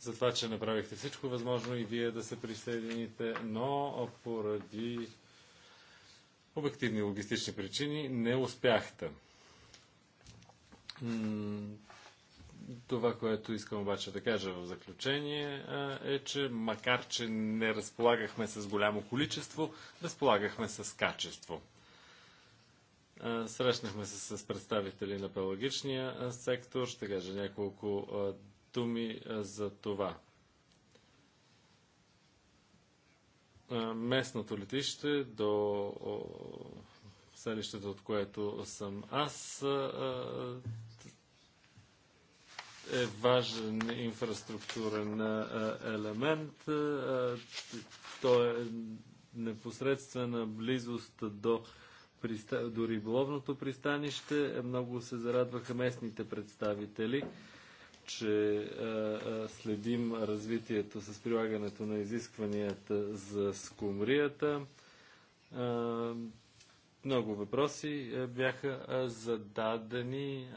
за това, че направихте всичко възможно и вие да се присъедините, но поради обективни логистични причини не успяхте. Това, което искам обаче да кажа в заключение е, че макар, че не разполагахме с голямо количество, разполагахме с качество. Срещнахме се с представители на пелагичния сектор. Ще кажа няколко думи за това. Местното летище до селището, от което съм аз, е важен инфраструктурен елемент. Той е непосредствена близост до, приста... до риболовното пристанище. Много се зарадваха местните представители, че следим развитието с прилагането на изискванията за скумрията. Много въпроси е, бяха зададени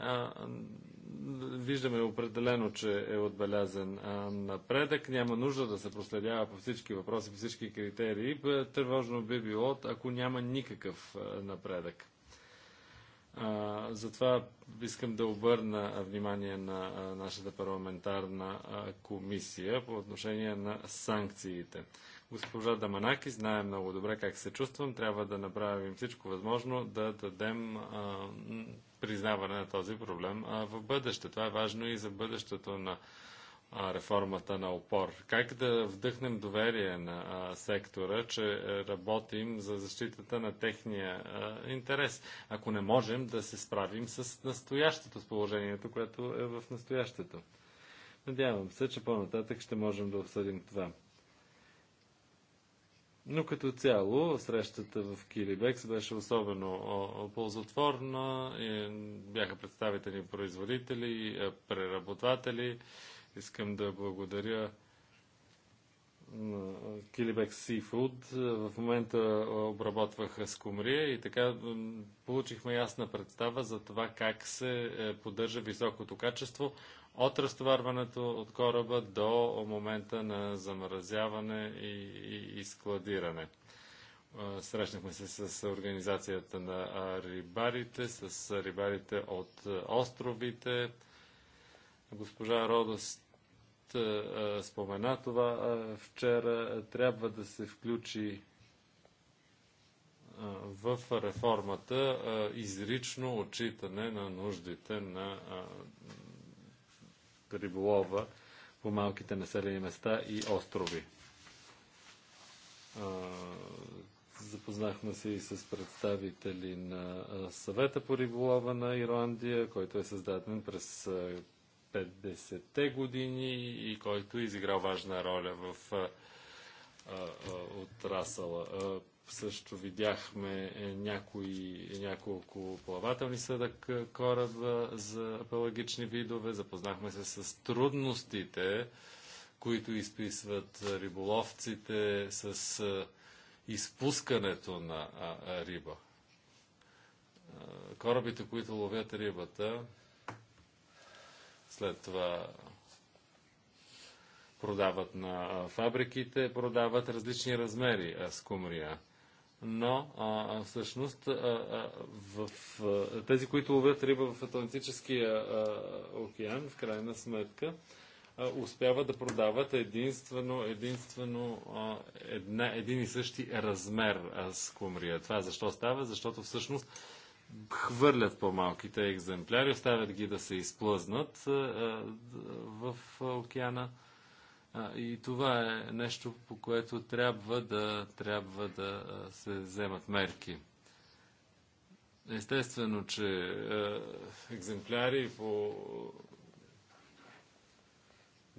виждаме определено, че е отбелязан напредък. Няма нужда да се проследява по всички въпроси, по всички критерии. Тревожно би било, ако няма никакъв напредък. А, затова искам да обърна внимание на нашата парламентарна комисия по отношение на санкциите. Госпожа Даманаки знае много добре как се чувствам. Трябва да направим всичко възможно да дадем а, признаване на този проблем а, в бъдеще. Това е важно и за бъдещето на а, реформата на опор. Как да вдъхнем доверие на а, сектора, че е, работим за защитата на техния а, интерес, ако не можем да се справим с настоящето, с положението, което е в настоящето. Надявам се, че по-нататък ще можем да обсъдим това. Но като цяло срещата в Кирибекс беше особено ползотворна. Бяха представители производители, е, преработватели. Искам да благодаря Килибек Seafood. В момента е, обработваха скумрия и така получихме ясна представа за това как се е, поддържа високото качество от разтоварването от кораба до момента на замразяване и, и, и складиране. Срещнахме се с организацията на рибарите, с рибарите от островите. Госпожа Родост спомена това вчера. Трябва да се включи в реформата изрично отчитане на нуждите на риболова по малките населени места и острови. Запознахме се и с представители на съвета по риболова на Ирландия, който е създаден през 50-те години и който е изиграл важна роля в отрасъла също видяхме е, някои, няколко плавателни съдък кораба за пелагични видове. Запознахме се с трудностите, които изписват риболовците с изпускането на риба. Корабите, които ловят рибата, след това продават на фабриките, продават различни размери с кумрия но а, всъщност а, а, в, а, тези, които ловят риба в Атлантическия а, океан, в крайна сметка, а, успяват да продават единствено, единствено а, една, един и същи размер а, с кумрия. Това защо става? Защото всъщност хвърлят по-малките екземпляри, оставят ги да се изплъзнат а, а, в океана а, и това е нещо, по което трябва да, трябва да се вземат мерки. Естествено, че екземпляри по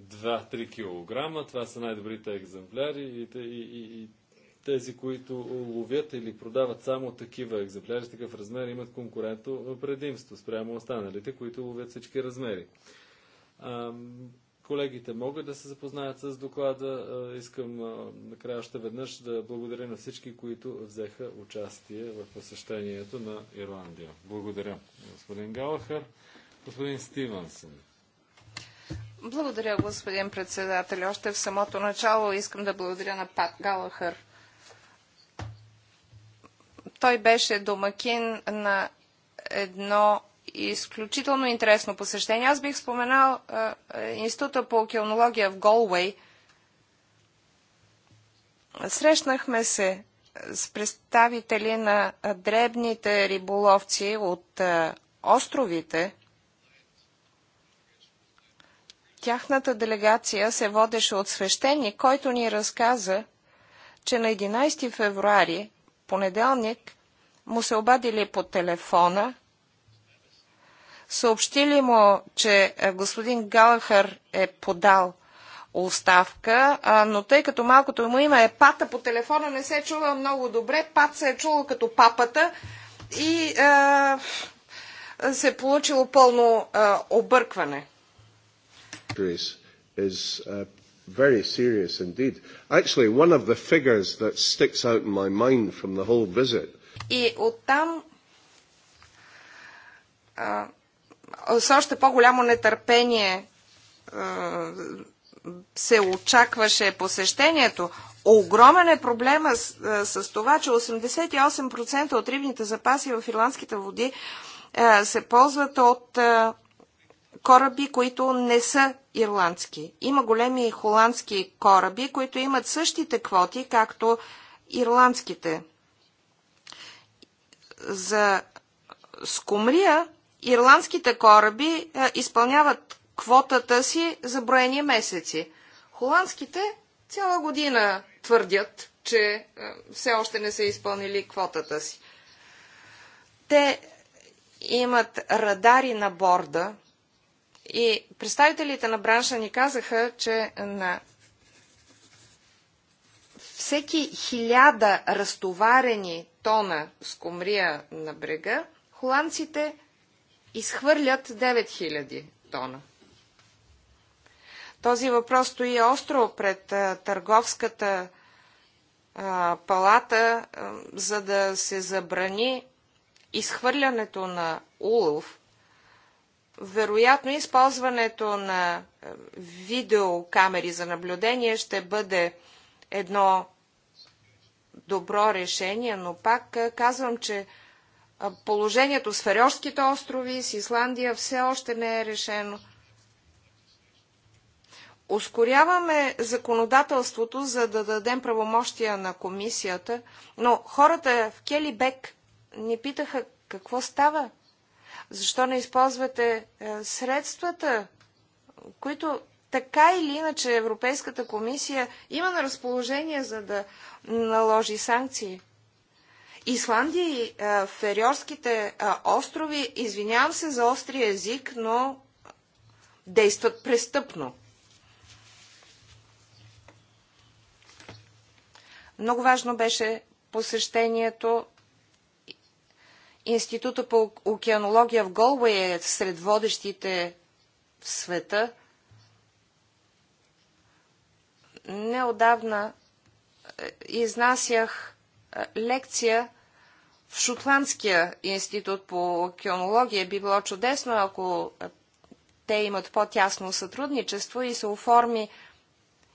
2-3 кг, това са най-добрите екземпляри и, и, и, и тези, които ловят или продават само такива екземпляри с такъв размер, имат конкурентно предимство спрямо останалите, които ловят всички размери. А, Колегите могат да се запознаят с доклада. Е, искам е, накрая още веднъж да благодаря на всички, които взеха участие в посещението на Ирландия. Благодаря, господин Галахър. Господин Стивенсън. Благодаря, господин председател. Още в самото начало искам да благодаря на Пат Галахър. Той беше домакин на едно изключително интересно посещение. Аз бих споменал Института по океанология в Голвей. Срещнахме се с представители на дребните риболовци от островите. Тяхната делегация се водеше от свещеник, който ни разказа, че на 11 февруари, понеделник, му се обадили по телефона – съобщили му, че е, господин Галахър е подал оставка, но тъй като малкото му има е Пата, по телефона не се е чува много добре. Пат се е чула като папата и е, се е получило пълно е, объркване. Е, very serious indeed. Actually, one of the figures that sticks out in my mind from the whole visit. И оттам а, с още по-голямо нетърпение е, се очакваше посещението. Огромен е проблема с, е, с това, че 88% от рибните запаси в ирландските води е, се ползват от кораби, които не са ирландски. Има големи холандски кораби, които имат същите квоти, както ирландските. За скумрия ирландските кораби а, е, изпълняват квотата си за броени месеци. Холандските цяла година твърдят, че а, е, все още не са изпълнили квотата си. Те имат радари на борда и представителите на бранша ни казаха, че на всеки хиляда разтоварени тона скумрия на брега, холандците изхвърлят 9000 тона. Този въпрос стои остро пред търговската палата, за да се забрани изхвърлянето на улов, вероятно използването на видеокамери за наблюдение ще бъде едно добро решение, но пак казвам, че Положението с Фариорските острови, с Исландия все още не е решено. Ускоряваме законодателството, за да дадем правомощия на комисията, но хората в Келибек ни питаха какво става. Защо не използвате е, средствата, които така или иначе Европейската комисия има на разположение, за да наложи санкции? Исландия и а, Фериорските а, острови, извинявам се за острия език, но действат престъпно. Много важно беше посещението Института по океанология в Голуей е сред водещите в света. Неодавна е, изнасях е, лекция в Шотландския институт по океанология би било чудесно, ако те имат по-тясно сътрудничество и се оформи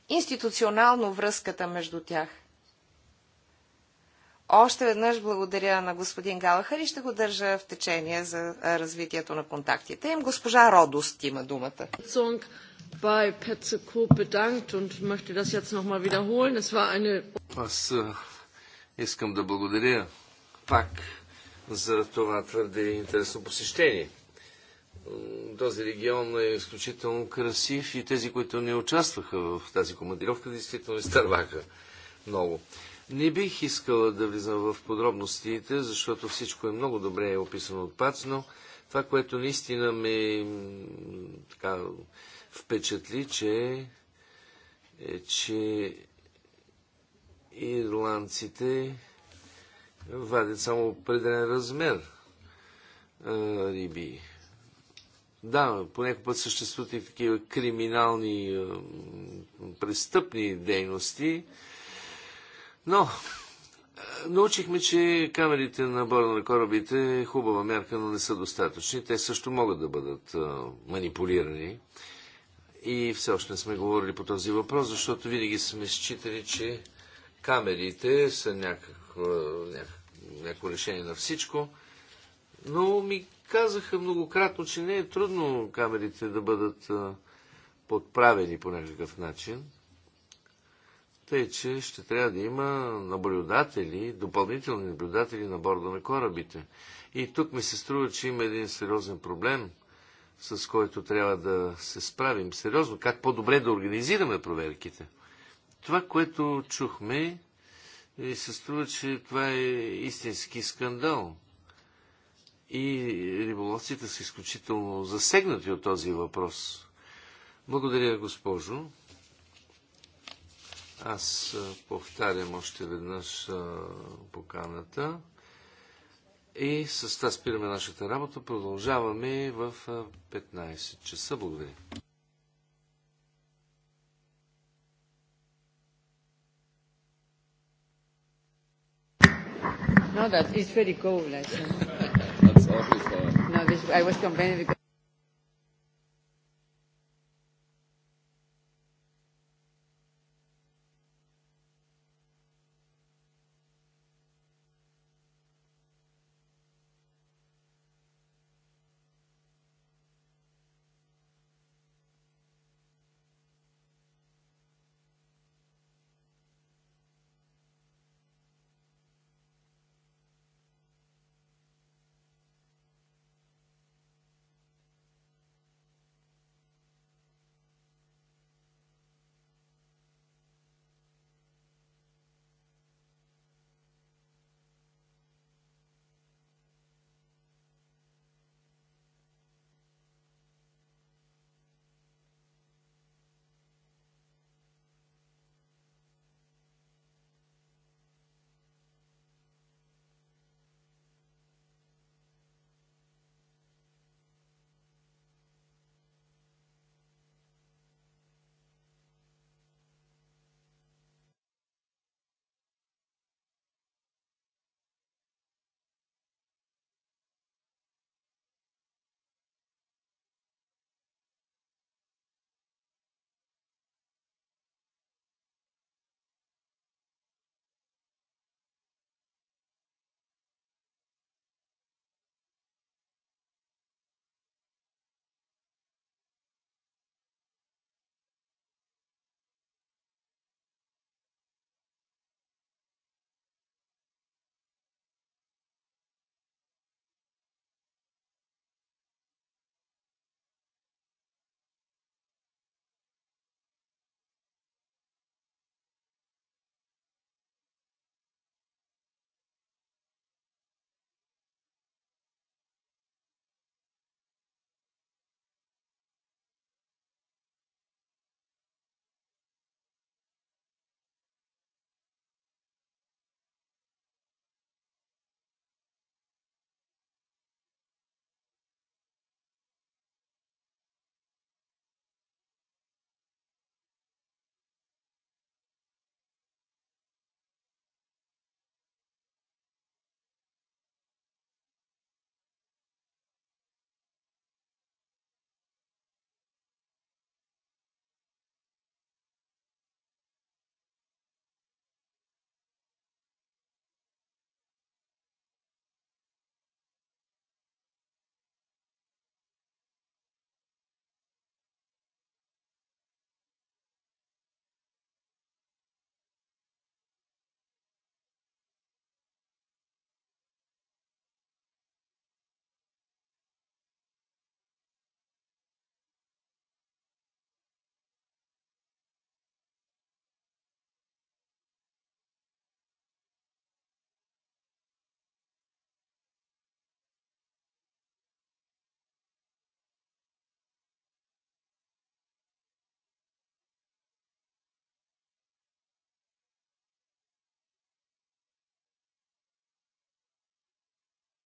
институционално връзката между тях. Още веднъж благодаря на господин Галахър и ще го държа в течение за развитието на контактите им. Госпожа Родост има думата. Аз искам да благодаря пак за това твърде интересно посещение. Този регион е изключително красив и тези, които не участваха в тази командировка, действително изтърваха много. Не бих искала да влизам в подробностите, защото всичко е много добре описано от Пац, но това, което наистина ме така, впечатли, че, е, че ирландците вадят само определен размер а, риби. Да, понякога път съществуват и такива криминални а, престъпни дейности, но научихме, че камерите на борда на корабите е хубава мярка, но не са достатъчни. Те също могат да бъдат а, манипулирани. И все още не сме говорили по този въпрос, защото винаги сме считали, че камерите са някаква, някаква някакво решение на всичко, но ми казаха многократно, че не е трудно камерите да бъдат подправени по някакъв начин. Тъй, че ще трябва да има наблюдатели, допълнителни наблюдатели на борда на корабите. И тук ми се струва, че има един сериозен проблем, с който трябва да се справим сериозно. Как по-добре да организираме проверките? Това, което чухме, и се струва, че това е истински скандал. И риболовците са изключително засегнати от този въпрос. Благодаря, госпожо. Аз повтарям още веднъж поканата. И с това спираме нашата работа. Продължаваме в 15 часа. Благодаря. know that. It's very cold, I think. That's awfully far. No, this, I was complaining because